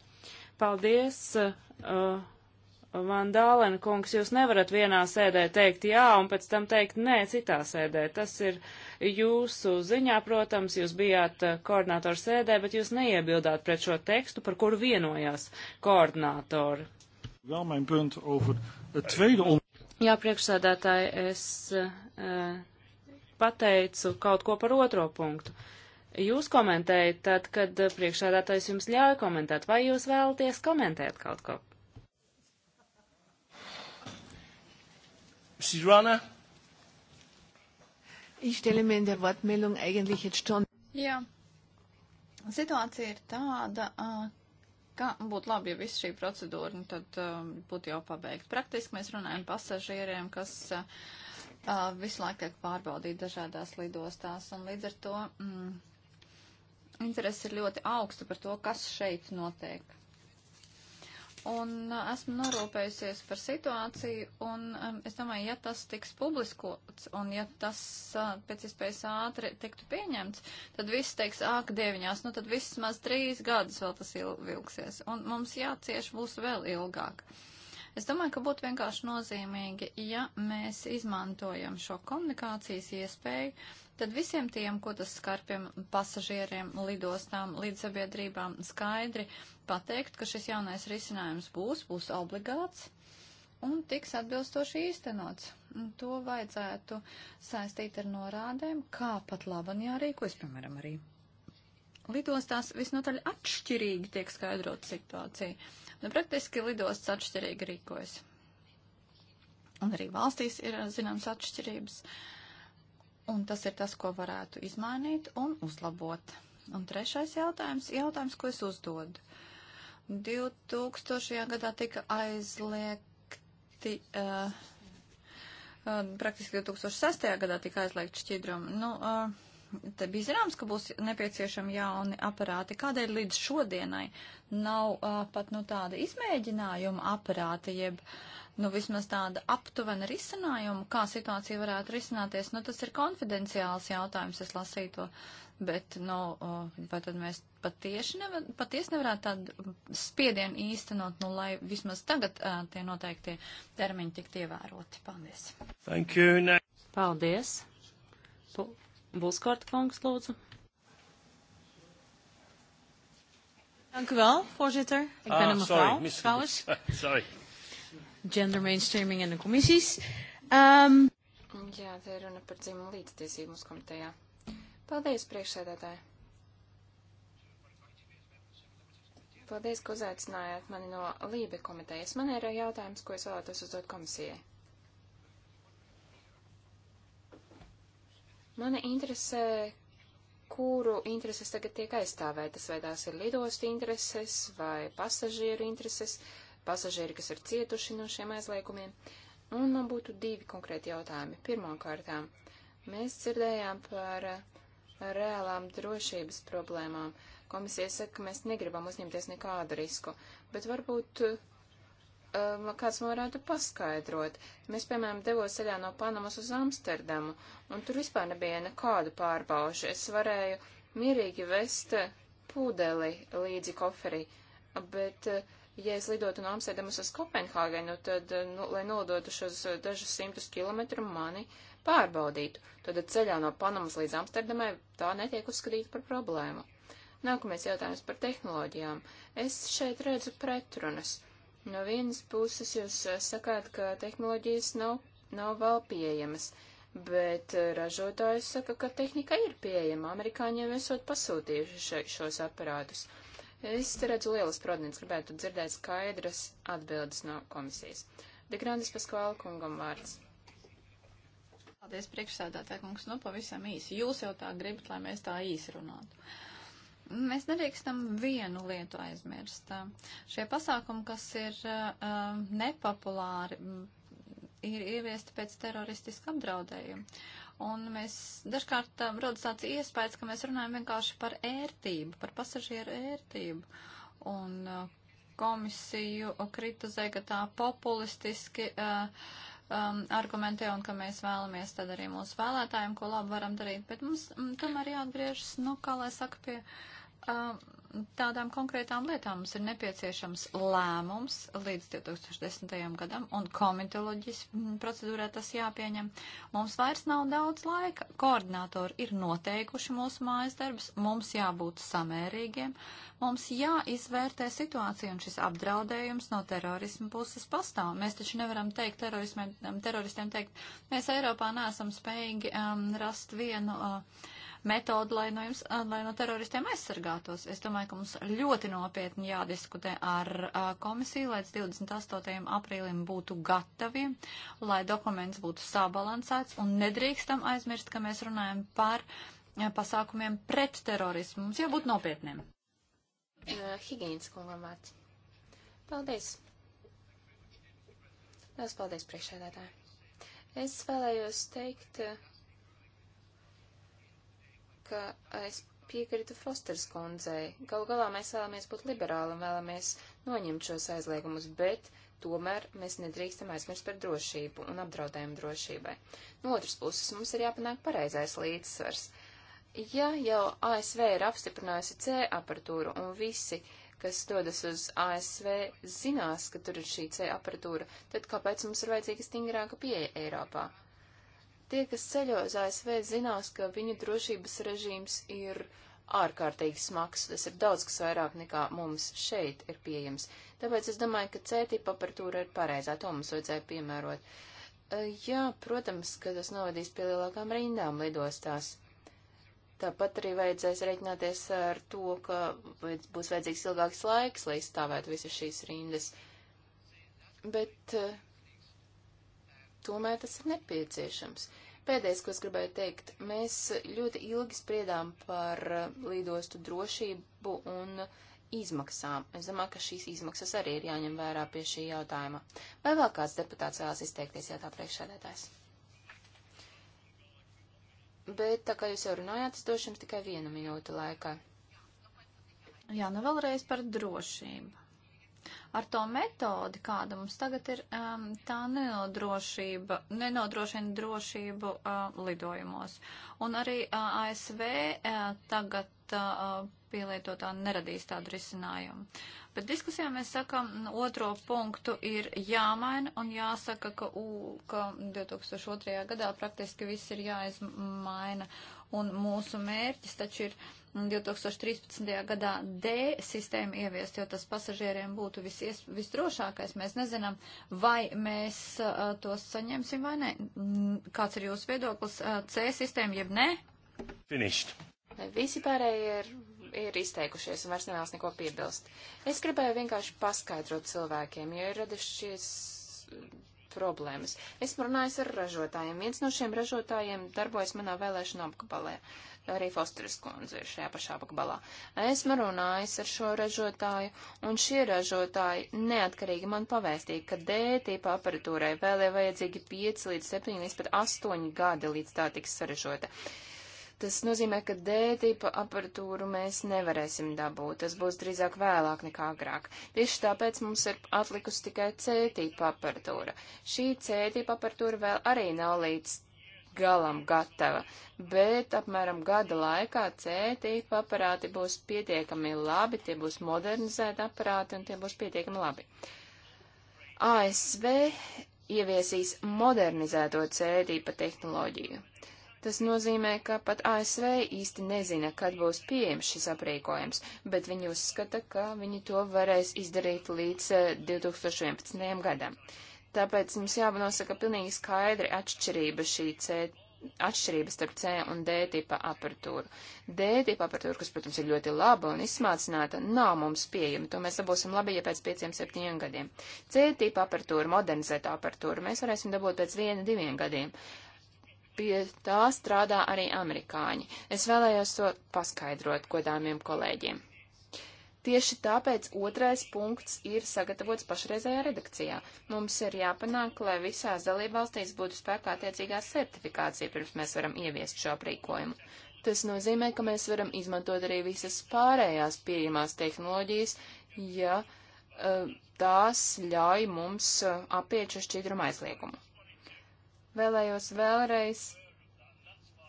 Paldies, uh, uh Vandālena kungs, jūs nevarat vienā sēdē teikt jā un pēc tam teikt nē citā sēdē. Tas ir jūsu ziņā, protams, jūs bijāt uh, koordinātoru sēdē, bet jūs neiebildāt pret šo tekstu, par kuru vienojās koordinātori. Jā, priekšsēdētāji, es uh, pateicu kaut ko par otro punktu. Uh, Jūs komentējat tad, kad priekšādātais jums ļauj komentēt. Vai jūs vēlaties komentēt kaut ko? Sirana? Ich stelle mir in der Wortmeldung eigentlich jetzt schon. Jā. Situācija ir tāda, ka būtu labi, ja viss šī procedūra nu, tad būtu jau pabeigta. Praktiski mēs runājam pasažieriem, kas visu laiku tiek pārbaudīti dažādās lidostās, un līdz ar to. Mm, interesi ir ļoti augsta par to, kas šeit notiek. Un uh, esmu norūpējusies par situāciju, un um, es domāju, ja tas tiks publiskots, un ja tas uh, pēc iespējas ātri tiktu pieņemts, tad viss teiks, āk, dieviņās, nu tad viss maz trīs gadus vēl tas ilgsies, un mums jācieš būs vēl ilgāk. Uh, Es domāju, ka būtu vienkārši nozīmīgi, ja mēs izmantojam šo komunikācijas iespēju, tad visiem tiem, ko tas skar pie pasažieriem, lidostām, līdzsabiedrībām, skaidri pateikt, ka šis jaunais risinājums būs, būs obligāts un tiks atbilstoši īstenots. Un to vajadzētu saistīt ar norādēm, kā pat laban jārīkojas, piemēram, arī lidostās visnotaļ atšķirīgi tiek skaidrot situācija. Nu, praktiski lidosts atšķirīgi rīkojas. Un arī valstīs ir zināmas atšķirības. Un tas ir tas, ko varētu izmainīt un uzlabot. Un trešais jautājums, jautājums, ko es uzdodu. 2000. gadā tika aizliegti, uh, uh, praktiski 2006. gadā tika aizliegti šķidrumi. Nu, uh, Te bija zināms, ka būs nepieciešami jauni aparāti. Kādēļ līdz šodienai nav uh, pat nu, tāda izmēģinājuma aparāta, jeb nu, vismaz tāda aptuvena risinājuma, kā situācija varētu risināties? Nu, tas ir konfidenciāls jautājums, es lasīju to. Bet, nu, uh, vai tad mēs patiesi nevar, paties nevarētu tādu spiedienu īstenot, nu, lai vismaz tagad uh, tie noteiktie termiņi tiktu ievēroti? Paldies! Thank you. Paldies! P Bulskārta kungs, lūdzu. Dank u wel, voorzitter. Ik ben ah, een mevrouw, sorry, trouwens. (laughs) sorry. Gender mainstreaming in de commissies. Um... Ehm, Jā, te ir runa par dzimumu līdztiesību mums komitejā. Paldies, priekšsēdētāji. Paldies, ka uzaicinājāt mani no Lībe komitejas. Man ir jautājums, ko es vēlētos uzdot komisijai. Mani interesē, kuru intereses tagad tiek aizstāvētas, vai tās ir lidostu intereses vai pasažieru intereses, pasažieri, kas ir cietuši no šiem aizliegumiem. Un man būtu divi konkrēti jautājumi. Pirmkārtām, mēs dzirdējām par reālām drošības problēmām. Komisija saka, ka mēs negribam uzņemties nekādu risku, bet varbūt um, kāds man varētu paskaidrot. Mēs, piemēram, devos ceļā no Panamas uz Amsterdamu, un tur vispār nebija nekādu pārbaužu. Es varēju mierīgi vest pūdeli līdzi koferī, bet, uh, ja es lidotu no Amsterdamas uz Kopenhāgenu, tad, uh, nu, lai nolidotu šos uh, dažus simtus kilometru, mani pārbaudītu. Tad ceļā no Panamas līdz Amsterdamai tā netiek uzskatīta par problēmu. Nākamais jautājums par tehnoloģijām. Es šeit redzu pretrunas. No vienas puses jūs eh, sakāt, ka tehnoloģijas nav, nav vēl pieejamas, bet eh, ražotājs saka, ka tehnika ir pieejama. Amerikāņiem esot pasūtījuši še, šos aparātus. Es redzu lielas prodnības, gribētu dzirdēt skaidras atbildes no komisijas. Degrandis Paskvāla kungam vārds. Paldies priekšsēdētāji, kungs, nu pavisam īsi. Jūs jau tā gribat, lai mēs tā īsi runātu. Uh, Mēs nedrīkstam vienu lietu aizmirst. Šie pasākumi, kas ir uh, nepopulāri, mm, ir ieviesti pēc teroristiska apdraudējuma. Un mēs dažkārt uh, rodas tāds iespējas, ka mēs runājam vienkārši par ērtību, par pasažieru ērtību. Un uh, komisiju kritizē, ka tā populistiski uh, um, argumentē un ka mēs vēlamies tad arī mūsu vēlētājiem, ko labi varam darīt. Bet mums um, tomēr jāatgriežas, nu, kā lai saka, pie. Uh, tādām konkrētām lietām mums ir nepieciešams lēmums līdz 2010. gadam, un komitoloģijas procedūrā tas jāpieņem. Mums vairs nav daudz laika. Koordinātori ir noteikuši mūsu mājas darbus, mums jābūt samērīgiem, mums jāizvērtē situācija, un šis apdraudējums no terorisma puses pastāv. Mēs taču nevaram teikt teroristiem, teikt, mēs Eiropā neesam spējīgi um, rast vienu. Uh, metodu, lai no, jums, lai no teroristiem aizsargātos. Es domāju, ka mums ļoti nopietni jādiskutē ar komisiju, lai 28. aprīlim būtu gataviem, lai dokuments būtu sabalansēts un nedrīkstam aizmirst, ka mēs runājam par pasākumiem pret terorismu. Mums jābūt nopietniem. Uh, Higienas kungam vārds. Paldies. Lielas paldies, priekšēdētāji. Es vēlējos teikt, uh, ka es piekrītu Fosters kundzei. Galu galā mēs vēlamies būt liberāli un vēlamies noņemt šos aizliegumus, bet tomēr mēs nedrīkstam aizmirst par drošību un apdraudējumu drošībai. No otras puses, mums ir jāpanāk pareizais līdzsvars. Ja jau ASV ir apstiprinājusi C aparatūru un visi, kas dodas uz ASV, zinās, ka tur ir šī C aparatūra, tad kāpēc mums ir vajadzīga stingrāka pieeja Eiropā? Tie, kas ceļo uz ASV, zinās, ka viņu drošības režīms ir ārkārtīgi smags. Tas ir daudz kas vairāk nekā mums šeit ir pieejams. Tāpēc es domāju, ka cētība apertūra ir pareizā. To mums vajadzēja piemērot. Eh, jā, protams, ka tas novadīs pie lielākām rindām lidostās. Tāpat arī vajadzēs reiķināties ar to, ka būs vajadzīgs ilgāks laiks, lai izstāvētu visas šīs rindas. Bet uh, tomēr tas ir nepieciešams. Pēdējais, ko es gribēju teikt, mēs ļoti ilgi spriedām par eh, lidostu drošību un izmaksām. Es domāju, ka šīs izmaksas arī ir jāņem vērā pie šī jautājuma. Vai vēl kāds deputāts vēlas izteikties, jautā priekšsēdētājs? Bet tā kā jūs jau runājāt, es došu jums tikai vienu minūtu laikā. Jā, nu vēlreiz par drošību ar to metodi, kāda mums tagad ir, um, tā nenodrošība, nenodrošina drošību uh, lidojumos. Un arī uh, ASV uh, tagad uh, pielietotā neradīs tādu risinājumu. Bet diskusijā mēs sakam, otro punktu ir jāmaina un jāsaka, ka, u, ka 2002. gadā praktiski viss ir jāizmaina un mūsu mērķis taču ir 2013. gadā D sistēmu ieviest, jo tas pasažieriem būtu visies, visdrošākais. Mēs nezinām, vai mēs uh, tos saņemsim vai nē. Kāds ir jūsu viedoklis? Uh, C sistēma jeb nē? Finished. Visi pārējie ir, ir izteikušies un vairs nevēlas neko piebilst. Es gribēju vienkārši paskaidrot cilvēkiem, jo ir radušies problēmas. Esmu runājis ar ražotājiem. Viens no šiem ražotājiem darbojas manā vēlēšana apgabalē. Arī Fosteris kundze ir šajā pašā apgabalā. Esmu runājis ar šo ražotāju, un šie ražotāji neatkarīgi man pavēstīja, ka D-tipa aparatūrai vēl ir vajadzīgi 5 līdz 7 līdz pat 8 gadi, līdz tā tiks saražota. Uh, Tas nozīmē, ka D-tipa aparatūru mēs nevarēsim dabūt. Tas būs drīzāk vēlāk nekā agrāk. Tieši tāpēc mums ir atlikusi tikai C-tipa aparatūra. Šī C-tipa aparatūra vēl arī nav līdz galam gatava, bet apmēram gada laikā C-tipa aparāti būs pietiekami labi, tie būs modernizēti aparāti un tie būs pietiekami labi. ASV ieviesīs modernizēto C-tipa tehnoloģiju. Tas nozīmē, ka pat ASV īsti nezina, kad būs pieejams šis aprīkojums, bet viņi uzskata, ka viņi to varēs izdarīt līdz 2011. Eh, gadam. Tāpēc mums jāpanosaka pilnīgi skaidri atšķirība šī C, atšķirība starp C un D tipa aparatūru. D tipa aparatūra, kas, protams, ir ļoti laba un izsmācināta, nav mums pieejama. To mēs dabūsim labi, ja pēc 5-7 gadiem. C tipa aparatūra, modernizēta aparatūra, mēs varēsim dabūt pēc 1-2 gadiem. Uh, pie tā strādā arī amerikāņi. Es vēlējos to paskaidrot godāmiem kolēģiem. Tieši tāpēc otrais punkts ir sagatavots pašreizējā redakcijā. Mums ir jāpanāk, lai visās dalībvalstīs būtu spēkā attiecīgā certifikācija, pirms mēs varam ieviest šo aprīkojumu. Tas nozīmē, ka mēs varam izmantot arī visas pārējās pieejamās tehnoloģijas, ja uh, tās ļauj mums uh, apiet šo šķidrumu aizliegumu. Vēlējos vēlreiz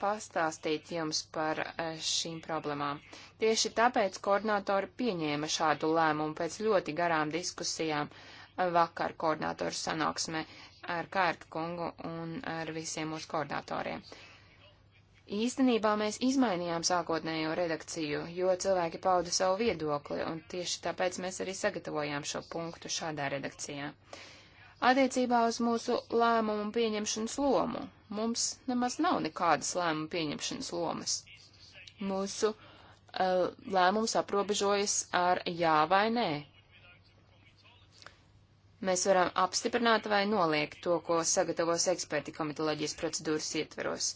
pastāstīt jums par e, šīm problēmām. Tieši tāpēc koordinātori pieņēma šādu lēmumu pēc ļoti garām diskusijām e, vakar koordinātoru sanāksmē ar Kārka kungu un ar visiem mūsu koordinātoriem. Īstenībā mēs izmainījām sākotnējo redakciju, jo cilvēki pauda savu viedokli, un tieši tāpēc mēs arī sagatavojām šo punktu šādā redakcijā. Uh, Attiecībā uz mūsu lēmumu pieņemšanas lomu mums nemaz nav nekādas lēmumu pieņemšanas lomas. Mūsu uh, lēmums aprobežojas ar jā vai nē. Mēs varam apstiprināt vai noliegt to, ko sagatavos eksperti komitoloģijas procedūras ietveros.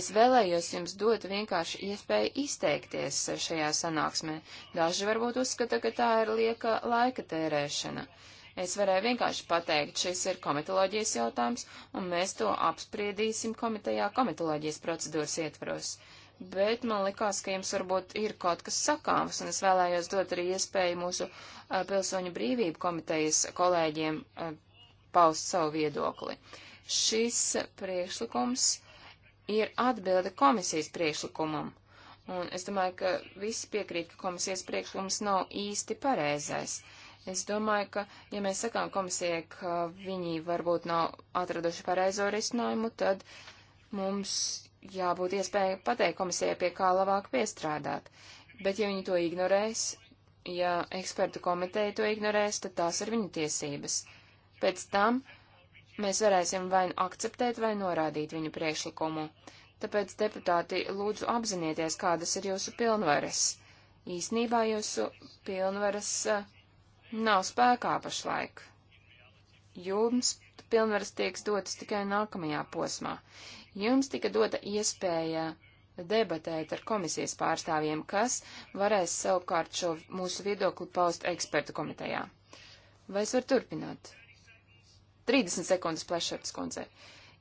Es vēlējos jums dot vienkārši iespēju izteikties šajā sanāksmē. Daži varbūt uzskata, ka tā ir lieka laika tērēšana. Uh, Es varēju vienkārši pateikt, šis ir komitoloģijas jautājums, un mēs to apspriedīsim komitejā komitoloģijas procedūras ietvaros. Bet man likās, ka jums varbūt ir kaut kas sakāms, un es vēlējos dot arī iespēju mūsu a, pilsoņu brīvību komitejas kolēģiem a, paust savu viedokli. Šis priekšlikums ir atbilde komisijas priekšlikumam. Un es domāju, ka visi piekrīt, ka komisijas priekšlikums nav īsti pareizais. Es domāju, ka, ja mēs sakām komisijai, ka viņi varbūt nav atraduši pareizo risinājumu, tad mums jābūt iespēja pateikt komisijai, pie kā labāk piestrādāt. Bet, ja viņi to ignorēs, ja ekspertu komiteja to ignorēs, tad tās ir viņu tiesības. Pēc tam mēs varēsim vai nu akceptēt, vai norādīt viņu priekšlikumu. Tāpēc, deputāti, lūdzu apzinieties, kādas ir jūsu pilnvaras. Īsnībā jūsu pilnvaras uh, nav spēkā pašlaik. Jums pilnvaras tiek dotas tikai nākamajā posmā. Jums tika dota iespēja debatēt ar komisijas pārstāvjiem, kas varēs savukārt šo mūsu viedokli paust ekspertu komitejā. Vai es varu turpināt? 30 sekundes plešerts kundze.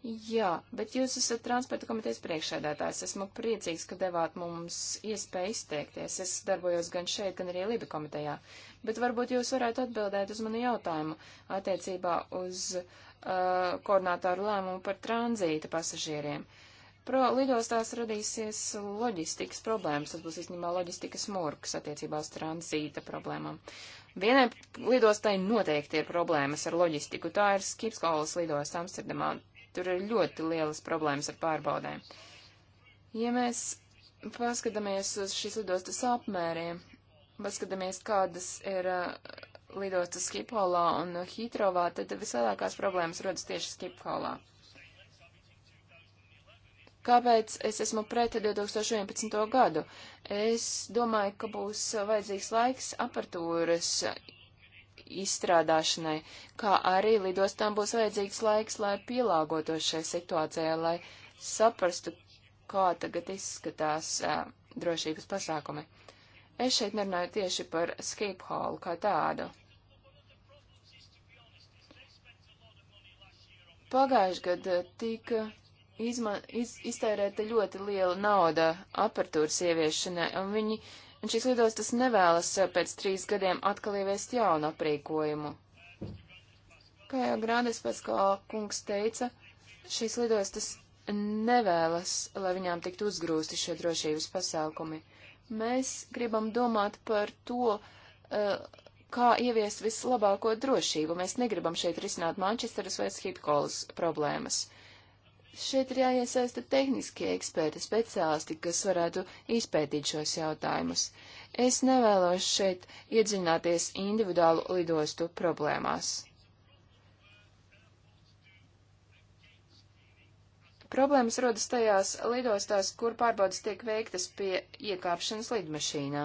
Jā, bet jūs esat transporta komitejas priekšēdētājs. Esmu priecīgs, ka devāt mums iespēju izteikties. Es darbojos gan šeit, gan arī Libi komitejā bet varbūt jūs varētu atbildēt uz manu jautājumu attiecībā uz uh, koordinātoru lēmumu par tranzīta pasažieriem. Pro lidostās radīsies loģistikas problēmas, tas būs īstenībā loģistikas murgs attiecībā uz tranzīta problēmām. Vienai lidostai noteikti ir problēmas ar loģistiku. Tā ir Skipskolas lidosta Amsterdamā. Tur ir ļoti lielas problēmas ar pārbaudēm. Ja mēs paskatāmies uz šīs lidostas apmēriem, paskatāmies, kādas ir uh, lidostas Skipholā un Hitrovā, tad vislielākās problēmas rodas tieši Skipholā. Kāpēc es esmu pret 2011. gadu? Es domāju, ka būs vajadzīgs laiks aparatūras izstrādāšanai, kā arī lidostām būs vajadzīgs laiks, lai pielāgotos šai situācijai, lai saprastu, kā tagad izskatās ā, uh, drošības pasākumi. Es šeit nerunāju tieši par skip holu kā tādu. Pagājuši gadu tika izma, iz, iztērēta ļoti liela nauda apertūras ieviešanai, un viņi, un šīs lidostas nevēlas pēc trīs gadiem atkal ieviest jaunu aprīkojumu. Kā jau Grādes Paskala kungs teica, šīs lidostas nevēlas, lai viņām tiktu uzgrūsti šie drošības pasākumi. Mēs gribam domāt par to, eh, kā ieviest vislabāko drošību. Mēs negribam šeit risināt Manchesteras vai Schipkolas problēmas. Šeit ir jāiesaista tehniskie eksperti, speciālisti, kas varētu izpētīt šos jautājumus. Es nevēlos šeit iedziļināties individuālu lidostu problēmās. Problēmas rodas tajās lidostās, kur pārbaudas tiek veiktas pie iekāpšanas lidmašīnā.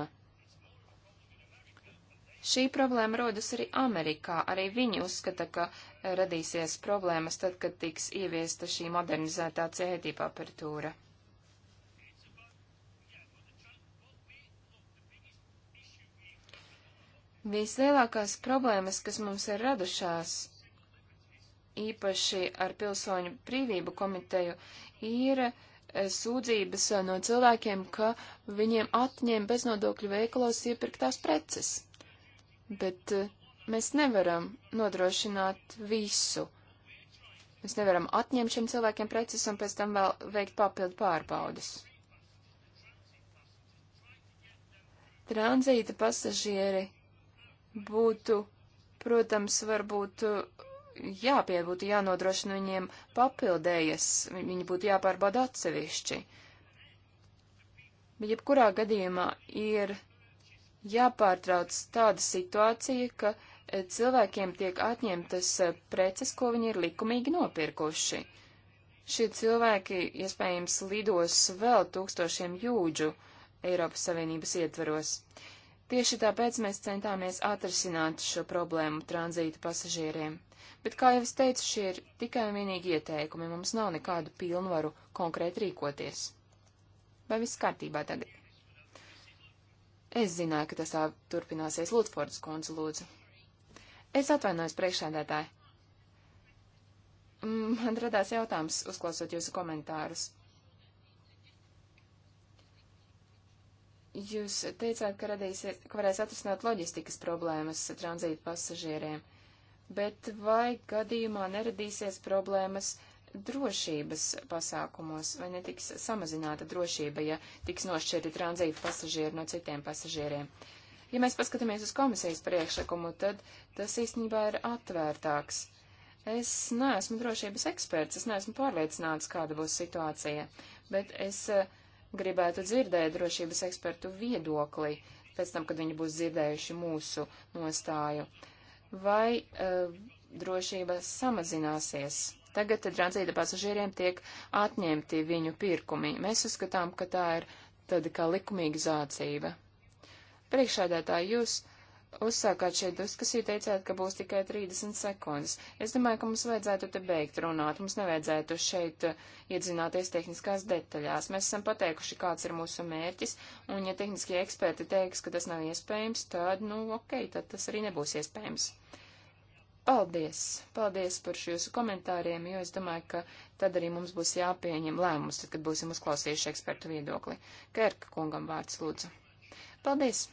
Šī problēma rodas arī Amerikā. Arī viņi uzskata, ka eh, radīsies problēmas tad, kad tiks ieviesta šī modernizētā CETIP apertūra. Vislielākās problēmas, kas mums ir radušās, īpaši ar pilsoņu brīvību komiteju, ir eh, sūdzības eh, no cilvēkiem, ka viņiem atņem beznodokļu veikalos iepirktās preces. Bet eh, mēs nevaram nodrošināt visu. Mēs nevaram atņemt šiem cilvēkiem preces un pēc tam vēl veikt papildu pārbaudas. Tranzīta pasažieri būtu, protams, varbūt jāpie būtu jānodrošina viņiem papildējas, viņi būtu jāpārbauda atsevišķi. Bet jebkurā gadījumā ir jāpārtrauc tāda situācija, ka e, cilvēkiem tiek atņemtas e, preces, ko viņi ir likumīgi nopirkuši. Šie cilvēki iespējams lidos vēl tūkstošiem jūdžu Eiropas Savienības ietveros. Tieši tāpēc mēs centāmies atrisināt šo problēmu tranzītu pasažieriem. Bet, kā jau es teicu, šie ir tikai un vienīgi ieteikumi, mums nav nekādu pilnvaru konkrēti rīkoties. Vai viss kārtībā tagad? Es zināju, ka tas tā turpināsies Lūdfordas kundze lūdzu. Es atvainojos priekšsēdētāji. Mm, man radās jautājums, uzklausot jūsu komentārus. Jūs teicāt, ka, radīs, ka varēs atrisināt loģistikas problēmas tranzīta pasažieriem bet vai gadījumā neradīsies problēmas drošības pasākumos, vai netiks samazināta drošība, ja tiks nošķirti tranzīta pasažieri no citiem pasažieriem? Ja mēs paskatāmies uz komisijas priekšlikumu, tad tas īstenībā ir atvērtāks. Es neesmu drošības eksperts, es neesmu pārliecināts, kāda būs situācija, bet es eh, gribētu dzirdēt drošības ekspertu viedokli pēc tam, kad viņi būs dzirdējuši mūsu nostāju. Uh, vai uh, drošība samazināsies. Tagad tranzīta pasažieriem tiek atņemti viņu pirkumi. Mēs uzskatām, ka tā ir tāda kā likumīga zācība. Priekšādētāji, jūs uzsākāt šeit diskusiju, teicāt, ka būs tikai 30 sekundes. Es domāju, ka mums vajadzētu te beigt runāt, mums nevajadzētu šeit uh, iedzināties tehniskās detaļās. Mēs esam pateikuši, kāds ir mūsu mērķis, un ja tehniskie eksperti teiks, ka tas nav iespējams, tad, nu, ok, tad tas arī nebūs iespējams. Paldies! Paldies par jūsu komentāriem, jo es domāju, ka tad arī mums būs jāpieņem lēmums, tad, kad būsim uzklausījuši ekspertu viedokli. Kerka kungam vārds lūdzu. Paldies!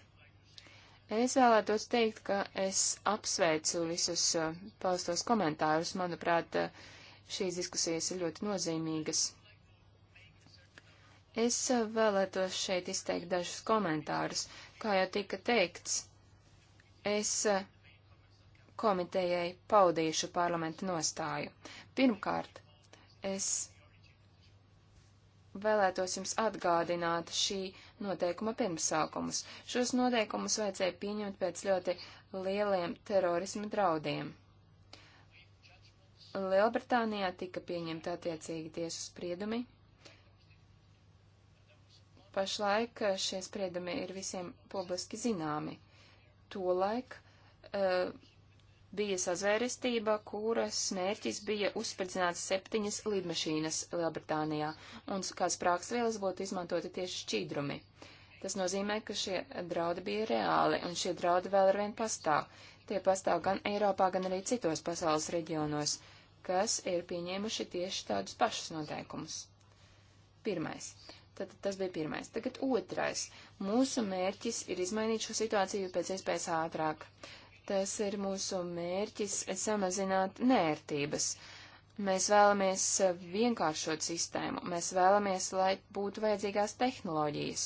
Es vēlētos teikt, ka es apsveicu visus uh, paustos komentārus. Manuprāt, uh, šīs diskusijas ir ļoti nozīmīgas. Es uh, vēlētos šeit izteikt dažus komentārus. Kā jau tika teikts, es komitejai paudīšu parlamenta nostāju. Pirmkārt, es vēlētos jums atgādināt šī noteikuma pirmsākumus. Šos noteikumus vajadzēja pieņemt pēc ļoti lieliem terorisma draudiem. Lielbritānijā tika pieņemta attiecīgi tiesu spriedumi. Pašlaik eh, šie spriedumi ir visiem publiski zināmi. Tolaik uh, bija sazvērestība, kuras mērķis bija uzspridzināt septiņas lidmašīnas Lielbritānijā, un kā sprākstvielas būtu izmantoti tieši šķīdrumi. Tas nozīmē, ka šie draudi bija reāli, un šie draudi vēl arvien pastāv. Tie pastāv gan Eiropā, gan arī citos pasaules reģionos, kas ir pieņēmuši tieši tādus pašus noteikumus. Pirmais. Tad tas bija pirmais. Tagad otrais. Mūsu mērķis ir izmainīt šo situāciju pēc iespējas ātrāk. Tas ir mūsu mērķis samazināt nērtības. Mēs vēlamies vienkāršot sistēmu, mēs vēlamies, lai būtu vajadzīgās tehnoloģijas.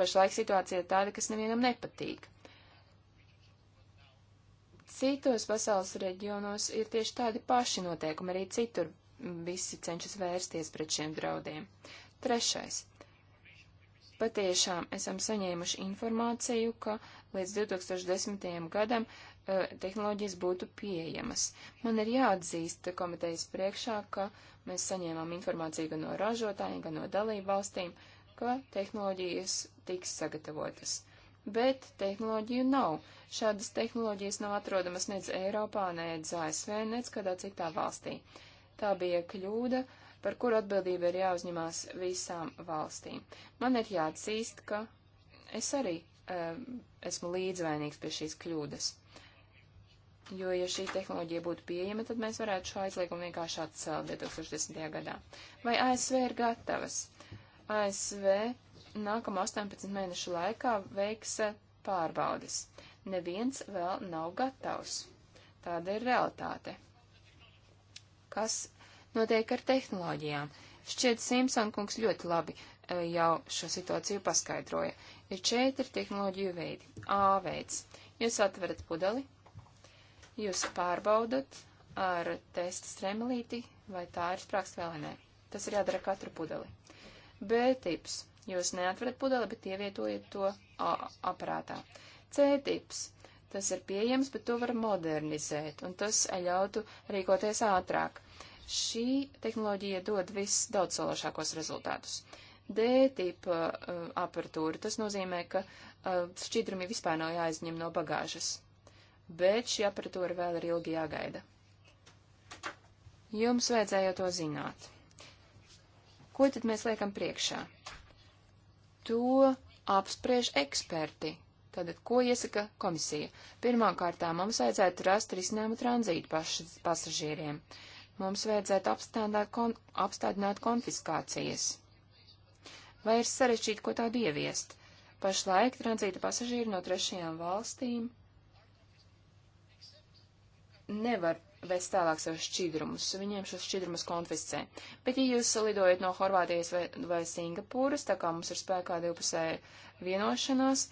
Pašlaik situācija ir tāda, kas nevienam nepatīk. Citos pasaules reģionos ir tieši tādi paši noteikumi, arī citur visi cenšas vērsties pret šiem draudiem. Trešais patiešām esam saņēmuši informāciju, ka līdz 2010. gadam uh, tehnoloģijas būtu pieejamas. Man ir jāatzīst komitejas priekšā, ka mēs saņēmām informāciju gan no ražotājiem, gan no dalību valstīm, ka tehnoloģijas tiks sagatavotas. Bet tehnoloģiju nav. Šādas tehnoloģijas nav atrodamas nec Eiropā, nec ASV, nec kādā citā valstī. Tā bija kļūda, par kuru atbildība ir jāuzņemās visām valstīm. Man ir jāatzīst, ka es arī uh, esmu līdzvainīgs pie šīs kļūdas. Jo, ja šī tehnoloģija būtu pieejama, tad mēs varētu šo aizliegumu vienkārši atcelt 2010. gadā. Vai ASV ir gatavas? ASV nākamo 18 mēnešu laikā veiks eh, pārbaudes. Neviens vēl nav gatavs. Tāda ir realitāte. Kas notiek ar tehnoloģijām. Šķiet, Simpson kungs ļoti labi eh, jau šo situāciju paskaidroja. Ir četri tehnoloģiju veidi. A veids. Jūs atverat pudeli, jūs pārbaudat ar testa stremelīti, vai tā ir sprākst vēl nē. Tas ir jādara katru pudeli. B tips. Jūs neatverat pudeli, bet ievietojat to A aparātā. C tips. Tas ir pieejams, bet to var modernizēt, un tas ļautu rīkoties ātrāk. Šī tehnoloģija dod visdaudzsološākos rezultātus. D-tipa uh, apertūra, tas nozīmē, ka uh, šķidrumi vispār nav jāizņem no bagāžas, bet šī apertūra vēl ir ilgi jāgaida. Jums vajadzēja to zināt. Ko tad mēs liekam priekšā? To apspriež eksperti. Tātad, ko iesaka komisija? Pirmkārtām mums vajadzētu rast risinājumu tranzītu pasažieriem. Uh, Mums vajadzētu kon apstādināt konfiskācijas. Vai ir sarežģīti, ko tādu ieviest? Pašlaik tranzīta pasažīri no trešajām valstīm nevar vest tālāk savus šķidrumus, viņiem šos šķidrumus konfiscē. Bet, ja jūs lidojat no Horvātijas vai, vai Singapūras, tā kā mums ir spēkā divpusēja vienošanās,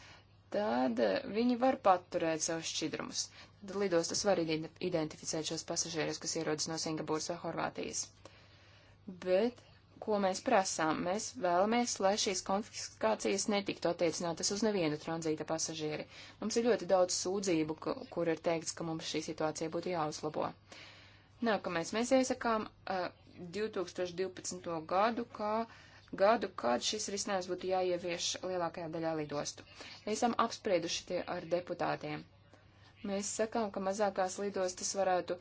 tad viņi var paturēt savus šķidrumus tad lidostas var identificēt šos pasažierus, kas ierodas no Singapūras vai Horvātijas. Bet ko mēs prasām? Mēs vēlamies, lai šīs konfiskācijas netiktu attiecinātas uz nevienu tranzīta pasažieri. Mums ir ļoti daudz sūdzību, kur ir teikts, ka mums šī situācija būtu jāuzlabo. Nākamais mēs iesakām uh, 2012. gadu, kā gadu, kad šis risinājums būtu jāievieš lielākajā daļā lidostu. Esam apsprieduši tie ar deputātiem. Mēs sakām, ka mazākās lidostas varētu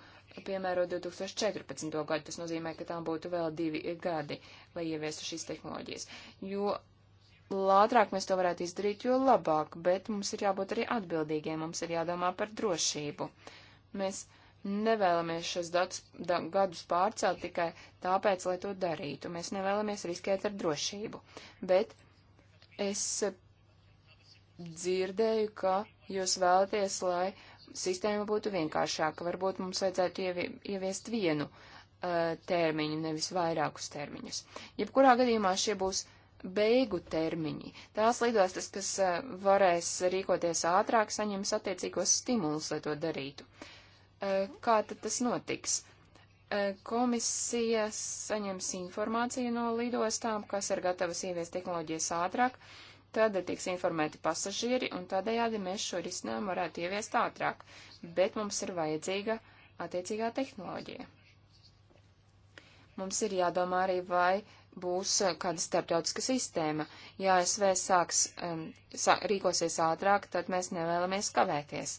piemērot 2014. gadu. Tas nozīmē, ka tām būtu vēl divi gadi, lai ieviestu šīs tehnoloģijas. Jo ātrāk mēs to varētu izdarīt, jo labāk, bet mums ir jābūt arī atbildīgiem, mums ir jādomā par drošību. Mēs nevēlamies šos datus, da, gadus pārcelt tikai tāpēc, lai to darītu. Mēs nevēlamies riskēt ar drošību. Bet es dzirdēju, ka jūs vēlaties, lai sistēma būtu vienkāršāka. Varbūt mums vajadzētu ievi, ieviest vienu uh, termiņu, nevis vairākus termiņus. Jebkurā gadījumā šie būs beigu termiņi. Tās lidostas, kas uh, varēs rīkoties ātrāk, saņems attiecīgos stimulus, lai to darītu. Uh, kā tad tas notiks? Uh, komisija saņems informāciju no lidostām, kas ir gatavas ieviest tehnoloģijas ātrāk, Tad tiks informēti pasažieri, un tādējādi mēs šo risinājumu varētu ieviest ātrāk, bet mums ir vajadzīga attiecīgā tehnoloģija. Mums ir jādomā arī, vai būs kāda starptautiska sistēma. Ja ASV sāks, um, sā, rīkosies ātrāk, tad mēs nevēlamies kavēties.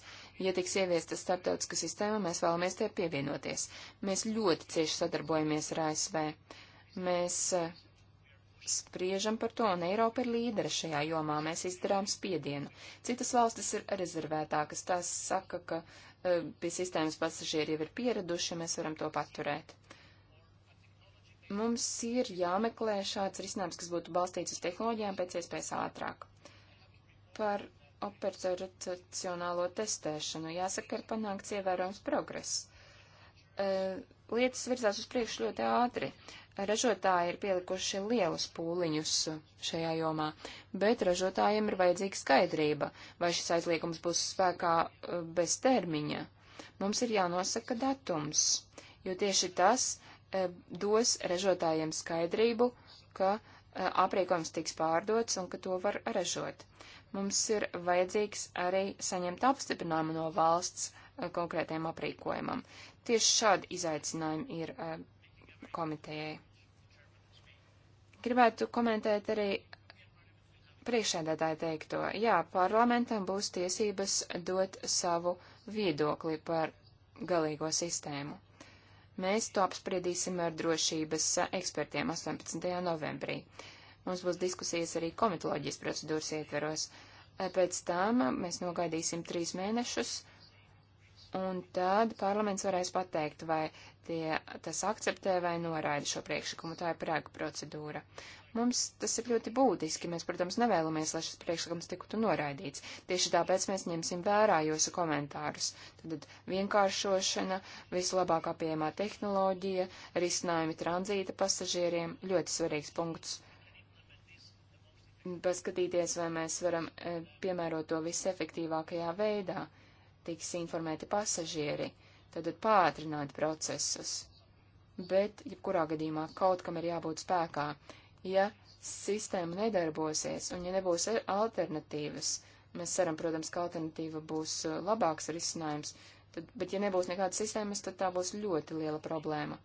Ja tiks ieviesta starptautiska sistēma, mēs vēlamies tie pievienoties. Mēs ļoti cieši sadarbojamies ar ASV. Mēs uh, spriežam par to, un Eiropa ir līdera šajā jomā, mēs izdarām spiedienu. Citas valstis ir rezervētākas, tās saka, ka e, pie sistēmas pasažieri jau ir pieraduši, mēs varam to paturēt. Mums ir jāmeklē šāds risinājums, kas būtu balstīts uz tehnoloģijām pēc iespējas ātrāk. Par operacionālo testēšanu jāsaka, ir panākts ievērojams progress. E, lietas virzās uz priekšu ļoti ātri. Uh, ražotāji ir pielikuši lielus pūliņus šajā jomā, bet ražotājiem ir vajadzīga skaidrība, vai šis aizliegums būs spēkā eh, bez termiņa. Mums ir jānosaka datums, jo tieši tas e, dos ražotājiem skaidrību, ka e, aprīkojums tiks pārdots un ka to var ražot. Mums ir vajadzīgs arī saņemt apstiprinājumu no valsts e, konkrētajam aprīkojumam. Tieši šādi izaicinājumi ir komitejai. Gribētu komentēt arī priekšēdētāju teikto. Jā, parlamentam būs tiesības dot savu viedokli par galīgo sistēmu. Mēs to apspriedīsim ar drošības ekspertiem 18. novembrī. Mums būs diskusijas arī komitoloģijas procedūras ietveros. Pēc tam mēs nogaidīsim trīs mēnešus un tad parlaments varēs pateikt, vai tie, tas akceptē vai noraida šo priekšlikumu. Tā ir prāga procedūra. Mums tas ir ļoti būtiski. Mēs, protams, nevēlamies, lai šis priekšlikums tiktu noraidīts. Tieši tāpēc mēs ņemsim vērā jūsu komentārus. Tad vienkāršošana, vislabākā pieejamā tehnoloģija, risinājumi tranzīta pasažieriem - ļoti svarīgs punkts. Paskatīties, vai mēs varam eh, piemērot to visefektīvākajā veidā tiks informēti pasažieri, tad pātrināt procesus. Bet, jebkurā gadījumā, kaut kam ir jābūt spēkā. Ja sistēma nedarbosies un ja nebūs e- alternatīvas, mēs ceram, protams, ka alternatīva būs e, labāks risinājums, tad, bet ja nebūs nekādas sistēmas, tad tā būs ļoti liela problēma.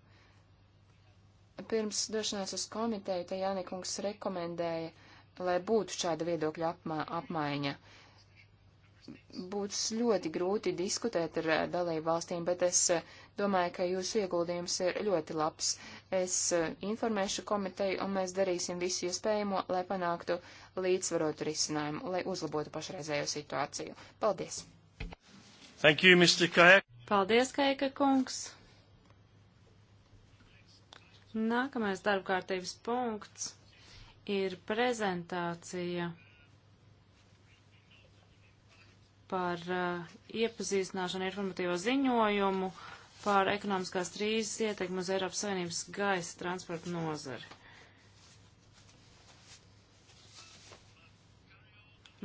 Pirms došanās uz komiteju, te Jānikungs rekomendēja, lai būtu šāda viedokļa apmā, apmaiņa. Uh, būs ļoti grūti diskutēt ar eh, dalību valstīm, bet es eh, domāju, ka jūsu ieguldījums ir ļoti labs. Es eh, informēšu komiteju un mēs darīsim visu iespējamo, lai panāktu līdzsvarotu risinājumu, lai uzlabotu pašreizējo situāciju. Paldies! Thank you, Mr. Kajak. Paldies, Kajaka kungs! Nākamais darbkārtības punkts ir prezentācija par uh, iepazīstināšanu informatīvo ziņojumu par ekonomiskās krīzes ietekmu uz Eiropas Savienības gaisa transporta nozari.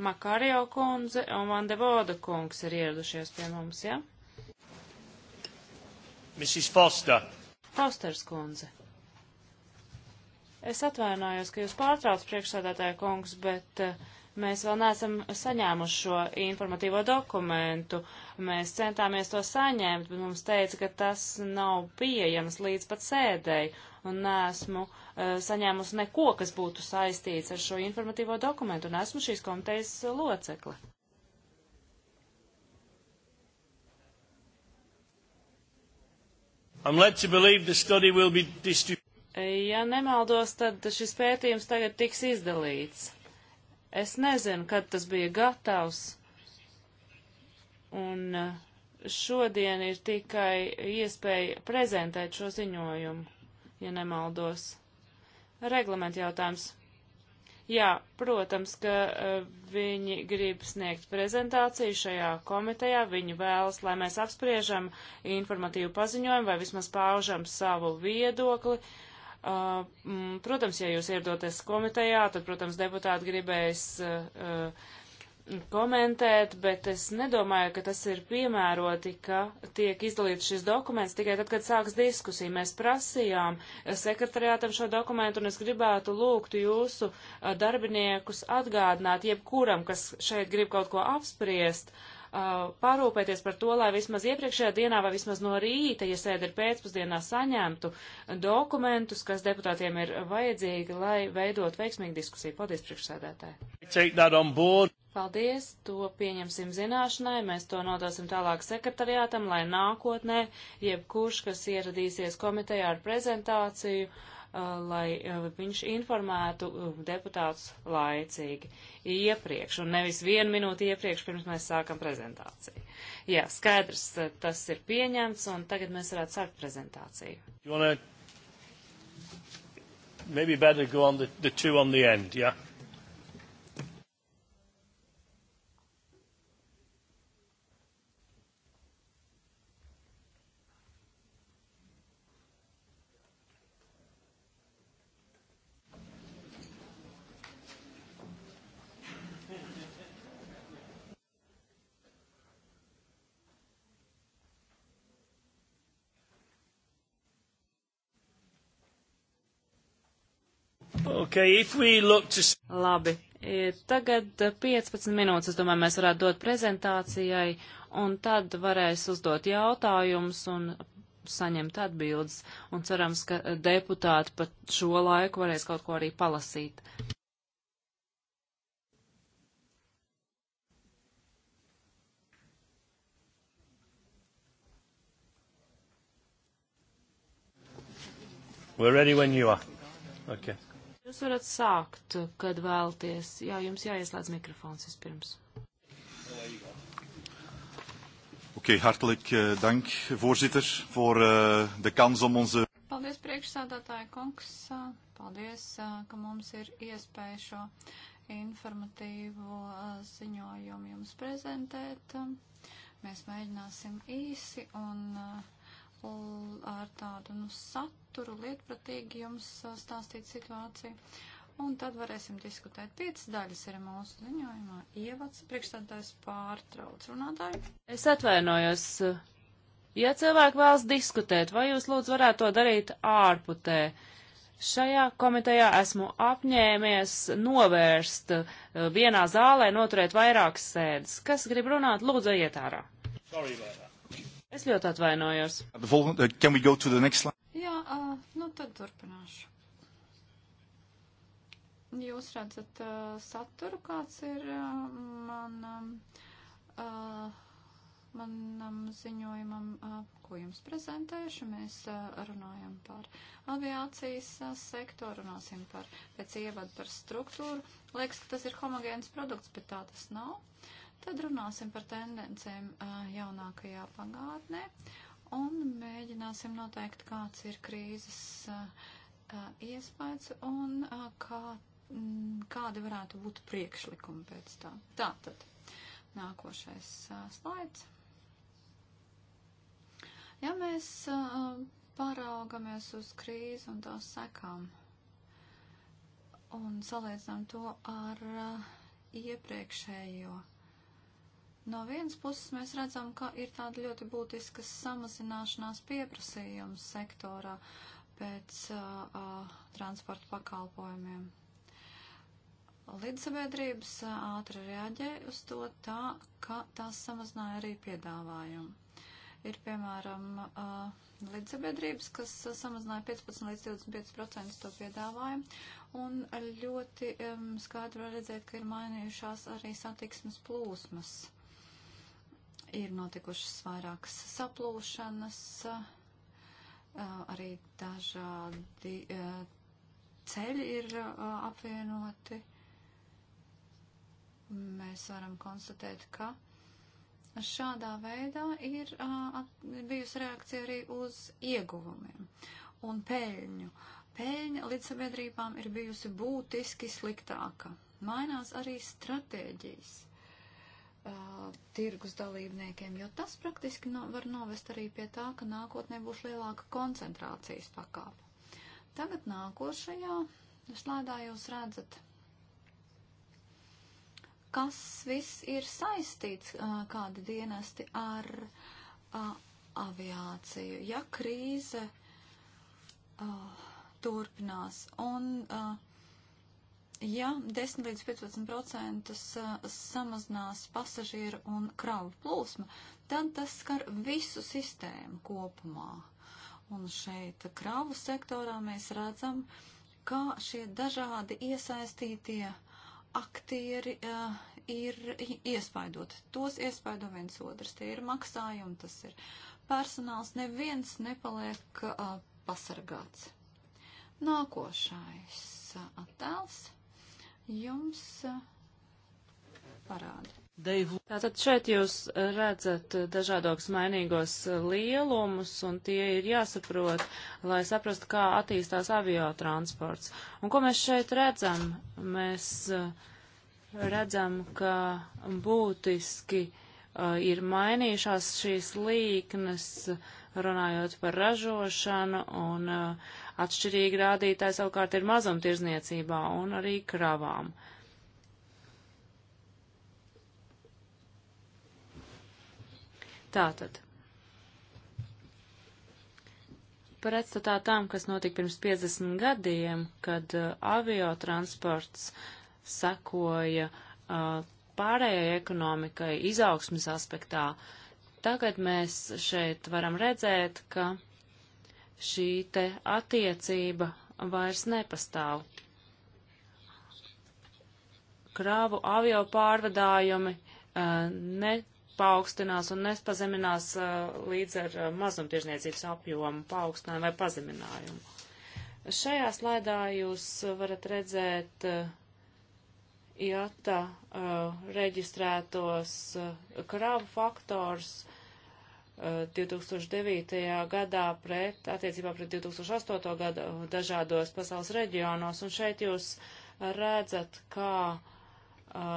Makario kundze un Vandevoda kungs ir ieradušies pie mums, ja? Mrs. Foster. Fosters kundze. Es atvainojos, ka jūs pārtrauc priekšsādātāja kungs, bet uh, Mēs vēl neesam saņēmuši šo informatīvo dokumentu. Mēs centāmies to saņemt, bet mums teica, ka tas nav pieejams līdz pat sēdēji. Un neesmu uh, saņēmusi neko, kas būtu saistīts ar šo informatīvo dokumentu. Un esmu šīs komitejas locekle. I'm led to believe the study will be distributed. Ja nemaldos, tad šis pētījums tagad tiks izdalīts. Es nezinu, kad tas bija gatavs. Un eh, šodien ir tikai iespēja prezentēt šo ziņojumu, ja nemaldos. Reglamenta jautājums. Jā, protams, ka uh, viņi grib sniegt prezentāciju šajā komitejā. Viņi vēlas, lai mēs apspriežam informatīvu paziņojumu vai vismaz paužam savu viedokli. Uh, Uh, mm, protams, ja jūs ierodaties komitejā, tad, protams, deputāti gribēs uh, uh, komentēt, bet es nedomāju, ka tas ir piemēroti, ka tiek izdalīts šis dokuments tikai tad, kad sāks diskusija. Mēs prasījām sekretariātam šo dokumentu, un es gribētu lūgt jūsu darbiniekus atgādināt jebkuram, kas šeit grib kaut ko apspriest, uh, uh, parūpēties par to, lai vismaz iepriekšējā dienā vai vismaz no rīta, ja sēde ir pēcpusdienā, saņemtu dokumentus, kas deputātiem ir vajadzīgi, lai veidot veiksmīgu diskusiju. Paldies, priekšsēdētāji! Paldies, to pieņemsim zināšanai, mēs to nodosim tālāk sekretariātam, lai nākotnē jebkurš, kas ieradīsies komitejā ar prezentāciju, uh, Uh, lai uh, viņš informētu uh, deputātus laicīgi iepriekš un nevis vienu minūti iepriekš, pirms mēs sākam prezentāciju. Jā, skaidrs, tas ir pieņemts un tagad mēs varētu sākt prezentāciju. Wanna... Maybe better go on the, the two on the end, yeah? Okay, if we look to... Labi. E, tagad 15 minūtes, es domāju, mēs varētu dot prezentācijai, un tad varēs uzdot jautājumus un saņemt atbildes, un cerams, ka deputāti pat šo laiku varēs kaut ko arī palasīt. We're ready when you are. Okay. Jūs varat sākt, kad vēlties. Jā, jums jāieslēdz mikrofons vispirms. Oké, okay, hartelijk uh, dank, voorzitter, voor uh, de kans om onze. Paldies, priekšsādātāja kungs. Paldies, eh, ka mums ir iespēja šo informatīvo ziņojumu jums prezentēt. Mēs mēģināsim īsi un uh, ar tādu nu, saturu lietpratīgi jums stāstīt situāciju. Un tad varēsim diskutēt. Piecas daļas ir mūsu ziņojumā. Ievads priekšstādājs pārtrauc runātāju. Es atvainojos. Ja cilvēki vēlas diskutēt, vai jūs lūdzu varētu to darīt ārputē? Šajā komitejā esmu apņēmies novērst vienā zālē noturēt vairākas sēdes. Kas grib runāt, lūdzu iet ārā. Sorry, Es ļoti atvainojos. Eh, Jā, uh, nu tad turpināšu. Jūs redzat uh, saturu, kāds ir uh, manam, uh, manam ziņojumam, uh, ko jums prezentēšu. Mēs uh, runājam par aviācijas uh, sektoru, runāsim par pēc ievadu par struktūru. Liekas, ka tas ir homogēns produkts, bet tā tas nav. Tad runāsim par tendencēm jaunākajā pagātnē un mēģināsim noteikt, kāds ir krīzes iespējas un kā, mm, kādi varētu būt priekšlikumi pēc tā. Tātad, nākošais slaids. Ja mēs paraugamies uz krīzi un tās sekām un salīdzinām to ar iepriekšējo No vienas puses mēs redzam, ka ir tāda ļoti būtiska samazināšanās pieprasījuma sektorā pēc uh, uh, transporta pakalpojumiem. Līdzsabiedrības ātri reaģēja uz to tā, ka tās samazināja arī piedāvājumu. Ir, piemēram, līdzsabiedrības, kas samazināja 15 līdz 25% to piedāvājumu, un ļoti um, skaidri var redzēt, ka ir mainījušās arī satiksmes plūsmas ir notikušas vairākas saplūšanas, arī dažādi ceļi ir apvienoti. Mēs varam konstatēt, ka šādā veidā ir bijusi reakcija arī uz ieguvumiem un peļņu. Peļņa līdz sabiedrībām ir bijusi būtiski sliktāka. Mainās arī stratēģijas uh, tirgus dalībniekiem, jo tas praktiski no, var novest arī pie tā, ka nākotnē būs lielāka koncentrācijas pakāpe. Tagad nākošajā slēdā jūs redzat, kas viss ir saistīts, uh, kādi dienesti ar uh, aviāciju. Ja krīze uh, turpinās un uh, ja 10 līdz 15% eh, samazinās pasažieru un kravu plūsma, tad tas skar visu sistēmu kopumā. Un šeit kravu sektorā mēs redzam, kā šie dažādi iesaistītie aktieri uh, ir iespaidot. Tos iespaido viens otrs. Tie ir maksājumi, tas ir personāls. Neviens nepaliek uh, pasargāts. Nākošais attēls. Uh, jums parādu. Tātad šeit jūs redzat dažādos mainīgos lielumus, un tie ir jāsaprot, lai saprastu, kā attīstās aviotransports. Un ko mēs šeit redzam? Mēs redzam, ka būtiski uh, ir mainījušās šīs līknes, runājot par ražošanu un uh, Atšķirīgi rādītāji savukārt ir mazumtirzniecībā un arī kravām. Tātad. Pretstatā tam, kas notika pirms 50 gadiem, kad uh, aviotransports sekoja uh, pārējai ekonomikai izaugsmas aspektā, tagad mēs šeit varam redzēt, ka šī te attiecība vairs nepastāv. Krāvu avio pārvadājumi uh, eh, ne paaugstinās un nespazeminās uh, līdz ar uh, mazumtirdzniecības apjomu paaugstinājumu vai pazeminājumu. Šajā slaidā jūs varat redzēt uh, IATA reģistrētos kravu faktors 2009. gadā pret, attiecībā pret 2008. gadu dažādos pasaules reģionos, un šeit jūs redzat, kā uh,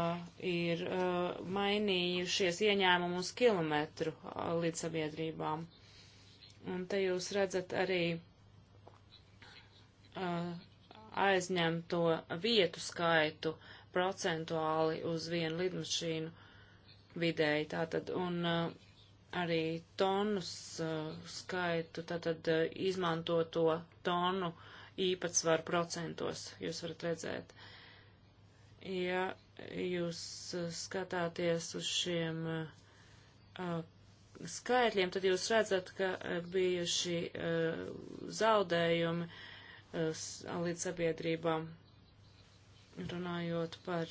ir uh, mainījušies ieņēmumu uz kilometru uh, līdz sabiedrībām. Un te jūs redzat arī uh, aizņemto vietu skaitu procentuāli uz vienu lidmašīnu vidēji. Tātad, un uh, arī tonu uh, skaitu, tātad uh, izmantoto tonu īpatsvaru procentos jūs varat redzēt. Ja jūs uh, skatāties uz šiem uh, uh, skaitļiem, tad jūs redzat, ka uh, bijuši zaudējumi līdz sabiedrībām, runājot par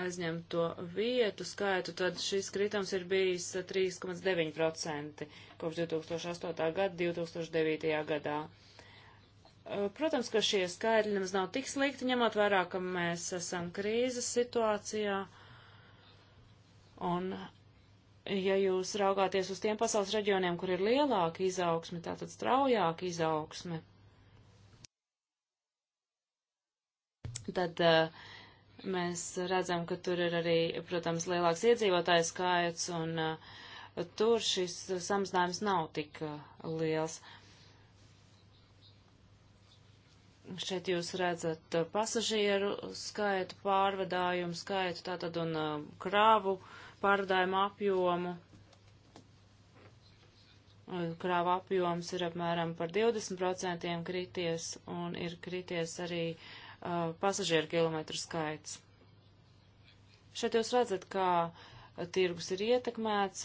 aizņemto vietu skaitu, tad šis kritums ir bijis 3,9% kopš 2008. gada 2009. gadā. Protams, ka šie skaitļi nemaz nav tik slikti, ņemot vērā, ka mēs esam krīzes situācijā. Un, ja jūs raugāties uz tiem pasaules reģioniem, kur ir lielāka izaugsme, tātad straujāka izaugsme, tad uh, Mēs redzam, ka tur ir arī, protams, lielāks iedzīvotājs skaits, un uh, tur šis samazinājums nav tik uh, liels. Šeit jūs redzat uh, pasažieru skaitu, pārvadājumu skaitu, tātad un uh, krāvu pārvadājumu apjomu. Krāva apjoms ir apmēram par 20% krities un ir krities arī uh, uh, pasažieru kilometru skaits. Šeit jūs redzat, kā tirgus ir ietekmēts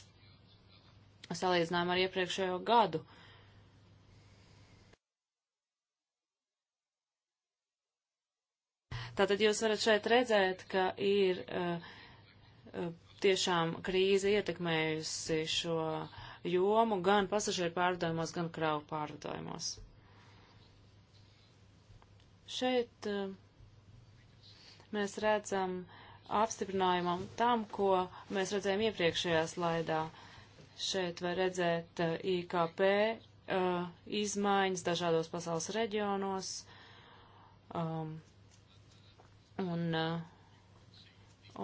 salīdzinājumā ar iepriekšējo gadu. Tātad jūs varat šeit redzēt, ka ir uh, uh tiešām krīze ietekmējusi šo jomu gan pasažieru pārvadājumos, gan kravu pārvadājumos. Šeit eh, mēs redzam apstiprinājumam tam, ko mēs redzējām iepriekšējā slaidā. Šeit var redzēt eh, IKP eh, izmaiņas dažādos pasaules reģionos. Um, un,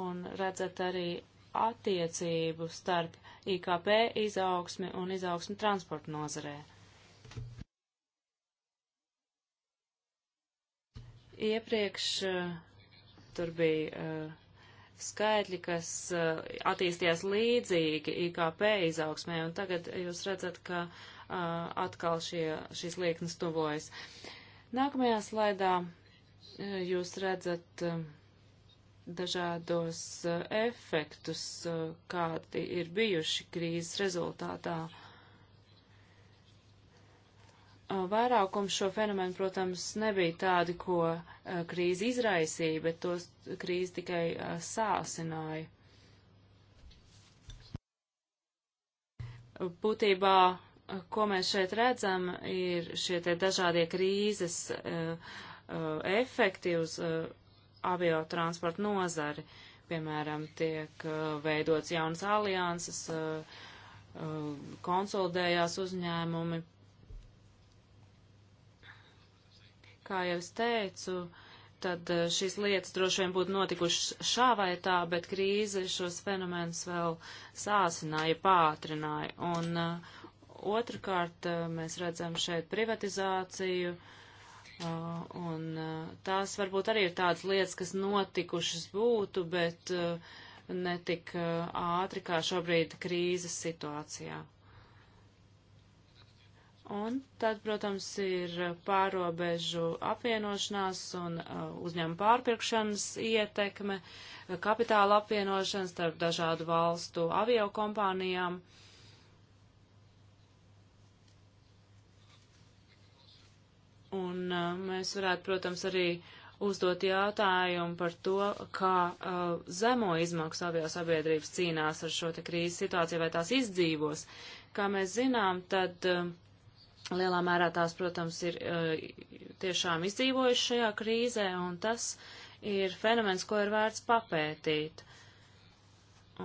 un redzat arī attiecību starp IKP izaugsmi un izaugsmi transporta nozarē. iepriekš eh, tur bija eh, skaitļi, kas eh, attīstījās līdzīgi IKP izaugsmē, un tagad jūs redzat, ka atkal šie, šīs lieknes tuvojas. Nākamajā slaidā jūs redzat dažādos efektus, kādi ir bijuši krīzes rezultātā. Eh, vairākums šo fenomenu, protams, nebija tādi, ko eh, krīze izraisīja, bet tos krīze tikai eh, sāsināja. Būtībā, ko mēs šeit redzam, ir šie te dažādie krīzes efekti uz aviotransporta nozari. Piemēram, tiek veidots jaunas alianses, konsolidējās uzņēmumi, Kā jau es teicu, tad eh, šīs lietas droši vien būtu notikušas šā vai tā, bet krīze šos fenomenus vēl sāsināja, pātrināja. Un uh, otrkārt, uh, mēs redzam šeit privatizāciju, uh, un tās varbūt arī ir tādas lietas, kas notikušas būtu, bet ne tik ātri kā šobrīd krīzes situācijā. Un tad, protams, ir pārobežu apvienošanās un uh, uzņēmuma pārpirkšanas ietekme, kapitāla apvienošanas starp dažādu valstu avio kompānijām. Un uh, mēs varētu, protams, arī uzdot jautājumu par to, kā uh, zemo izmaksu avio sabiedrības cīnās ar šo te krīzes situāciju vai tās izdzīvos. Kā mēs zinām, tad uh, Lielā mērā tās, protams, ir eh, tiešām izdzīvojuši šajā krīzē, un tas ir fenomens, ko ir vērts papētīt.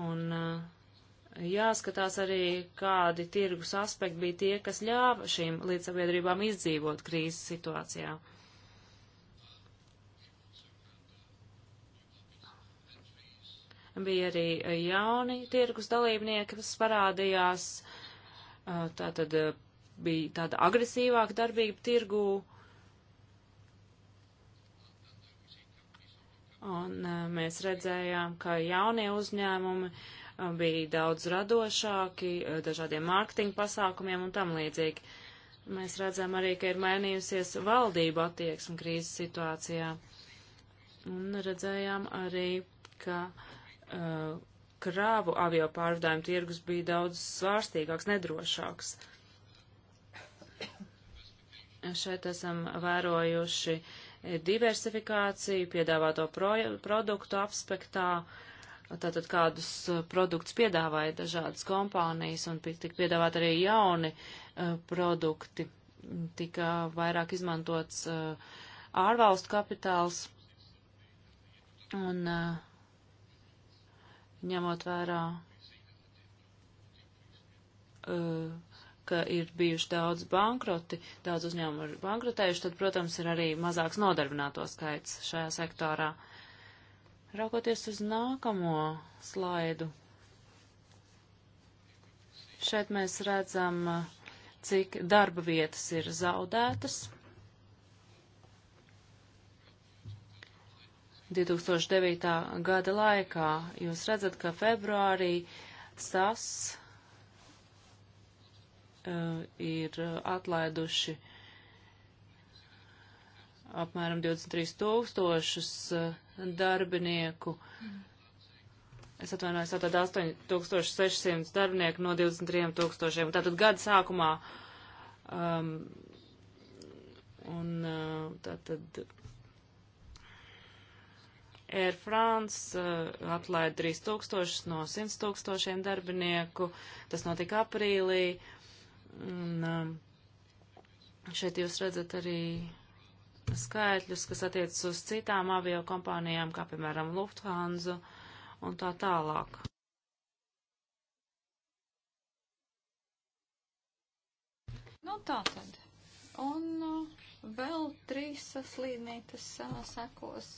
Un eh, jāskatās arī, kādi tirgus aspekti bija tie, kas ļāva šīm līdzsabiedrībām izdzīvot krīzes situācijā. Bija arī jauni tirgus dalībnieki, kas parādījās eh, tātad bija tāda agresīvāka darbība tirgū. Un e, mēs redzējām, ka jaunie uzņēmumi e, bija daudz radošāki e, dažādiem mārketinga pasākumiem un tam līdzīgi. Mēs redzam arī, ka ir mainījusies valdība attieksme krīzes situācijā. Un redzējām arī, ka uh, krāvu avio pārvadājumu tirgus bija daudz svārstīgāks, nedrošāks. Uh, Šeit esam vērojuši diversifikāciju piedāvāto pro, produktu apspektā, tātad kādus uh, produktus piedāvāja dažādas kompānijas un tika piedāvāt arī jauni uh, produkti. Tika vairāk izmantots uh, ārvalstu kapitāls un uh, ņemot vērā uh, ka ir bijuši daudz bankroti, daudz uzņēmumu ir bankrotējuši, tad, protams, ir arī mazāks nodarbināto skaits šajā sektorā. Raukoties uz nākamo slaidu, šeit mēs redzam, cik darba vietas ir zaudētas. 2009. gada laikā jūs redzat, ka februārī SAS Eh, ir eh, atlaiduši apmēram 23 tūkstošus eh, darbinieku. Es atvainojos, tātad 8600 darbinieku no 23 tūkstošiem. Tātad gada sākumā um, un tātad Air France uh, atlaida 3000 no 100 tūkstošiem darbinieku. Tas notika aprīlī. Uh, Un um, šeit jūs redzat arī skaitļus, kas attiecas uz citām avio kompānijām, kā piemēram Lufthansa un tā tālāk. Nu, tā tad. Un uh, vēl trīs uh, slīdnītes uh, sekos.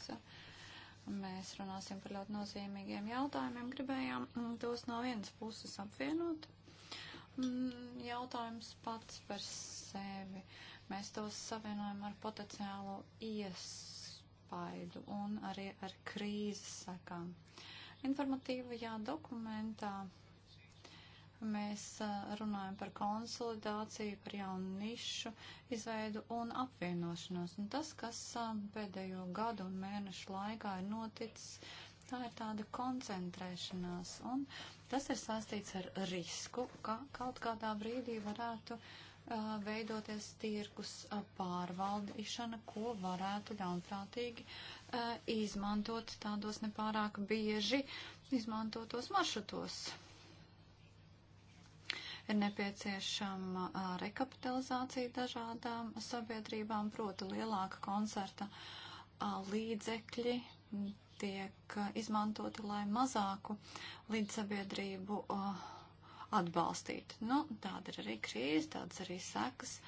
Mēs runāsim par ļoti nozīmīgiem jautājumiem. Gribējām mm, tos no vienas puses apvienot. Mm, jautājums pats par sevi. Mēs tos savienojam ar potenciālo iespaidu un arī ar krīzes sakām. Informatīvajā dokumentā mēs runājam par konsolidāciju, par jaunu nišu izveidu un apvienošanos. Un tas, kas pēdējo gadu un mēnešu laikā ir noticis, tā ir tāda koncentrēšanās. Un Tas ir sāstīts ar risku, ka kaut kādā brīdī varētu uh, veidoties tirkus uh, pārvaldīšana, ko varētu ļaunprātīgi uh, izmantot tādos nepārāk bieži izmantotos maršrutos ir nepieciešama rekapitalizācija dažādām sabiedrībām, proti lielāka koncerta līdzekļi tiek eh, izmantota, lai mazāku līdzsabiedrību eh, atbalstītu. Nu, tāda ir arī krīze, tādas arī sekas.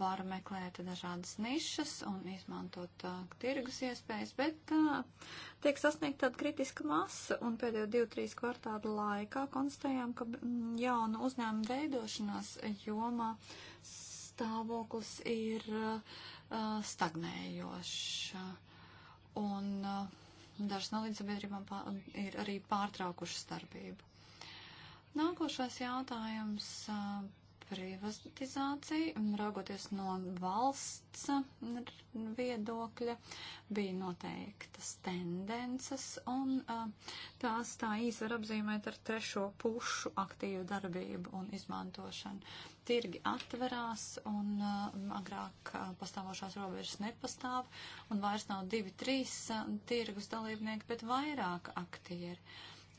Var meklēt dažādas nišas un izmantot uh, tirgus iespējas, bet uh, tiek sasniegta tāda kritiska masa, un pēdējo divu, trīs kvartālu laikā konstatējām, ka mm, jaunu uzņēmumu veidošanās jomā stāvoklis ir uh, stagnējošs. Un uh, Dažas no līdzsabiedrībām ir arī pārtraukušas darbību. Nākošais jautājums privatizāciju, raugoties no valsts viedokļa, bija noteiktas tendences, un tās tā īsi var apzīmēt ar trešo pušu aktīvu darbību un izmantošanu. Tirgi atverās, un agrāk pastāvošās robežas nepastāv, un vairs nav divi, trīs tirgus dalībnieki, bet vairāk aktieri.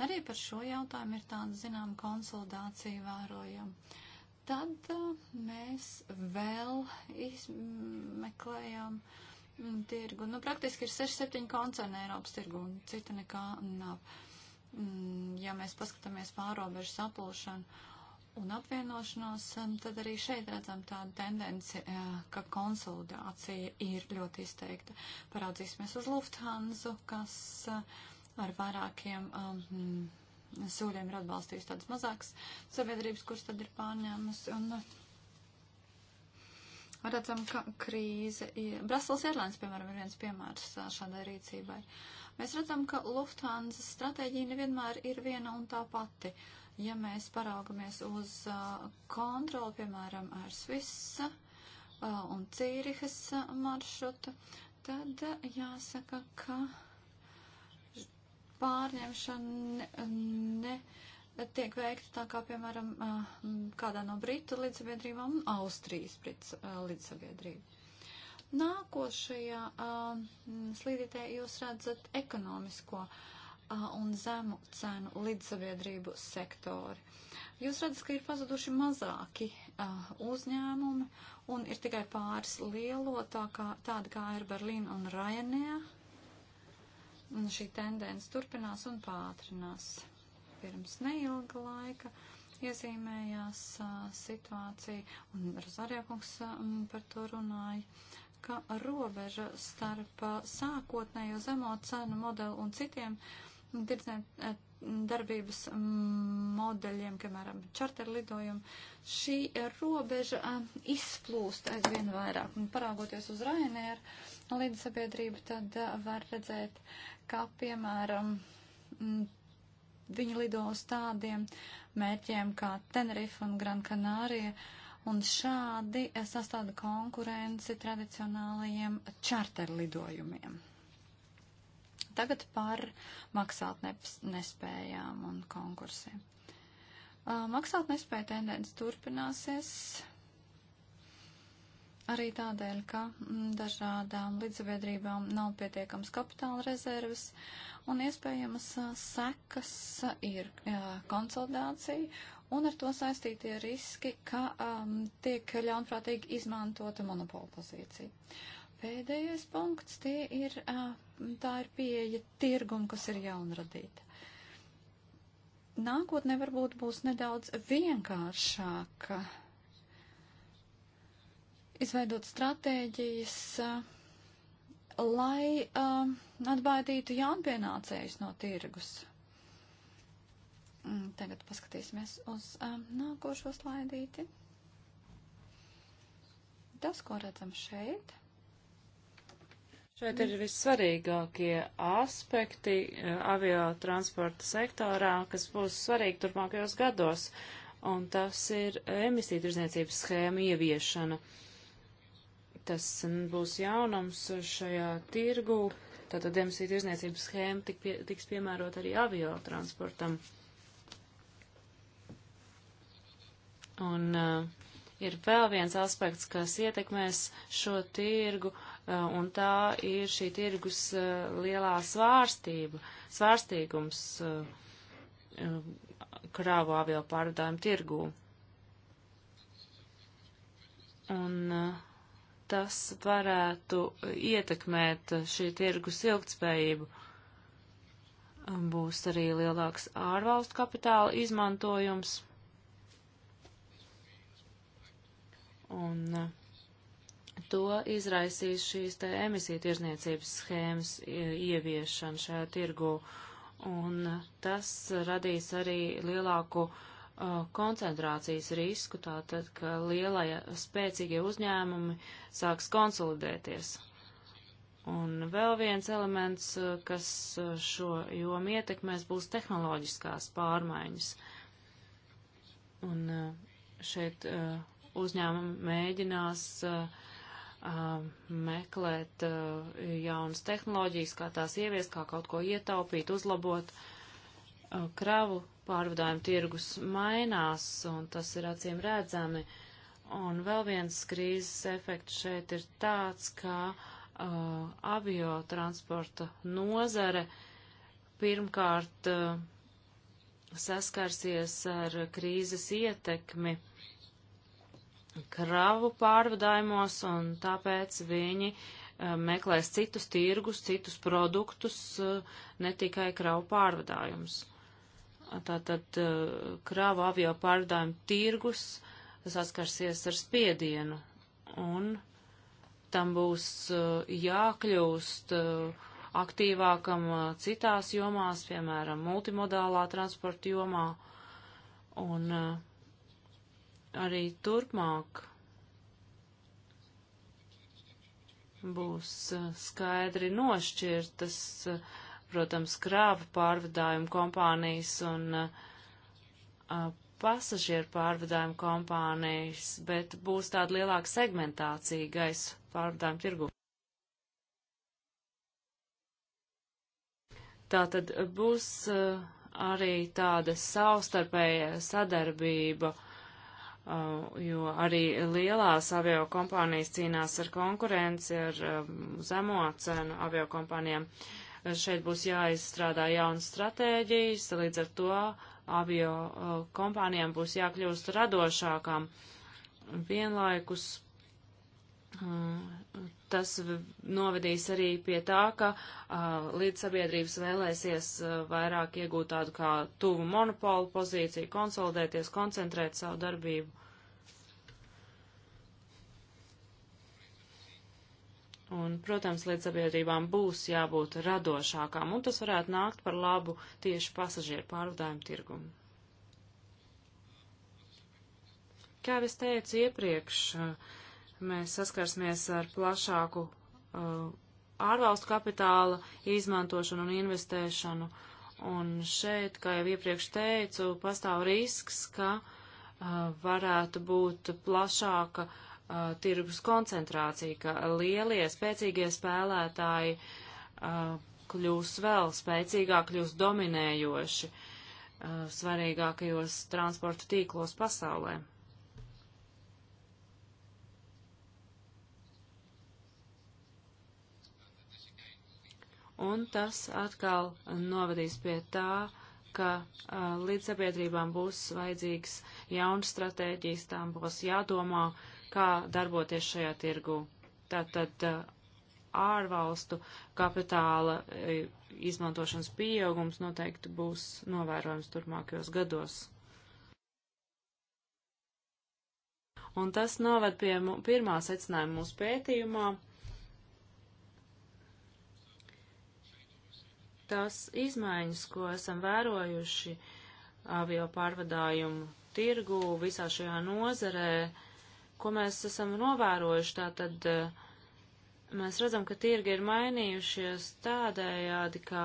Arī par šo jautājumu ir tāda, zinām, konsolidācija vērojama Tad eh, mēs vēl izmeklējām mm, tirgu. Nu, praktiski ir 6-7 koncerni Eiropas tirgu un cita nekā nav. Mm, ja mēs paskatāmies pārobežu sapulšanu un apvienošanos, mm, tad arī šeit redzam tādu tendenci, eh, ka konsolidācija ir ļoti izteikta. Parādzīsimies uz Lufthansa, kas eh, ar vairākiem um, soļiem ir atbalstījusi tādas mazākas sabiedrības, kuras tad ir pārņēmas. Un, uh, Redzam, ka krīze ir. Brasels Airlines, piemēram, ir viens piemērs uh, šādai rīcībai. Mēs redzam, ka Lufthansa stratēģija nevienmēr ir viena un tā pati. Ja mēs paraugamies uz uh, kontroli, piemēram, ar Svisa un Cīrihas maršrutu, tad jāsaka, ka pārņemšana ne, ne tiek veikta tā kā, piemēram, kādā no Britu līdzsabiedrībām un Austrijas Britu līdzsabiedrību. Nākošajā slīdītē jūs redzat ekonomisko un zemu cenu līdzsabiedrību sektori. Jūs redzat, ka ir pazuduši mazāki uh, uzņēmumi un ir tikai pāris lielo, tā kā, tādi kā ir Berlīna un Ryanair. Un šī tendence turpinās un pātrinās. Pirms neilga laika iezīmējās a, situācija, un Rozārjākungs par to runāja, ka robeža starp sākotnējo zemo cenu modeli un citiem tirdzniecības darbības modeļiem, piemēram, čarter lidojumu, šī robeža izplūst aizvien vairāk. Un paraugoties uz Rainēru, līdzsabiedrību, tad eh, var redzēt, kā piemēram viņi lido uz tādiem mērķiem kā Tenerife un Gran Canārija, un šādi eh, sastāda konkurenci tradicionālajiem čarterlidojumiem. Tagad par maksātnespējām un konkursiem. Uh, eh, maksātnespēja tendence turpināsies Arī tādēļ, ka mm, dažādām līdzsaviedrībām nav pietiekams kapitāla rezerves un iespējamas sekas ir konsolidācija un ar to saistītie riski, ka um, tiek ļaunprātīgi izmantota monopola pozīcija. Pēdējais punkts tie ir, uh, tā ir pieeja tirgumu, kas ir jaunradīta nākotnē varbūt būs nedaudz vienkāršāka izveidot stratēģijas, eh, lai eh, atbaidītu jaunpienācējus no tirgus. Mm, tagad paskatīsimies uz eh, nākošo slaidīti. Tas, ko redzam šeit. Šeit ir vissvarīgākie aspekti avio transporta sektorā, kas būs svarīgi turpmākajos gados, un tas ir emisiju tirzniecības schēma ieviešana. Uh, Tas būs jaunums šajā tirgu. Tātad emisiju tirzniecības schēma tik pie, tiks piemērot arī avio transportam. Un uh, ir vēl viens aspekts, kas ietekmēs šo tirgu, uh, un tā ir šī tirgus uh, lielā svārstība, svārstīgums uh, uh krāvu avio pārvadājumu tirgū. Un uh, tas varētu ietekmēt šī tirgus ilgtspējību. Būs arī lielāks ārvalstu kapitāla izmantojums. Un uh, to izraisīs šīs te emisiju tirzniecības schēmas ieviešana šajā tirgu. Un uh, tas radīs arī lielāku uh, Uh, koncentrācijas risku, tātad, ka lielie spēcīgie uzņēmumi sāks konsolidēties. Un vēl viens elements, uh, kas uh, šo jomu ietekmēs, būs tehnoloģiskās pārmaiņas. Un šeit uzņēmumi mēģinās meklēt jaunas tehnoloģijas, kā tās ieviest, kā kaut ko ietaupīt, uzlabot kravu pārvadājuma tirgus mainās, un tas ir acīm redzami. Un vēl viens krīzes efekts šeit ir tāds, ka uh, avio transporta nozare pirmkārt uh, saskarsies ar krīzes ietekmi kravu pārvadājumos, un tāpēc viņi uh, meklēs citus tirgus, citus produktus, uh, ne tikai kravu pārvadājumus tātad eh, krāvu avio pārdājumu tirgus saskarsies ar spiedienu, un tam būs eh, jākļūst eh, aktīvākam citās jomās, piemēram, multimodālā transporta jomā, un arī turpmāk būs skaidri nošķirtas uh, protams, krāvu pārvadājumu kompānijas un uh, uh, pasažieru pārvadājumu kompānijas, bet būs tāda lielāka segmentācija gaisa pārvadājumu tirgu. Tātad būs uh, arī tāda savstarpēja sadarbība, uh, jo arī lielās avio kompānijas cīnās ar konkurenci, ar um, zemo cenu avio kompānijām. Uh, Šeit būs jāizstrādā jaunas stratēģijas, līdz ar to avio uh, kompānijām būs jākļūst radošākām. Vienlaikus mm, tas novedīs arī pie tā, ka uh, līdz sabiedrības vēlēsies uh, vairāk iegūt tādu kā tuvu monopolu pozīciju, konsolidēties, koncentrēt savu darbību. Un, protams, līdz sabiedrībām būs jābūt radošākām, un tas varētu nākt par labu tieši pasažieru pārvadājumu tirgumu. Kā jau es teicu iepriekš, mēs saskarsimies ar plašāku uh, ārvalstu kapitāla izmantošanu un investēšanu, un šeit, kā jau iepriekš teicu, pastāv risks, ka uh, varētu būt plašāka uh, uh, tirgus koncentrācija, ka lielie, spēcīgie spēlētāji uh, kļūs vēl spēcīgāk, kļūs dominējoši uh, svarīgākajos transporta tīklos pasaulē. Un tas atkal novadīs pie tā, ka uh, līdz sabiedrībām būs vajadzīgs jauns stratēģijas, tām būs jādomā, uh, kā darboties šajā tirgu. Tātad ārvalstu kapitāla izmantošanas pieaugums noteikti būs novērojams turpmākajos gados. Un tas noved pie pirmā secinājuma mūsu pētījumā. Tās izmaiņas, ko esam vērojuši avio pārvadājumu tirgu visā šajā nozarē, uh, ko mēs esam novērojuši, tātad eh, mēs redzam, ka tirgi ir mainījušies tādējādi, ka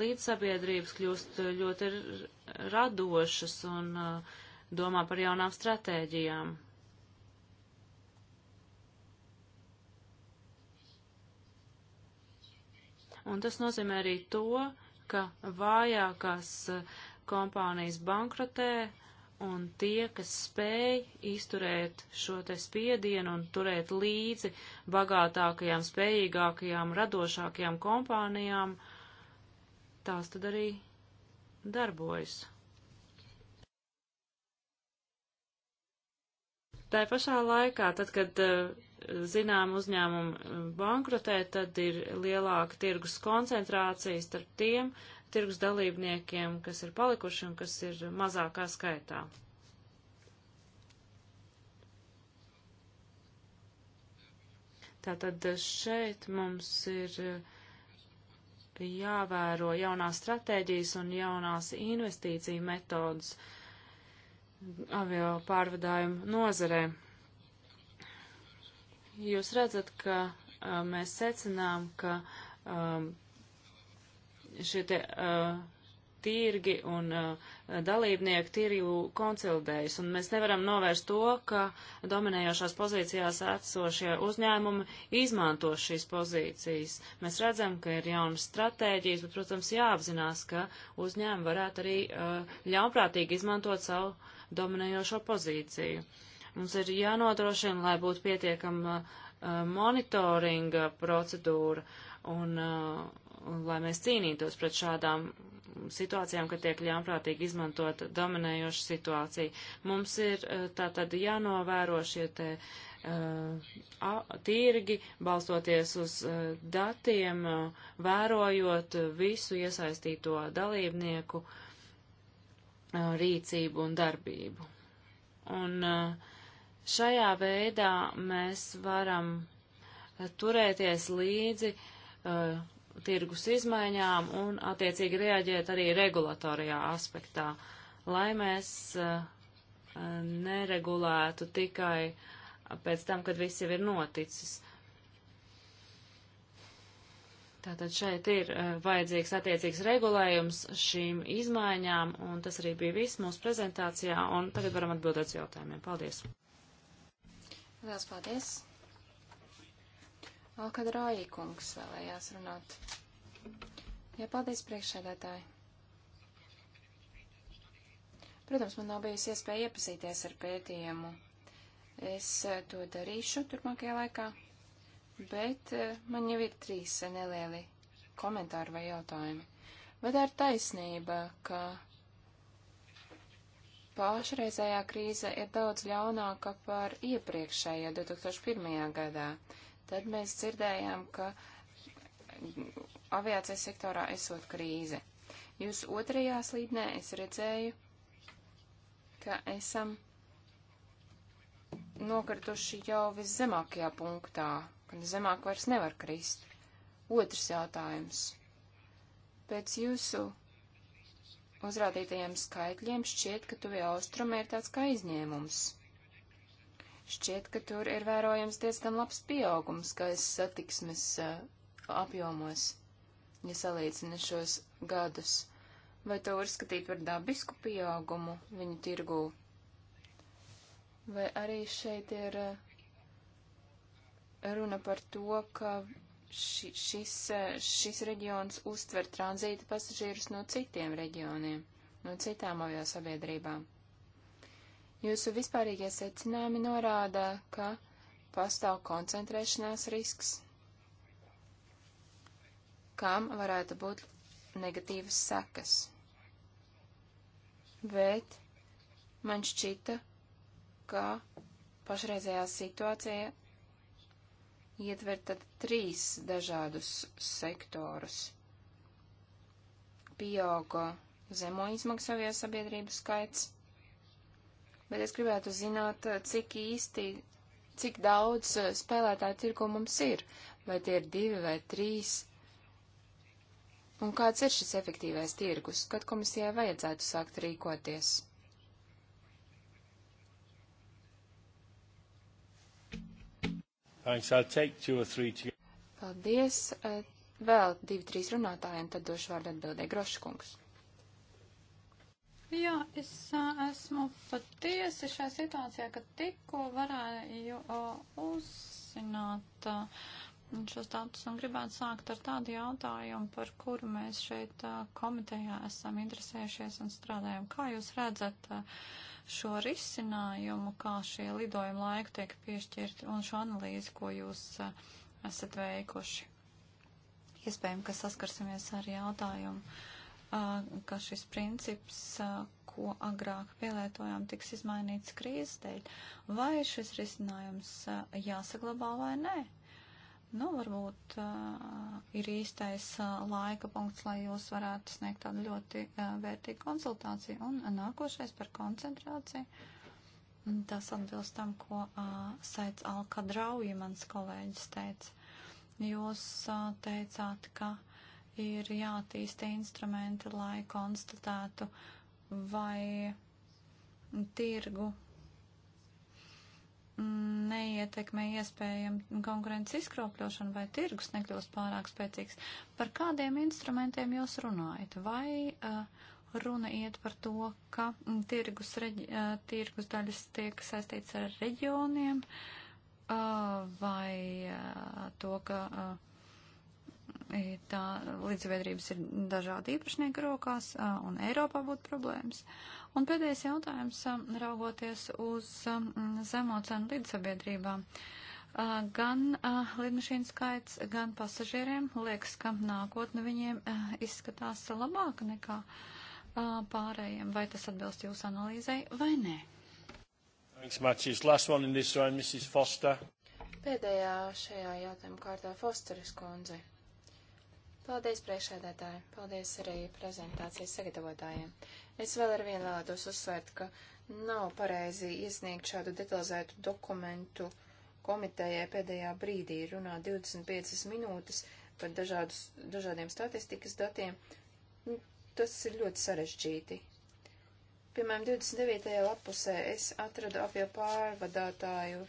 līdzsabiedrības kļūst ļoti radošas un eh, domā par jaunām stratēģijām. Un tas nozīmē arī to, ka vājākās eh, kompānijas bankrotē un tie, kas spēj izturēt šo te spiedienu un turēt līdzi bagātākajām, spējīgākajām, radošākajām kompānijām, tās tad arī darbojas. Tā pašā laikā, tad, kad eh, zinām uzņēmumu eh, bankrotē, tad ir lielāka tirgus koncentrācija starp tiem, tirgus dalībniekiem, kas ir palikuši un kas ir mazākā skaitā. Tātad šeit mums ir jāvēro jaunās stratēģijas un jaunās investīciju metodas avio pārvadājumu nozarē. Jūs redzat, ka mēs secinām, ka um, šie te uh, tirgi un uh, dalībnieku tirgu konsolidējas, un mēs nevaram novērst to, ka dominējošās pozīcijās atsošie uzņēmumi izmanto šīs pozīcijas. Mēs redzam, ka ir jaunas stratēģijas, bet, protams, jāapzinās, ka uzņēmumi varētu arī uh, ļaunprātīgi izmantot savu dominējošo pozīciju. Mums ir jānodrošina, lai būtu pietiekama uh, monitoringa procedūra un uh, lai mēs cīnītos pret šādām situācijām, kad tiek ļaunprātīgi izmantot dominējoša situācija. Mums ir e, tātad jānovēro šie te uh, tirgi, balstoties uz e, datiem, vērojot visu iesaistīto dalībnieku uh, rīcību un darbību. Un uh, šajā veidā mēs varam turēties līdzi tirgus izmaiņām un attiecīgi reaģēt arī regulatorijā aspektā, lai mēs uh, neregulētu tikai pēc tam, kad viss jau ir noticis. Tātad šeit ir uh, vajadzīgs attiecīgs regulējums šīm izmaiņām, un tas arī bija viss mūsu prezentācijā, un tagad varam atbildēt uz jautājumiem. Paldies! Lielas paldies! Alkadrāji kungs vēlējās runāt. Jā, paldies priekšsēdētāji. Protams, man nav bijusi iespēja iepazīties ar pētījumu. Es eh, to darīšu turpmākajā laikā, bet eh, man jau ir trīs eh, nelieli komentāri vai jautājumi. Vai tā ir taisnība, ka pašreizējā krīze ir daudz ļaunāka par iepriekšējo 2001. gadā? tad mēs dzirdējām, ka aviācijas sektorā esot krīze. Jūs otrajā slīdnē es redzēju, ka esam nokartuši jau viszemākajā punktā, kad zemāk vairs nevar krist. Otrs jautājums. Pēc jūsu uzrādītajiem skaitļiem šķiet, ka tuvie austrumi ir tāds kā izņēmums. Šķiet, ka tur ir vērojams diezgan labs pieaugums gaisa satiksmes uh, apjomos, ja salīdzina šos gadus. Vai to var skatīt par dabisku pieaugumu viņu tirgū? Vai arī šeit ir uh, runa par to, ka ši, šis, uh, šis reģions uztver tranzīta pasažīrus no citiem reģioniem, no citām aviosabiedrībām? sabiedrībām? Jūsu vispārīgie secinājumi norāda, ka pastāv koncentrēšanās risks, kam varētu būt negatīvas sekas. Bet man šķita, ka pašreizējā situācija ietver tad trīs dažādus sektorus. Pieauga zemo izmaksāvie sabiedrību skaits bet es gribētu zināt, eh, cik īsti, cik daudz eh, spēlētāju tirgu mums ir, vai tie ir divi vai trīs, un kāds ir šis efektīvais tirgus, kad komisijai vajadzētu sākt rīkoties. Thanks, I'll take two or three to... Paldies. Eh, Vēl divi, trīs runātājiem, tad došu vārdu atbildē Groškungs. Jā, es esmu patiesi šajā situācijā, ka tikko varēju uzzināt šo status un gribētu sākt ar tādu jautājumu, par kuru mēs šeit komitejā esam interesējušies un strādājam. Kā jūs redzat šo risinājumu, kā šie lidojuma laika tiek piešķirti un šo analīzi, ko jūs esat veikuši? Iespējams, ka saskarsimies ar jautājumu ka šis princips, ko agrāk pielietojām, tiks izmainīts krīzes dēļ. Vai šis risinājums jāsaglabā vai nē? Nu, varbūt uh, ir īstais uh, laika punkts, lai jūs varētu sniegt tādu ļoti uh, vērtīgu konsultāciju. Un uh, nākošais par koncentrāciju. Tas atbilst tam, ko uh, Saic Alkadrauji, mans kolēģis, teica. Jūs uh, teicāt, ka uh, ir jātīsta instrumenti, lai konstatētu, vai tirgu neietekmē iespējami konkurences izkropļošana vai tirgus nekļūst pārāk spēcīgs. Par kādiem instrumentiem jūs runājat? Vai uh, runa iet par to, ka tirgus, reģi, uh, tirgus daļas tiek saistīts ar reģioniem uh, vai uh, to, ka. Uh, E, tā līdzsabiedrības ir dažādi īpašnieki rokās, un Eiropā būtu problēmas. Un pēdējais jautājums, raugoties uz zemo cenu līdzsabiedrībām. Gan lidmašīnu skaits, gan pasažieriem liekas, ka nākotne viņiem izskatās labāka nekā pārējiem. Vai tas atbilst jūsu analīzei vai nē? Thanks, Matches. Last one in this round, Mrs. Foster. Pēdējā šajā jautājuma kārtā Fosteris kundze. Paldies priekšēdētāji, paldies arī prezentācijas sagatavotājiem. Es vēl ar vienu vēlētos uzsvērt, ka nav pareizi iesniegt šādu detalizētu dokumentu komitējai pēdējā brīdī, runā 25 minūtes par dažādus, dažādiem statistikas datiem. Nu, tas ir ļoti sarežģīti. Piemēram, 29. lapusē es atradu avio pārvadātāju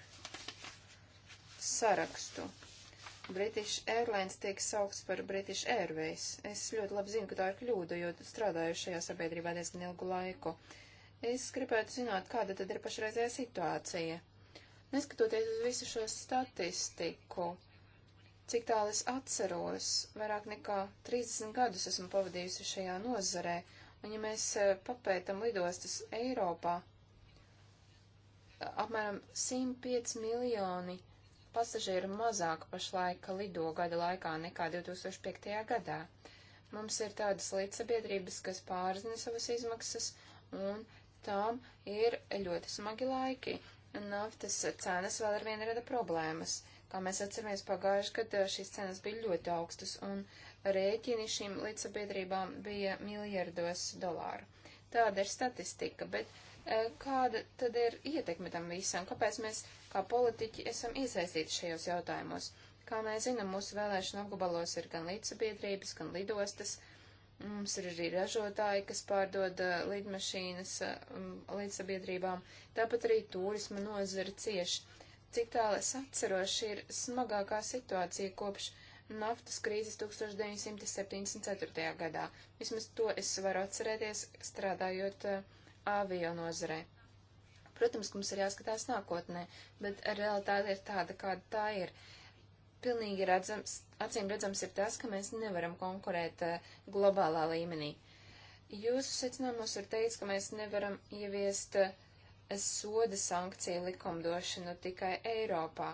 sarakstu. British Airlines tiek saukts par British Airways. Es ļoti labi zinu, ka tā ir kļūda, jo strādāju šajā sabiedrībā diezgan ilgu laiku. Es gribētu zināt, kāda tad ir pašreizējā situācija. Neskatoties uz visu šo statistiku, cik tālu es atceros, vairāk nekā 30 gadus esmu pavadījusi šajā nozarē, un ja mēs eh, papētam lidostas Eiropā, apmēram 105 miljoni pasažieru mazāk pašlaik lido gada laikā nekā 2005. gadā. Mums ir tādas līdzsabiedrības, kas pārzina savas izmaksas, un tām ir ļoti smagi laiki. Naftas cenas vēl ar vienu rada problēmas. Kā mēs atceramies pagājuši, kad šīs cenas bija ļoti augstas, un rēķini šīm līdzsabiedrībām bija miljardos dolāru. Tāda ir statistika, bet Eh, kāda tad ir ietekme tam visam? Kāpēc mēs, kā politiķi, esam iesaistīti šajos jautājumos? Kā mēs zinām, mūsu vēlēšana apgabalos ir gan līdzsabiedrības, gan lidostas. Mums ir arī ražotāji, kas pārdod eh, lidmašīnas eh, līdzsabiedrībām. Tāpat arī turisma nozara cieši. Cik tālu es atceros, šī ir smagākā situācija kopš naftas krīzes 1974. gadā. Vismaz to es varu atcerēties, strādājot uh, avio nozarē. Protams, mums ir jāskatās nākotnē, bet realitāte ir tāda, kāda tā ir. Pilnīgi redzams, acīm redzams ir tas, ka mēs nevaram konkurēt uh, globālā līmenī. Jūsu secinājumos ir teicis, ka mēs nevaram ieviest uh, soda sankciju likumdošanu tikai Eiropā.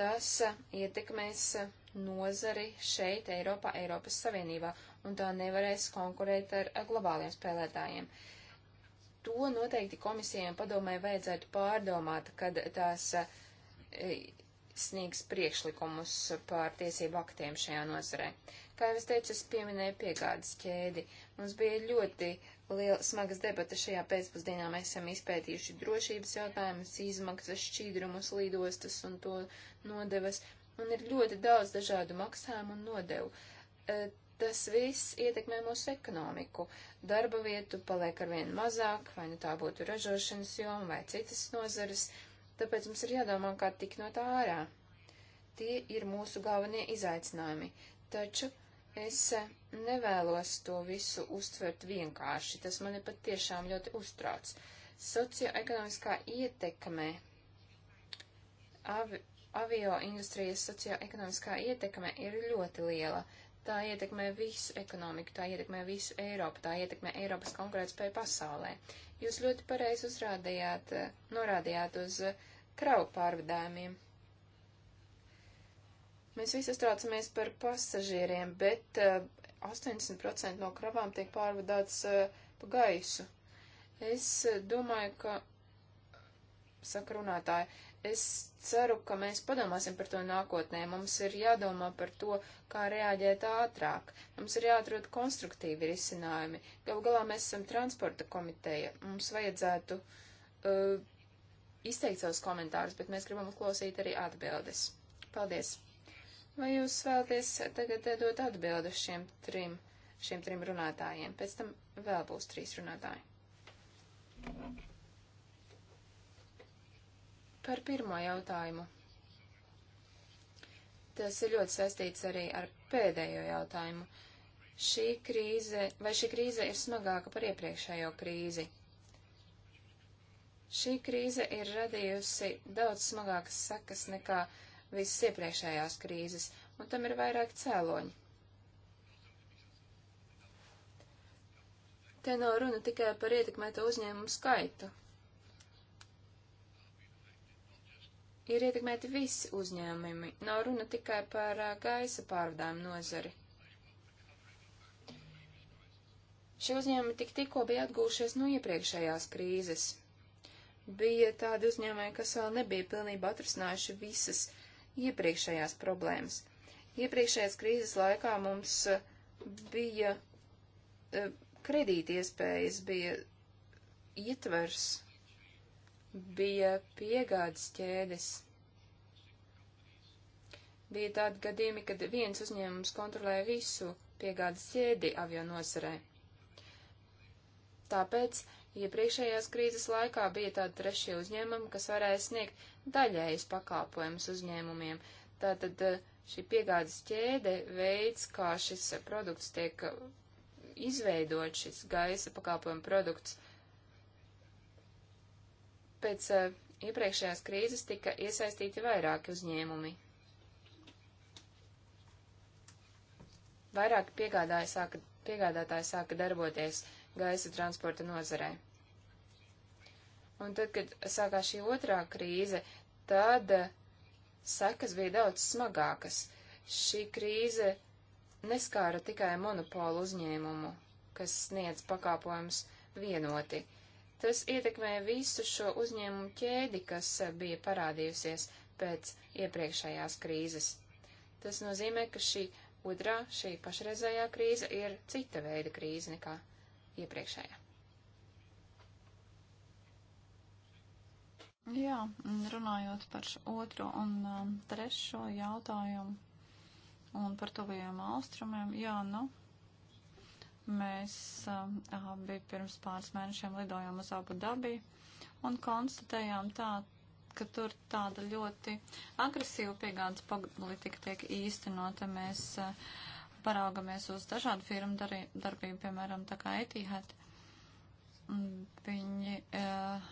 Tas uh, ietekmēs nozari šeit, Eiropā, Eiropas Savienībā, un tā nevarēs konkurēt ar globāliem spēlētājiem. Uh, to noteikti komisijām padomē vajadzētu pārdomāt, kad tās e, sniegs priekšlikumus pār tiesību aktiem šajā nozarē. Kā jau es teicu, es pieminēju piegādes ķēdi. Mums bija ļoti liela, smagas debata šajā pēcpusdienā. Mēs esam izpētījuši drošības jautājumus, izmaksas, šķīdrumus, lidostas un to nodevas. Un ir ļoti daudz dažādu maksājumu un nodevu e, tas viss ietekmē mūsu ekonomiku. Darba vietu paliek arvien mazāk, vai nu tā būtu ražošanas joma vai citas nozares, tāpēc mums ir jādomā, kā tikt no tā ārā. Tie ir mūsu galvenie izaicinājumi, taču es eh, nevēlos to visu uztvert vienkārši, tas mani pat tiešām ļoti uztrauc. Socioekonomiskā ietekme avi, avio industrijas socioekonomiskā ietekme ir ļoti liela. Tā ietekmē visu ekonomiku, tā ietekmē visu Eiropu, tā ietekmē Eiropas konkurētspēju pasaulē. Jūs ļoti pareizi uzrādījāt, norādījāt uz kravu pārvadājumiem. Mēs visi uztraucamies par pasažieriem, bet 80% eh, no kravām tiek pārvadāts eh, pa gaisu. Es eh, domāju, ka, saka runātāji, Es ceru, ka mēs padomāsim par to nākotnē. Mums ir jādomā par to, kā reaģēt ātrāk. Mums ir jāatrod konstruktīvi risinājumi. Galu galā mēs esam transporta komiteja. Mums vajadzētu uh, izteikt savus komentārus, bet mēs gribam uzklausīt arī atbildes. Paldies! Vai jūs vēlaties tagad dot atbildi šiem trim, šiem trim runātājiem? Pēc tam vēl būs trīs runātāji. Thank you. Par pirmo jautājumu. Tas ir ļoti saistīts arī ar pēdējo jautājumu. Šī krīze, vai šī krīze ir smagāka par iepriekšējo krīzi? Šī krīze ir radījusi daudz smagākas sekas nekā visas iepriekšējās krīzes, un tam ir vairāk cēloņi. Te nav runa tikai par ietekmēto uzņēmumu skaitu. ir ietekmēti visi uzņēmumi. Nav runa tikai par gaisa pārvadājumu nozari. Šie uzņēmumi tik tikko bija atgūšies no iepriekšējās krīzes. Bija tādi uzņēmēji, kas vēl nebija pilnībā atrisinājuši visas iepriekšējās problēmas. Iepriekšējās krīzes laikā mums bija kredīti iespējas, bija ietvers bija piegādes ķēdes. Bija tādi gadījumi, kad viens uzņēmums kontrolēja visu piegādes ķēdi avio nosarē. Tāpēc iepriekšējās ja krīzes laikā bija tādi trešie uzņēmumi, kas varēja sniegt daļējas pakāpojumus uzņēmumiem. Tātad eh, šī piegādes ķēde veids, kā šis produkts tiek eh, izveidot, šis gaisa pakāpojuma produkts, Pēc uh, iepriekšējās krīzes tika iesaistīti vairāki uzņēmumi. Vairāki piegādātāji sāka, piegādātāji sāka darboties gaisa transporta nozarē. Un tad, kad sākās šī otrā krīze, tad eh, sekas bija daudz smagākas. Šī krīze neskāra tikai monopolu uzņēmumu, kas sniedz pakāpojumus vienoti. Tas ietekmē visu šo uzņēmumu ķēdi, kas eh, bija parādījusies pēc iepriekšējās krīzes. Tas nozīmē, ka šī otrā, šī pašreizējā krīze ir cita veida krīze nekā iepriekšējā. Jā, runājot par otro un um, trešo jautājumu un par tuvajiem austrumiem, jā, nu, Mēs um, abi pirms pāris mēnešiem lidojām uz Abu Dabi un konstatējām tā, ka tur tāda ļoti agresīva piegādes politika tiek īstenota. Mēs uh, paraugamies uz dažādu firmu darbību, piemēram, tā kā Etihad. Viņi uh,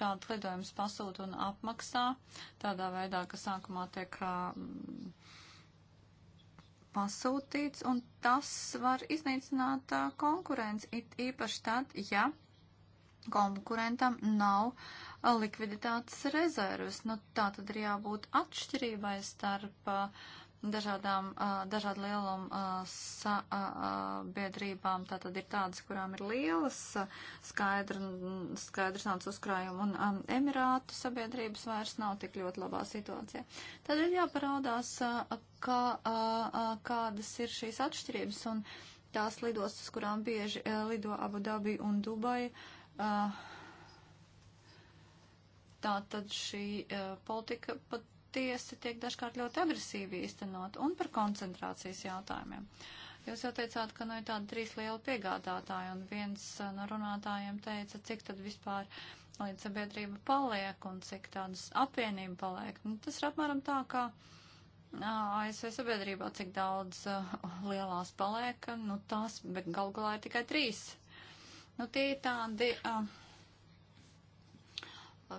šādu lidojumus pasūta un apmaksā tādā veidā, ka sākumā tiek uh, pasūtīts, un tas var iznīcināt uh, konkurenci, it īpaši tad, ja konkurentam nav likviditātes rezerves. Nu, tā tad ir jābūt atšķirībai starp uh, dažādām, dažādu lielumu sabiedrībām. Tātad ir tādas, kurām ir lielas, skaidra, skaidrs naudas uzkrājuma un emirātu sabiedrības vairs nav tik ļoti labā situācijā. Tad ir jāparaudās, kā, kādas ir šīs atšķirības un tās lidostas, kurām bieži lido Abu Dabi un Dubai. Tā tad šī politika pat tiesa tiek dažkārt ļoti agresīvi īstenot un par koncentrācijas jautājumiem. Jūs jau teicāt, ka nu ir tādi trīs lieli piegādātāji, un viens eh, no runātājiem teica, cik tad vispār līdz sabiedrība paliek un cik tādas apvienība paliek. Nu, tas ir apmēram tā, kā ASV sabiedrībā, cik daudz uh, lielās paliek, nu tās, bet galu galā ir tikai trīs. Nu, tie ir tādi. Uh,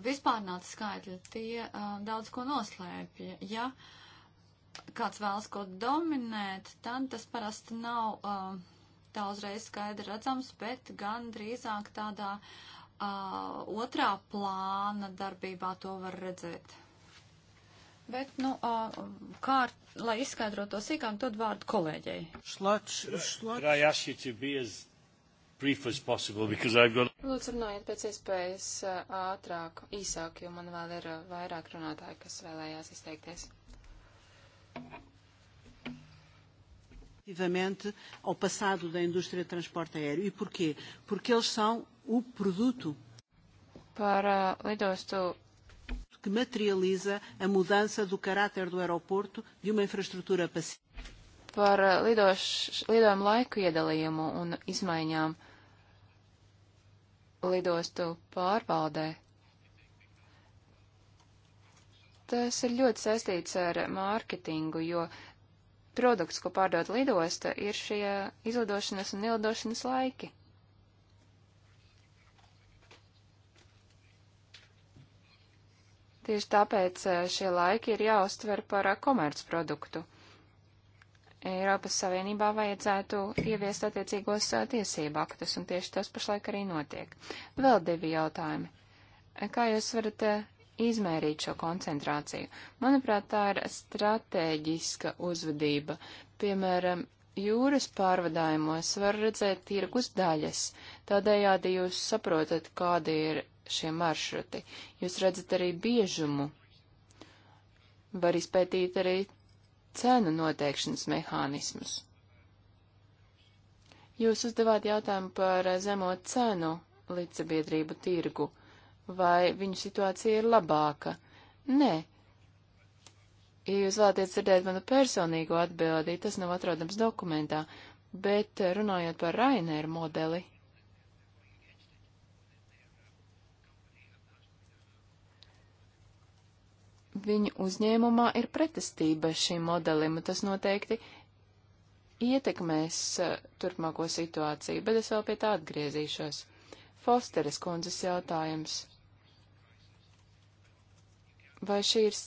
vispārnāca skaitļi, tie uh, daudz ko noslēpja. Ja kāds vēlas ko dominēt, tad tas parasti nav uh, tā uzreiz skaidri redzams, bet gan drīzāk tādā uh, otrā plāna darbībā to var redzēt. Bet, nu, kā, lai izskaidrotu to sīkāk, dod vārdu kolēģei. Šlač, šlač brief as possible, because I've got... Lūdzu, runājiet pēc iespējas uh, ātrāk, īsāk, jo man vēl ir uh, vairāk runātāji, kas vēlējās izteikties. Relativamente ao passado da indústria de transporte aéreo. E porquê? Porque eles são o produto. Para uh, lidostu que materializa a mudança do caráter do aeroporto de uma infraestrutura pacífica. Par lidoš, lidojumu laiku iedalījumu un izmaiņām lidostu pārvaldē. Tas ir ļoti saistīts ar mārketingu, jo produkts, ko pārdod lidosta, ir šie izlidošanas un ielidošanas laiki. Tieši tāpēc eh, šie laiki ir jāuztver par eh, komercproduktu. Eiropas Savienībā vajadzētu ieviest attiecīgos tiesību aktus, un tieši tas pašlaik arī notiek. Vēl divi jautājumi. Kā jūs varat izmērīt šo koncentrāciju? Manuprāt, tā ir stratēģiska uzvedība. Piemēram, jūras pārvadājumos var redzēt tirgus daļas, tādējādi jūs saprotat, kādi ir šie maršruti. Jūs redzat arī biežumu. Var izpētīt arī cenu noteikšanas mehānismus. Jūs uzdevāt jautājumu par zemo cenu līdzsabiedrību tirgu. Vai viņu situācija ir labāka? Nē. Ja jūs vēlaties dzirdēt manu personīgo atbildi, tas nav atrodams dokumentā, bet runājot par Rainēru modeli, viņu uzņēmumā ir pretestība šim modelim, un tas noteikti ietekmēs eh, turpmāko situāciju, bet es vēl pie tā atgriezīšos. Fosteres kundzes jautājums. Vai šī ir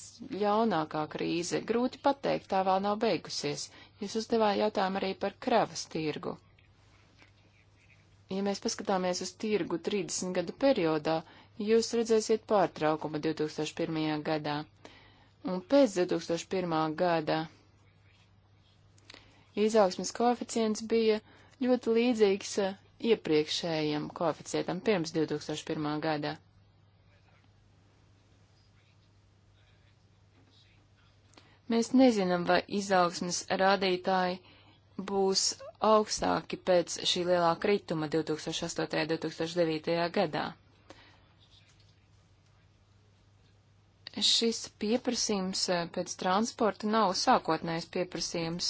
ļaunākā krīze? Grūti pateikt, tā vēl nav beigusies. Jūs uzdevāt jautājumu arī par kravas tirgu. Ja mēs paskatāmies uz tirgu 30 gadu periodā, uh, jūs redzēsiet pārtraukumu 2001. gadā. Un pēc 2001. gada izaugsmes koeficients bija ļoti līdzīgs uh, iepriekšējam koeficientam pirms 2001. gadā. Mēs nezinām, vai izaugsmes rādītāji būs augstāki pēc šī lielā krituma 2008. un 2009. gadā. šis pieprasījums eh, pēc transporta nav sākotnējs pieprasījums.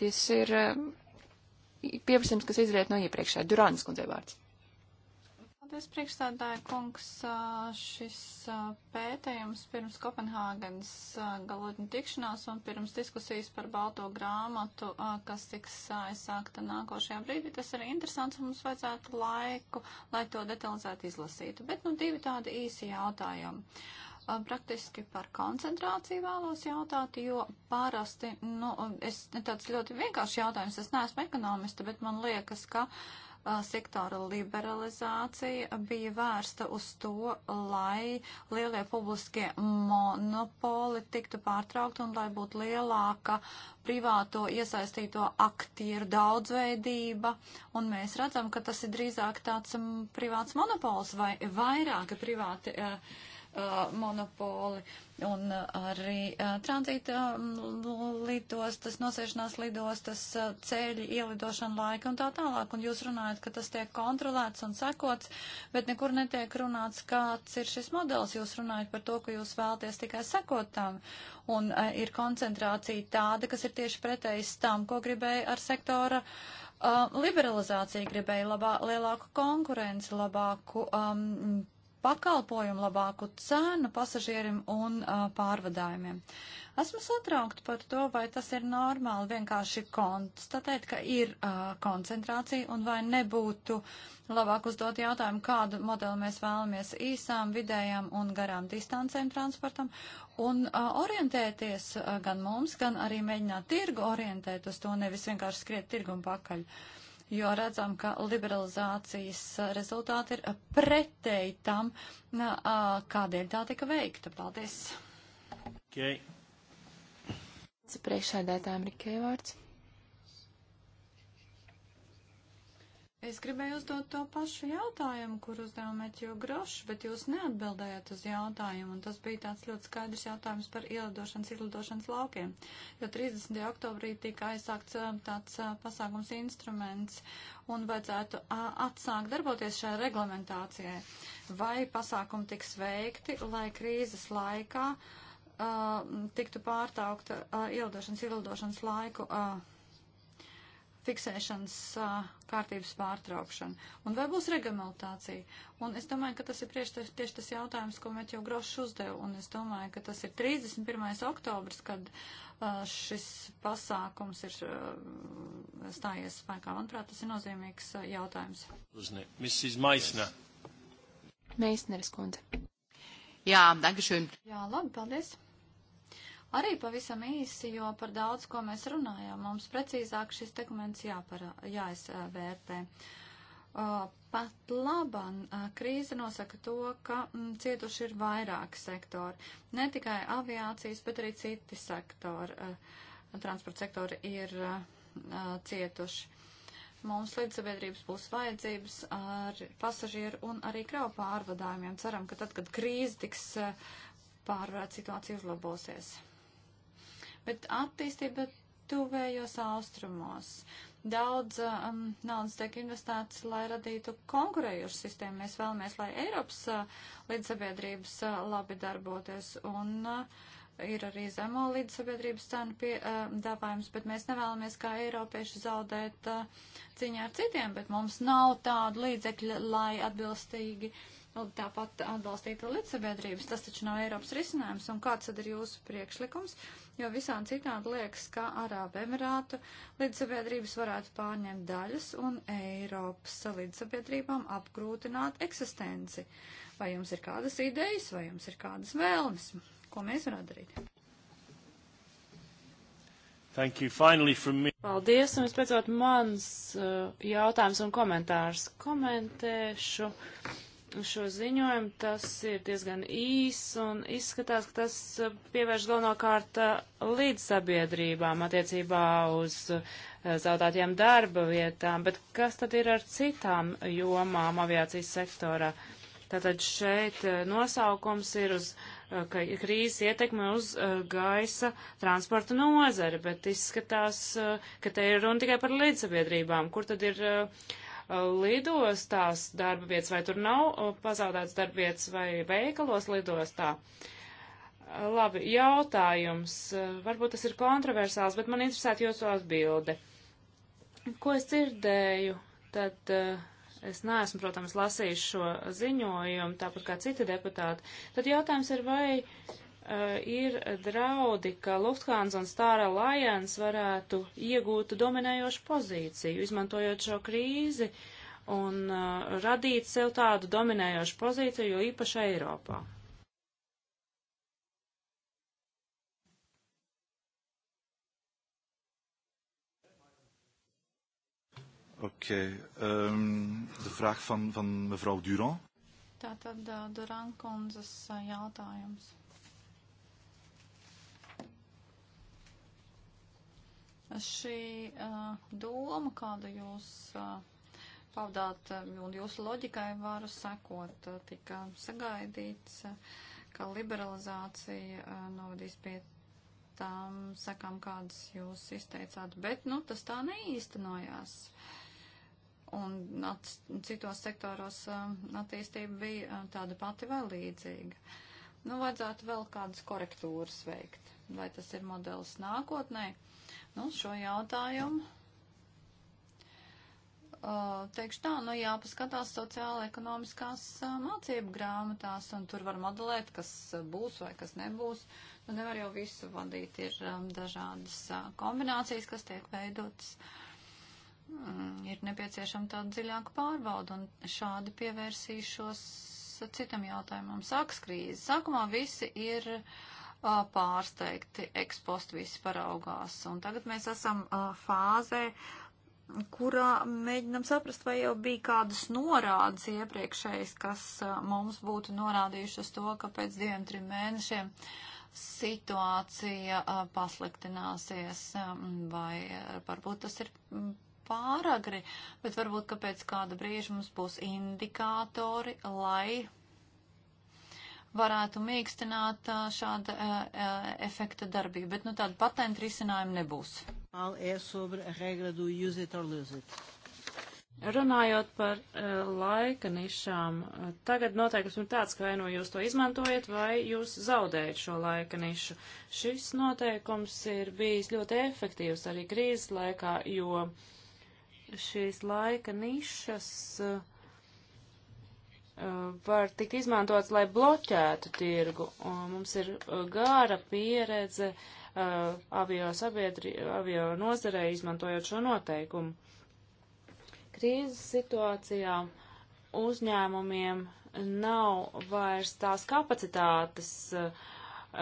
Tas ir eh, pieprasījums, kas izriet no iepriekšējā. Durānas kundze vārds. Paldies, priekšstādāja kungs. Ah, šis ah, pētījums pirms Kopenhāgenes ah, galotņu tikšanās un pirms diskusijas par balto grāmatu, kas tiks aizsākta nākošajā brīdī, tas ir interesants un mums vajadzētu laiku, lai to detalizēti izlasītu. Bet nu divi tādi īsi jautājumi. Uh, Uh, praktiski par koncentrāciju vēlos jautāt, jo parasti, nu, es tāds ļoti vienkārši jautājums, es neesmu ekonomista, bet man liekas, ka a, uh, sektora liberalizācija bija vērsta uz to, lai lielie publiskie monopoli tiktu pārtraukti un lai būtu lielāka privāto iesaistīto aktieru daudzveidība, un mēs redzam, ka tas ir drīzāk tāds m, mm, privāts monopols vai vairāki privāti. Uh, uh, monopoli un uh, arī uh, tranzīta um, lidostas, nosēšanās lidostas, uh, ceļi, ielidošana laika un tā tālāk. Un jūs runājat, ka tas tiek kontrolēts un sekots, bet nekur netiek runāts, kāds ir šis modelis. Jūs runājat par to, ka jūs vēlties tikai sekot tam. Un uh, ir koncentrācija tāda, kas ir tieši pretējs tam, ko gribēja ar sektora. Uh, Uh, liberalizācija gribēja labā, lielāku konkurenci, labāku um, pakalpojumu, labāku cenu pasažierim un uh, pārvadājumiem. Esmu satraukta par to, vai tas ir normāli vienkārši konstatēt, ka ir uh, koncentrācija un vai nebūtu labāk uzdot jautājumu, kādu modeli mēs vēlamies īsām, vidējām un garām distancēm transportam un uh, orientēties uh, gan mums, gan arī mēģināt tirgu orientēt uz to, nevis vienkārši skriet tirgu un pakaļ. Uh, jo redzam, ka liberalizācijas rezultāti ir pretēji tam, kādēļ tā tika veikta. Paldies! Okay. Priekšsēdētājiem Rikēvārds. Es gribēju uzdot to pašu jautājumu, kur uzdeva Meķu Grošs, bet jūs neatbildējat uz jautājumu, un tas bija tāds ļoti skaidrs jautājums par ielidošanas, ielidošanas laukiem, jo 30. oktobrī tika aizsākts tāds pasākums instruments, un vajadzētu atsākt darboties šai reglamentācijai. Vai pasākumi tiks veikti, lai krīzes laikā uh, tiktu pārtraukta uh, ielidošanas, ielidošanas laiku? Uh, fiksēšanas uh, kārtības pārtraukšanu. Un vai būs reglamentācija? Un es domāju, ka tas ir prieš, tieši tas jautājums, ko Meķo Grošs uzdeva. Un es domāju, ka tas ir 31. oktobrs, kad uh, šis pasākums ir uh, stājies spēkā. Manuprāt, tas ir nozīmīgs uh, jautājums. Mrs. Meisner. Meisneris kundze. Jā, dankeschön. Jā, labi, paldies. Arī pavisam īsi, jo par daudz, ko mēs runājām, mums precīzāk šis dokuments jāpara, jāizvērtē. Uh, pat laban uh, krīze nosaka to, ka m, mm, cietuši ir vairāki sektori. Ne tikai aviācijas, bet arī citi sektori, uh, transporta sektori ir cietuši. Mums līdzsabiedrības būs vajadzības ar pasažieru un arī kravu pārvadājumiem. Ceram, ka tad, kad krīze tiks pārvarēt, situācija uzlabosies bet attīstība tuvējos austrumos. Daudz um, naudas tiek investēts, lai radītu konkurējušu sistēmu. Mēs vēlamies, lai Eiropas uh, līdzsabiedrības uh, labi darboties un uh, ir arī zemo līdzsabiedrības cenu piedāvājums, uh, bet mēs nevēlamies kā eiropieši zaudēt uh, ciņā ar citiem, bet mums nav tādu līdzekļu, lai atbilstīgi uh, Nu, tāpat atbalstītu līdzsabiedrības. Tas taču nav Eiropas risinājums. Un kāds tad ir jūsu priekšlikums? Jo visām citādi liekas, ka Arābu Emirātu līdzsabiedrības varētu pārņemt daļas un Eiropas līdzsabiedrībām apgrūtināt eksistenci. Vai jums ir kādas idejas, vai jums ir kādas vēlmes? Ko mēs varētu darīt? Thank you. Finally from me. Paldies, un vispēcot mans uh, jautājums un komentārs. Komentēšu. Uh, šo ziņojumu. Tas ir diezgan īs un izskatās, ka tas uh, pievērš galvenokārt uh, līdz sabiedrībām attiecībā uz uh, zaudētajām darba vietām, bet kas tad ir ar citām jomām aviācijas sektorā? Tātad šeit nosaukums ir uz krīzes ietekme uz gaisa transporta nozari, bet izskatās, ka te ir runa tikai par līdzsabiedrībām. Kur tad ir uh, lidostās darba vietas, vai tur nav uh, pazaudēts darba vietas vai veikalos lidostā. Uh, labi, jautājums. Uh, varbūt tas ir kontroversāls, bet man interesētu jūsu atbildi. Ko es dzirdēju, tad es neesmu, protams, lasījis šo ziņojumu, tāpat kā citi deputāti. Tad jautājums ir, vai Eh, ir draudi, ka Lufthansa un Star Alliance varētu iegūt dominējošu pozīciju, izmantojot šo krīzi un uh, radīt sev tādu dominējošu pozīciju, jo īpaši Eiropā. Oké, okay, um, de vraag van, van mevrouw Durand. Tātad uh, Durand kundzes jautājums. šī uh, doma, kādu jūs uh, pavadāt un jūsu loģikai varu sekot, tika sagaidīts, ka liberalizācija uh, novadīs pie tām sakām, kādas jūs izteicāt, bet, nu, tas tā neīstenojās. Un at, citos sektoros uh, attīstība bija uh, tāda pati vēl līdzīga. Nu, vajadzētu vēl kādas korektūras veikt. Vai tas ir modelis nākotnē? Uh, Nu, šo jautājumu. Uh, teikšu tā, nu jāpaskatās sociāla-ekonomiskās uh, mācību grāmatās, un tur var modelēt, kas uh, būs vai kas nebūs. Nu, nevar jau visu vadīt, ir um, dažādas uh, kombinācijas, kas tiek veidotas. Mm, ir nepieciešama tāda dziļāka pārbauda, un šādi pievērsīšos uh, citam jautājumam. Sāks krīze. Sākumā visi ir. Uh, pārsteigti ekspostu visi paraugās. Un tagad mēs esam fāzē, kurā mēģinam saprast, vai jau bija kādas norādes iepriekšējas, kas mums būtu norādījuši uz to, ka pēc diviem, trim mēnešiem situācija pasliktināsies, vai varbūt tas ir pāragri, bet varbūt, ka pēc kāda brīža mums būs indikātori, lai varētu mīkstināt šāda uh, efekta darbību, bet nu tāda patenta risinājuma nebūs. E Runājot par uh, laika nišām, tagad noteikums ir tāds, ka vai nu jūs to izmantojat, vai jūs zaudējat šo laika nišu. Šis noteikums ir bijis ļoti efektīvs arī krīzes laikā, jo šīs laika nišas uh, var tikt izmantots, lai bloķētu tirgu. Un mums ir uh, gāra pieredze uh, avio, sabiedri, avio nozarē izmantojot šo noteikumu. Krīzes situācijā uzņēmumiem nav vairs tās kapacitātes, uh,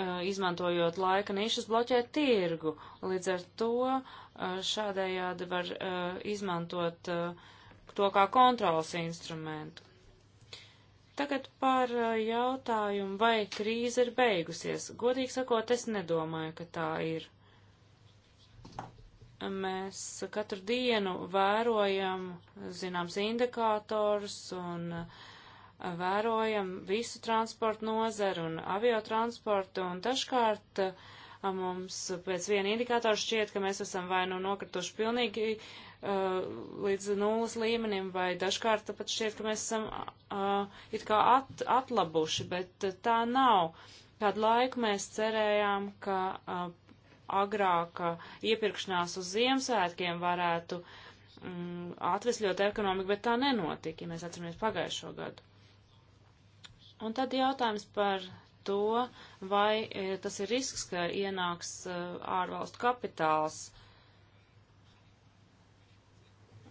uh izmantojot laika nišas, bloķēt tirgu. Līdz ar to uh, šādējādi var uh, izmantot to kā kontrolas instrumentu. Tagad par uh, jautājumu, vai krīze ir beigusies. Godīgi sakot, es nedomāju, ka tā ir. Mēs katru dienu vērojam zināms indikātors un uh, vērojam visu transportu nozeru un aviotransportu un dažkārt uh, mums pēc viena indikātora šķiet, ka mēs esam vai nu nokrituši pilnīgi uh, Uh, līdz nulles līmenim, vai dažkārt pat šķiet, ka mēs esam uh, it kā at, atlabuši, bet uh, tā nav. Kādu laiku mēs cerējām, ka uh, agrāka uh, iepirkšanās uz Ziemassvētkiem varētu mm, atvesļot ekonomiku, bet tā nenotika, ja mēs atceramies pagājušo gadu. Un tad jautājums par to, vai tas ir risks, ka ienāks uh, ārvalstu kapitāls uh,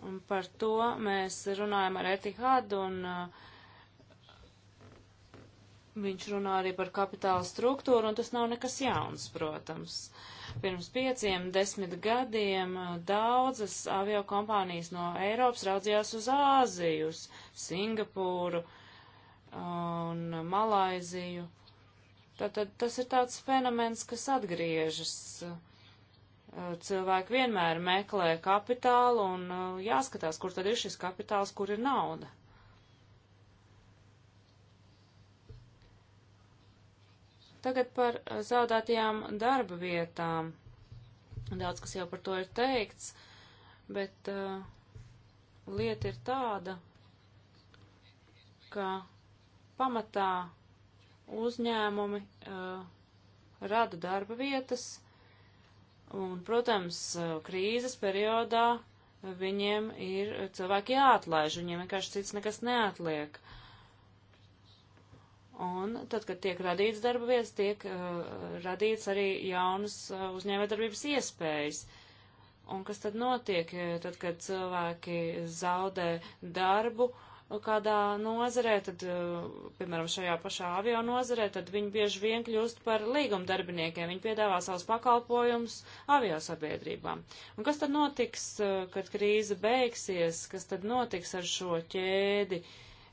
Un par to mēs runājam ar Etihādu un uh, viņš runā arī par kapitāla struktūru, un tas nav nekas jauns, protams. Pirms pieciem, desmit gadiem uh, daudzas avio kompānijas no Eiropas raudzījās uz Āziju, uz Singapūru uh, un Malaiziju. Tātad tas ir tāds fenomens, kas atgriežas. Uh, cilvēki vienmēr meklē kapitālu un uh, jāskatās, kur tad ir šis kapitāls, kur ir nauda. Tagad par uh, zaudētajām darba vietām. Daudz, kas jau par to ir teikts, bet uh, lieta ir tāda, ka pamatā uzņēmumi uh, rada darba vietas, uh, Un, protams, eh, krīzes periodā viņiem ir cilvēki jāatlaiž, viņiem vienkārši cits nekas neatliek. Un tad, kad tiek radīts darba vietas, tiek uh, radīts arī jaunas uh, uzņēmējdarbības iespējas. Un kas tad notiek, tad, kad cilvēki zaudē darbu, uh, kādā nozarē, tad, eh, piemēram, šajā pašā avio nozarē, tad viņi bieži vien kļūst par līguma darbiniekiem. Viņi piedāvā savus pakalpojumus avio sabiedrībām. Un kas tad notiks, eh, kad krīze beigsies, kas tad notiks ar šo ķēdi?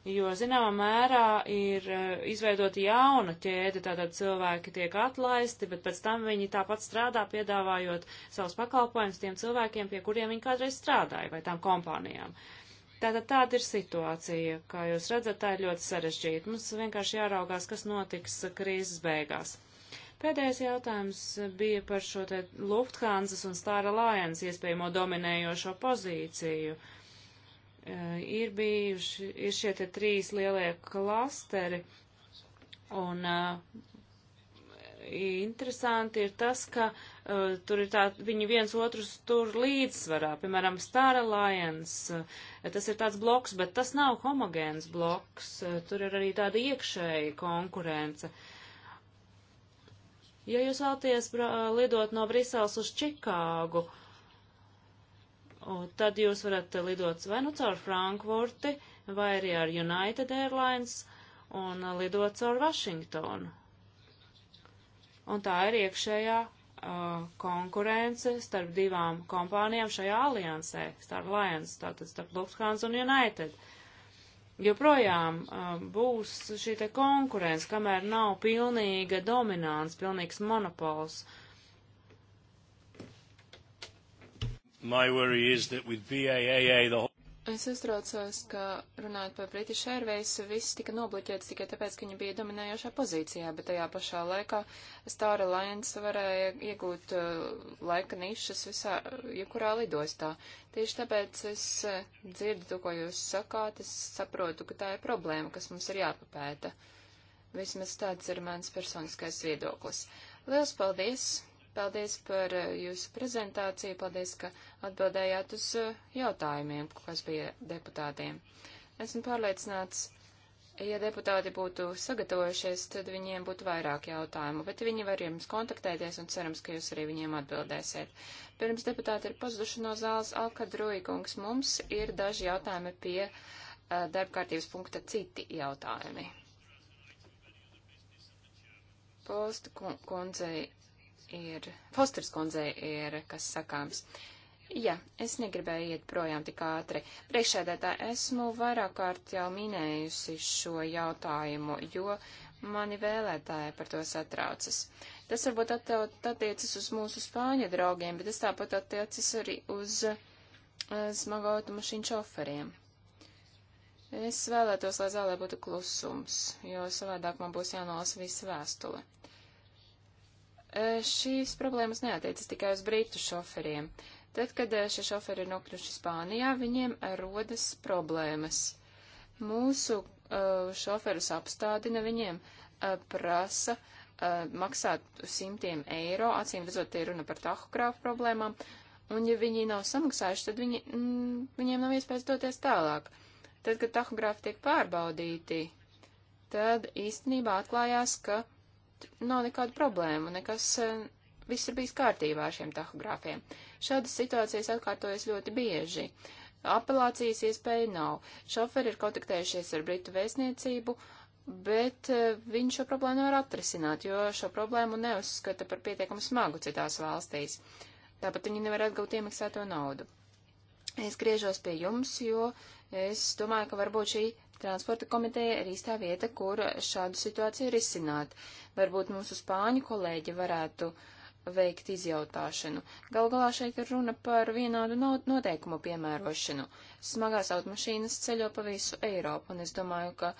Jo, zināmā mērā, ir eh, izveidota jauna ķēde, tātad cilvēki tiek atlaisti, bet pēc tam viņi tāpat strādā, piedāvājot savus pakalpojumus tiem cilvēkiem, pie kuriem viņi kādreiz strādāja, vai tām kompānijām. Uh, Tātad tāda ir situācija, kā jūs redzat, tā ir ļoti sarežģīta. Mums vienkārši jāraugās, kas notiks krīzes beigās. Pēdējais jautājums bija par šo te Lufthansa un Stāra Lions iespējamo dominējošo pozīciju. E, ir bijuši, ir šie te trīs lielie klasteri, un e, interesanti ir tas, ka uh, uh, tur ir tā, viņi viens otrus tur līdzsvarā, piemēram, Star Alliance, uh, tas ir tāds bloks, bet tas nav homogēns bloks, uh, tur ir arī tāda iekšēja konkurence. Ja jūs vēlaties lidot no Briseles uz Čikāgu, tad jūs varat lidot vai nu caur Frankfurti, vai arī ar United Airlines un lidot caur Vašingtonu. Un tā ir iekšējā uh, konkurence starp divām kompānijām šajā aliansē, starp Lions, tātad starp Lufthansa un United. Joprojām uh, būs šī te konkurence, kamēr nav pilnīga dominants, pilnīgs monopols. My worry is that with BAAA the whole Es uztraucos, ka runājot par British Airways, viss tika nobloķēts tikai tāpēc, ka viņi bija dominējošā pozīcijā, bet tajā pašā laikā Star Alliance varēja iegūt uh, laika nišas visā, jebkurā lidostā. Tieši tāpēc es uh, dzirdu to, ko jūs sakāt, es saprotu, ka tā ir problēma, kas mums ir jāpapēta. Vismaz tāds ir mans personiskais viedoklis. Liels paldies! Paldies par eh, jūsu prezentāciju, paldies, ka atbildējāt uz eh, jautājumiem, kas bija deputātiem. Esmu pārliecināts, ja deputāti būtu sagatavojušies, tad viņiem būtu vairāk jautājumu, bet viņi var jums kontaktēties un cerams, ka jūs arī viņiem atbildēsiet. Pirms deputāti ir pazuduši no zāles, Alka Druikungs, mums ir daži jautājumi pie uh, darbkārtības punkta citi jautājumi. Posta kundzei ir, Fosters kundzei ir, kas sakāms. Jā, es negribēju iet projām tik ātri. Priekšēdētā esmu vairāk kārt jau minējusi šo jautājumu, jo mani vēlētāji par to satraucas. Tas varbūt attiecas uz mūsu spāņu draugiem, bet tas tāpat attiecas arī uz uh, eh, smago automašīnu šoferiem. Es vēlētos, lai zālē būtu klusums, jo savādāk man būs jānolasa visa vēstule. Eh, šīs problēmas neatiecas tikai uz brītu šoferiem. Tad, kad eh, šie šoferi ir nokļuši Spānijā, viņiem eh, rodas problēmas. Mūsu šoferus apstādina, viņiem prasa maksāt simtiem eiro, acīm redzot, ir runa par tahokrāfu problēmām, un ja viņi nav samaksājuši, tad viņi, mm, viņiem nav iespējas doties tālāk. Tad, kad tahogrāfi tiek pārbaudīti, tad īstenībā atklājās, ka nav nekādu problēmu, nekas, e, viss ir bijis kārtībā ar šiem tahogrāfiem. Šādas situācijas atkārtojas ļoti bieži. Apelācijas iespēja nav. Šoferi ir kontaktējušies ar Britu vēstniecību, bet e, viņš šo problēmu nevar atrisināt, jo šo problēmu neuzskata par pietiekami smagu citās valstīs. Tāpat viņi nevar atgūt iemaksāto naudu. Es griežos pie jums, jo es domāju, ka varbūt šī Transporta komiteja ir īstā vieta, kur šādu situāciju risināt. Varbūt mūsu spāņu kolēģi varētu veikt izjautāšanu. Gal galā šeit ir runa par vienādu noteikumu piemērošanu. Smagās automašīnas ceļo pa visu Eiropu, un es domāju, ka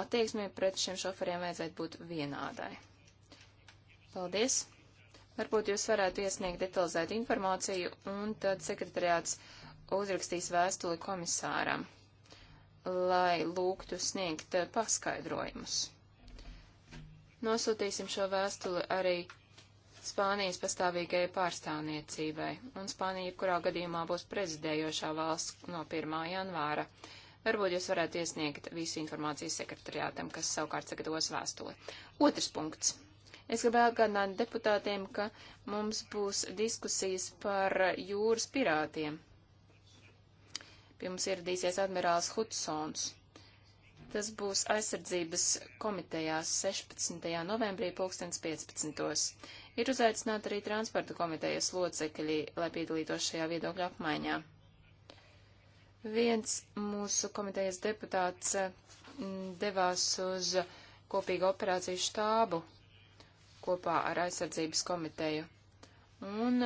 attieksmē pret šiem šoferiem vajadzētu būt vienādai. Paldies! Varbūt jūs varētu iesniegt detalizētu informāciju, un tad sekretariāts uzrakstīs vēstuli komisāram lai lūgtu sniegt eh, paskaidrojumus. Nosūtīsim šo vēstuli arī Spānijas pastāvīgajai pārstāvniecībai, un Spānija jebkurā gadījumā būs prezidējošā valsts no 1. janvāra. Varbūt jūs varētu iesniegt visu informāciju sekretariātam, kas savukārt sagatavos vēstuli. Otrs punkts. Es gribēju atgādināt deputātiem, ka mums būs diskusijas par jūras pirātiem. Pie mums ieradīsies admirāls Hudsons. Tas būs aizsardzības komitejās 16. novembrī 2015. Ir uzaicināti arī transporta komitejas locekļi, lai piedalītos šajā viedokļa apmaiņā. Viens mūsu komitejas deputāts devās uz kopīgu operāciju štābu kopā ar aizsardzības komiteju. Un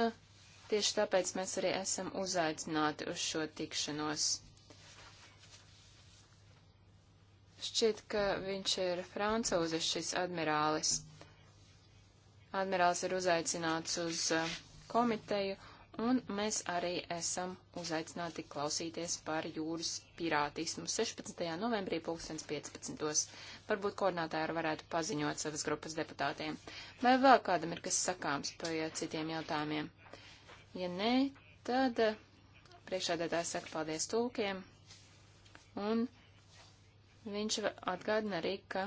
Tieši tāpēc mēs arī esam uzaicināti uz šo tikšanos. Šķiet, ka viņš ir francūzis, šis admirālis. Admirālis ir uzaicināts uz uh, komiteju, un mēs arī esam uzaicināti klausīties par jūras pirātismu 16. novembrī 2015. Varbūt koordinātāji varētu paziņot savas grupas deputātiem. Vai vēl kādam ir kas sakāms par citiem jautājumiem? Ja nē, tad eh, priekšādētājs saka paldies tūkiem, un viņš atgādina arī, ka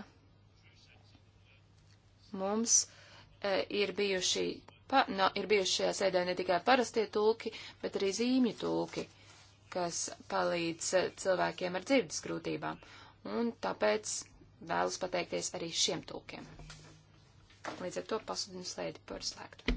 mums e, ir bijuši, pa, no, ir bijuši šajā sēdē ne tikai parastie tulki, bet arī zīmju tulki, kas palīdz eh, cilvēkiem ar dzirdes grūtībām, un tāpēc vēlas pateikties arī šiem tulkiem. Līdz ar to pasludinu slēdi par slēgtu.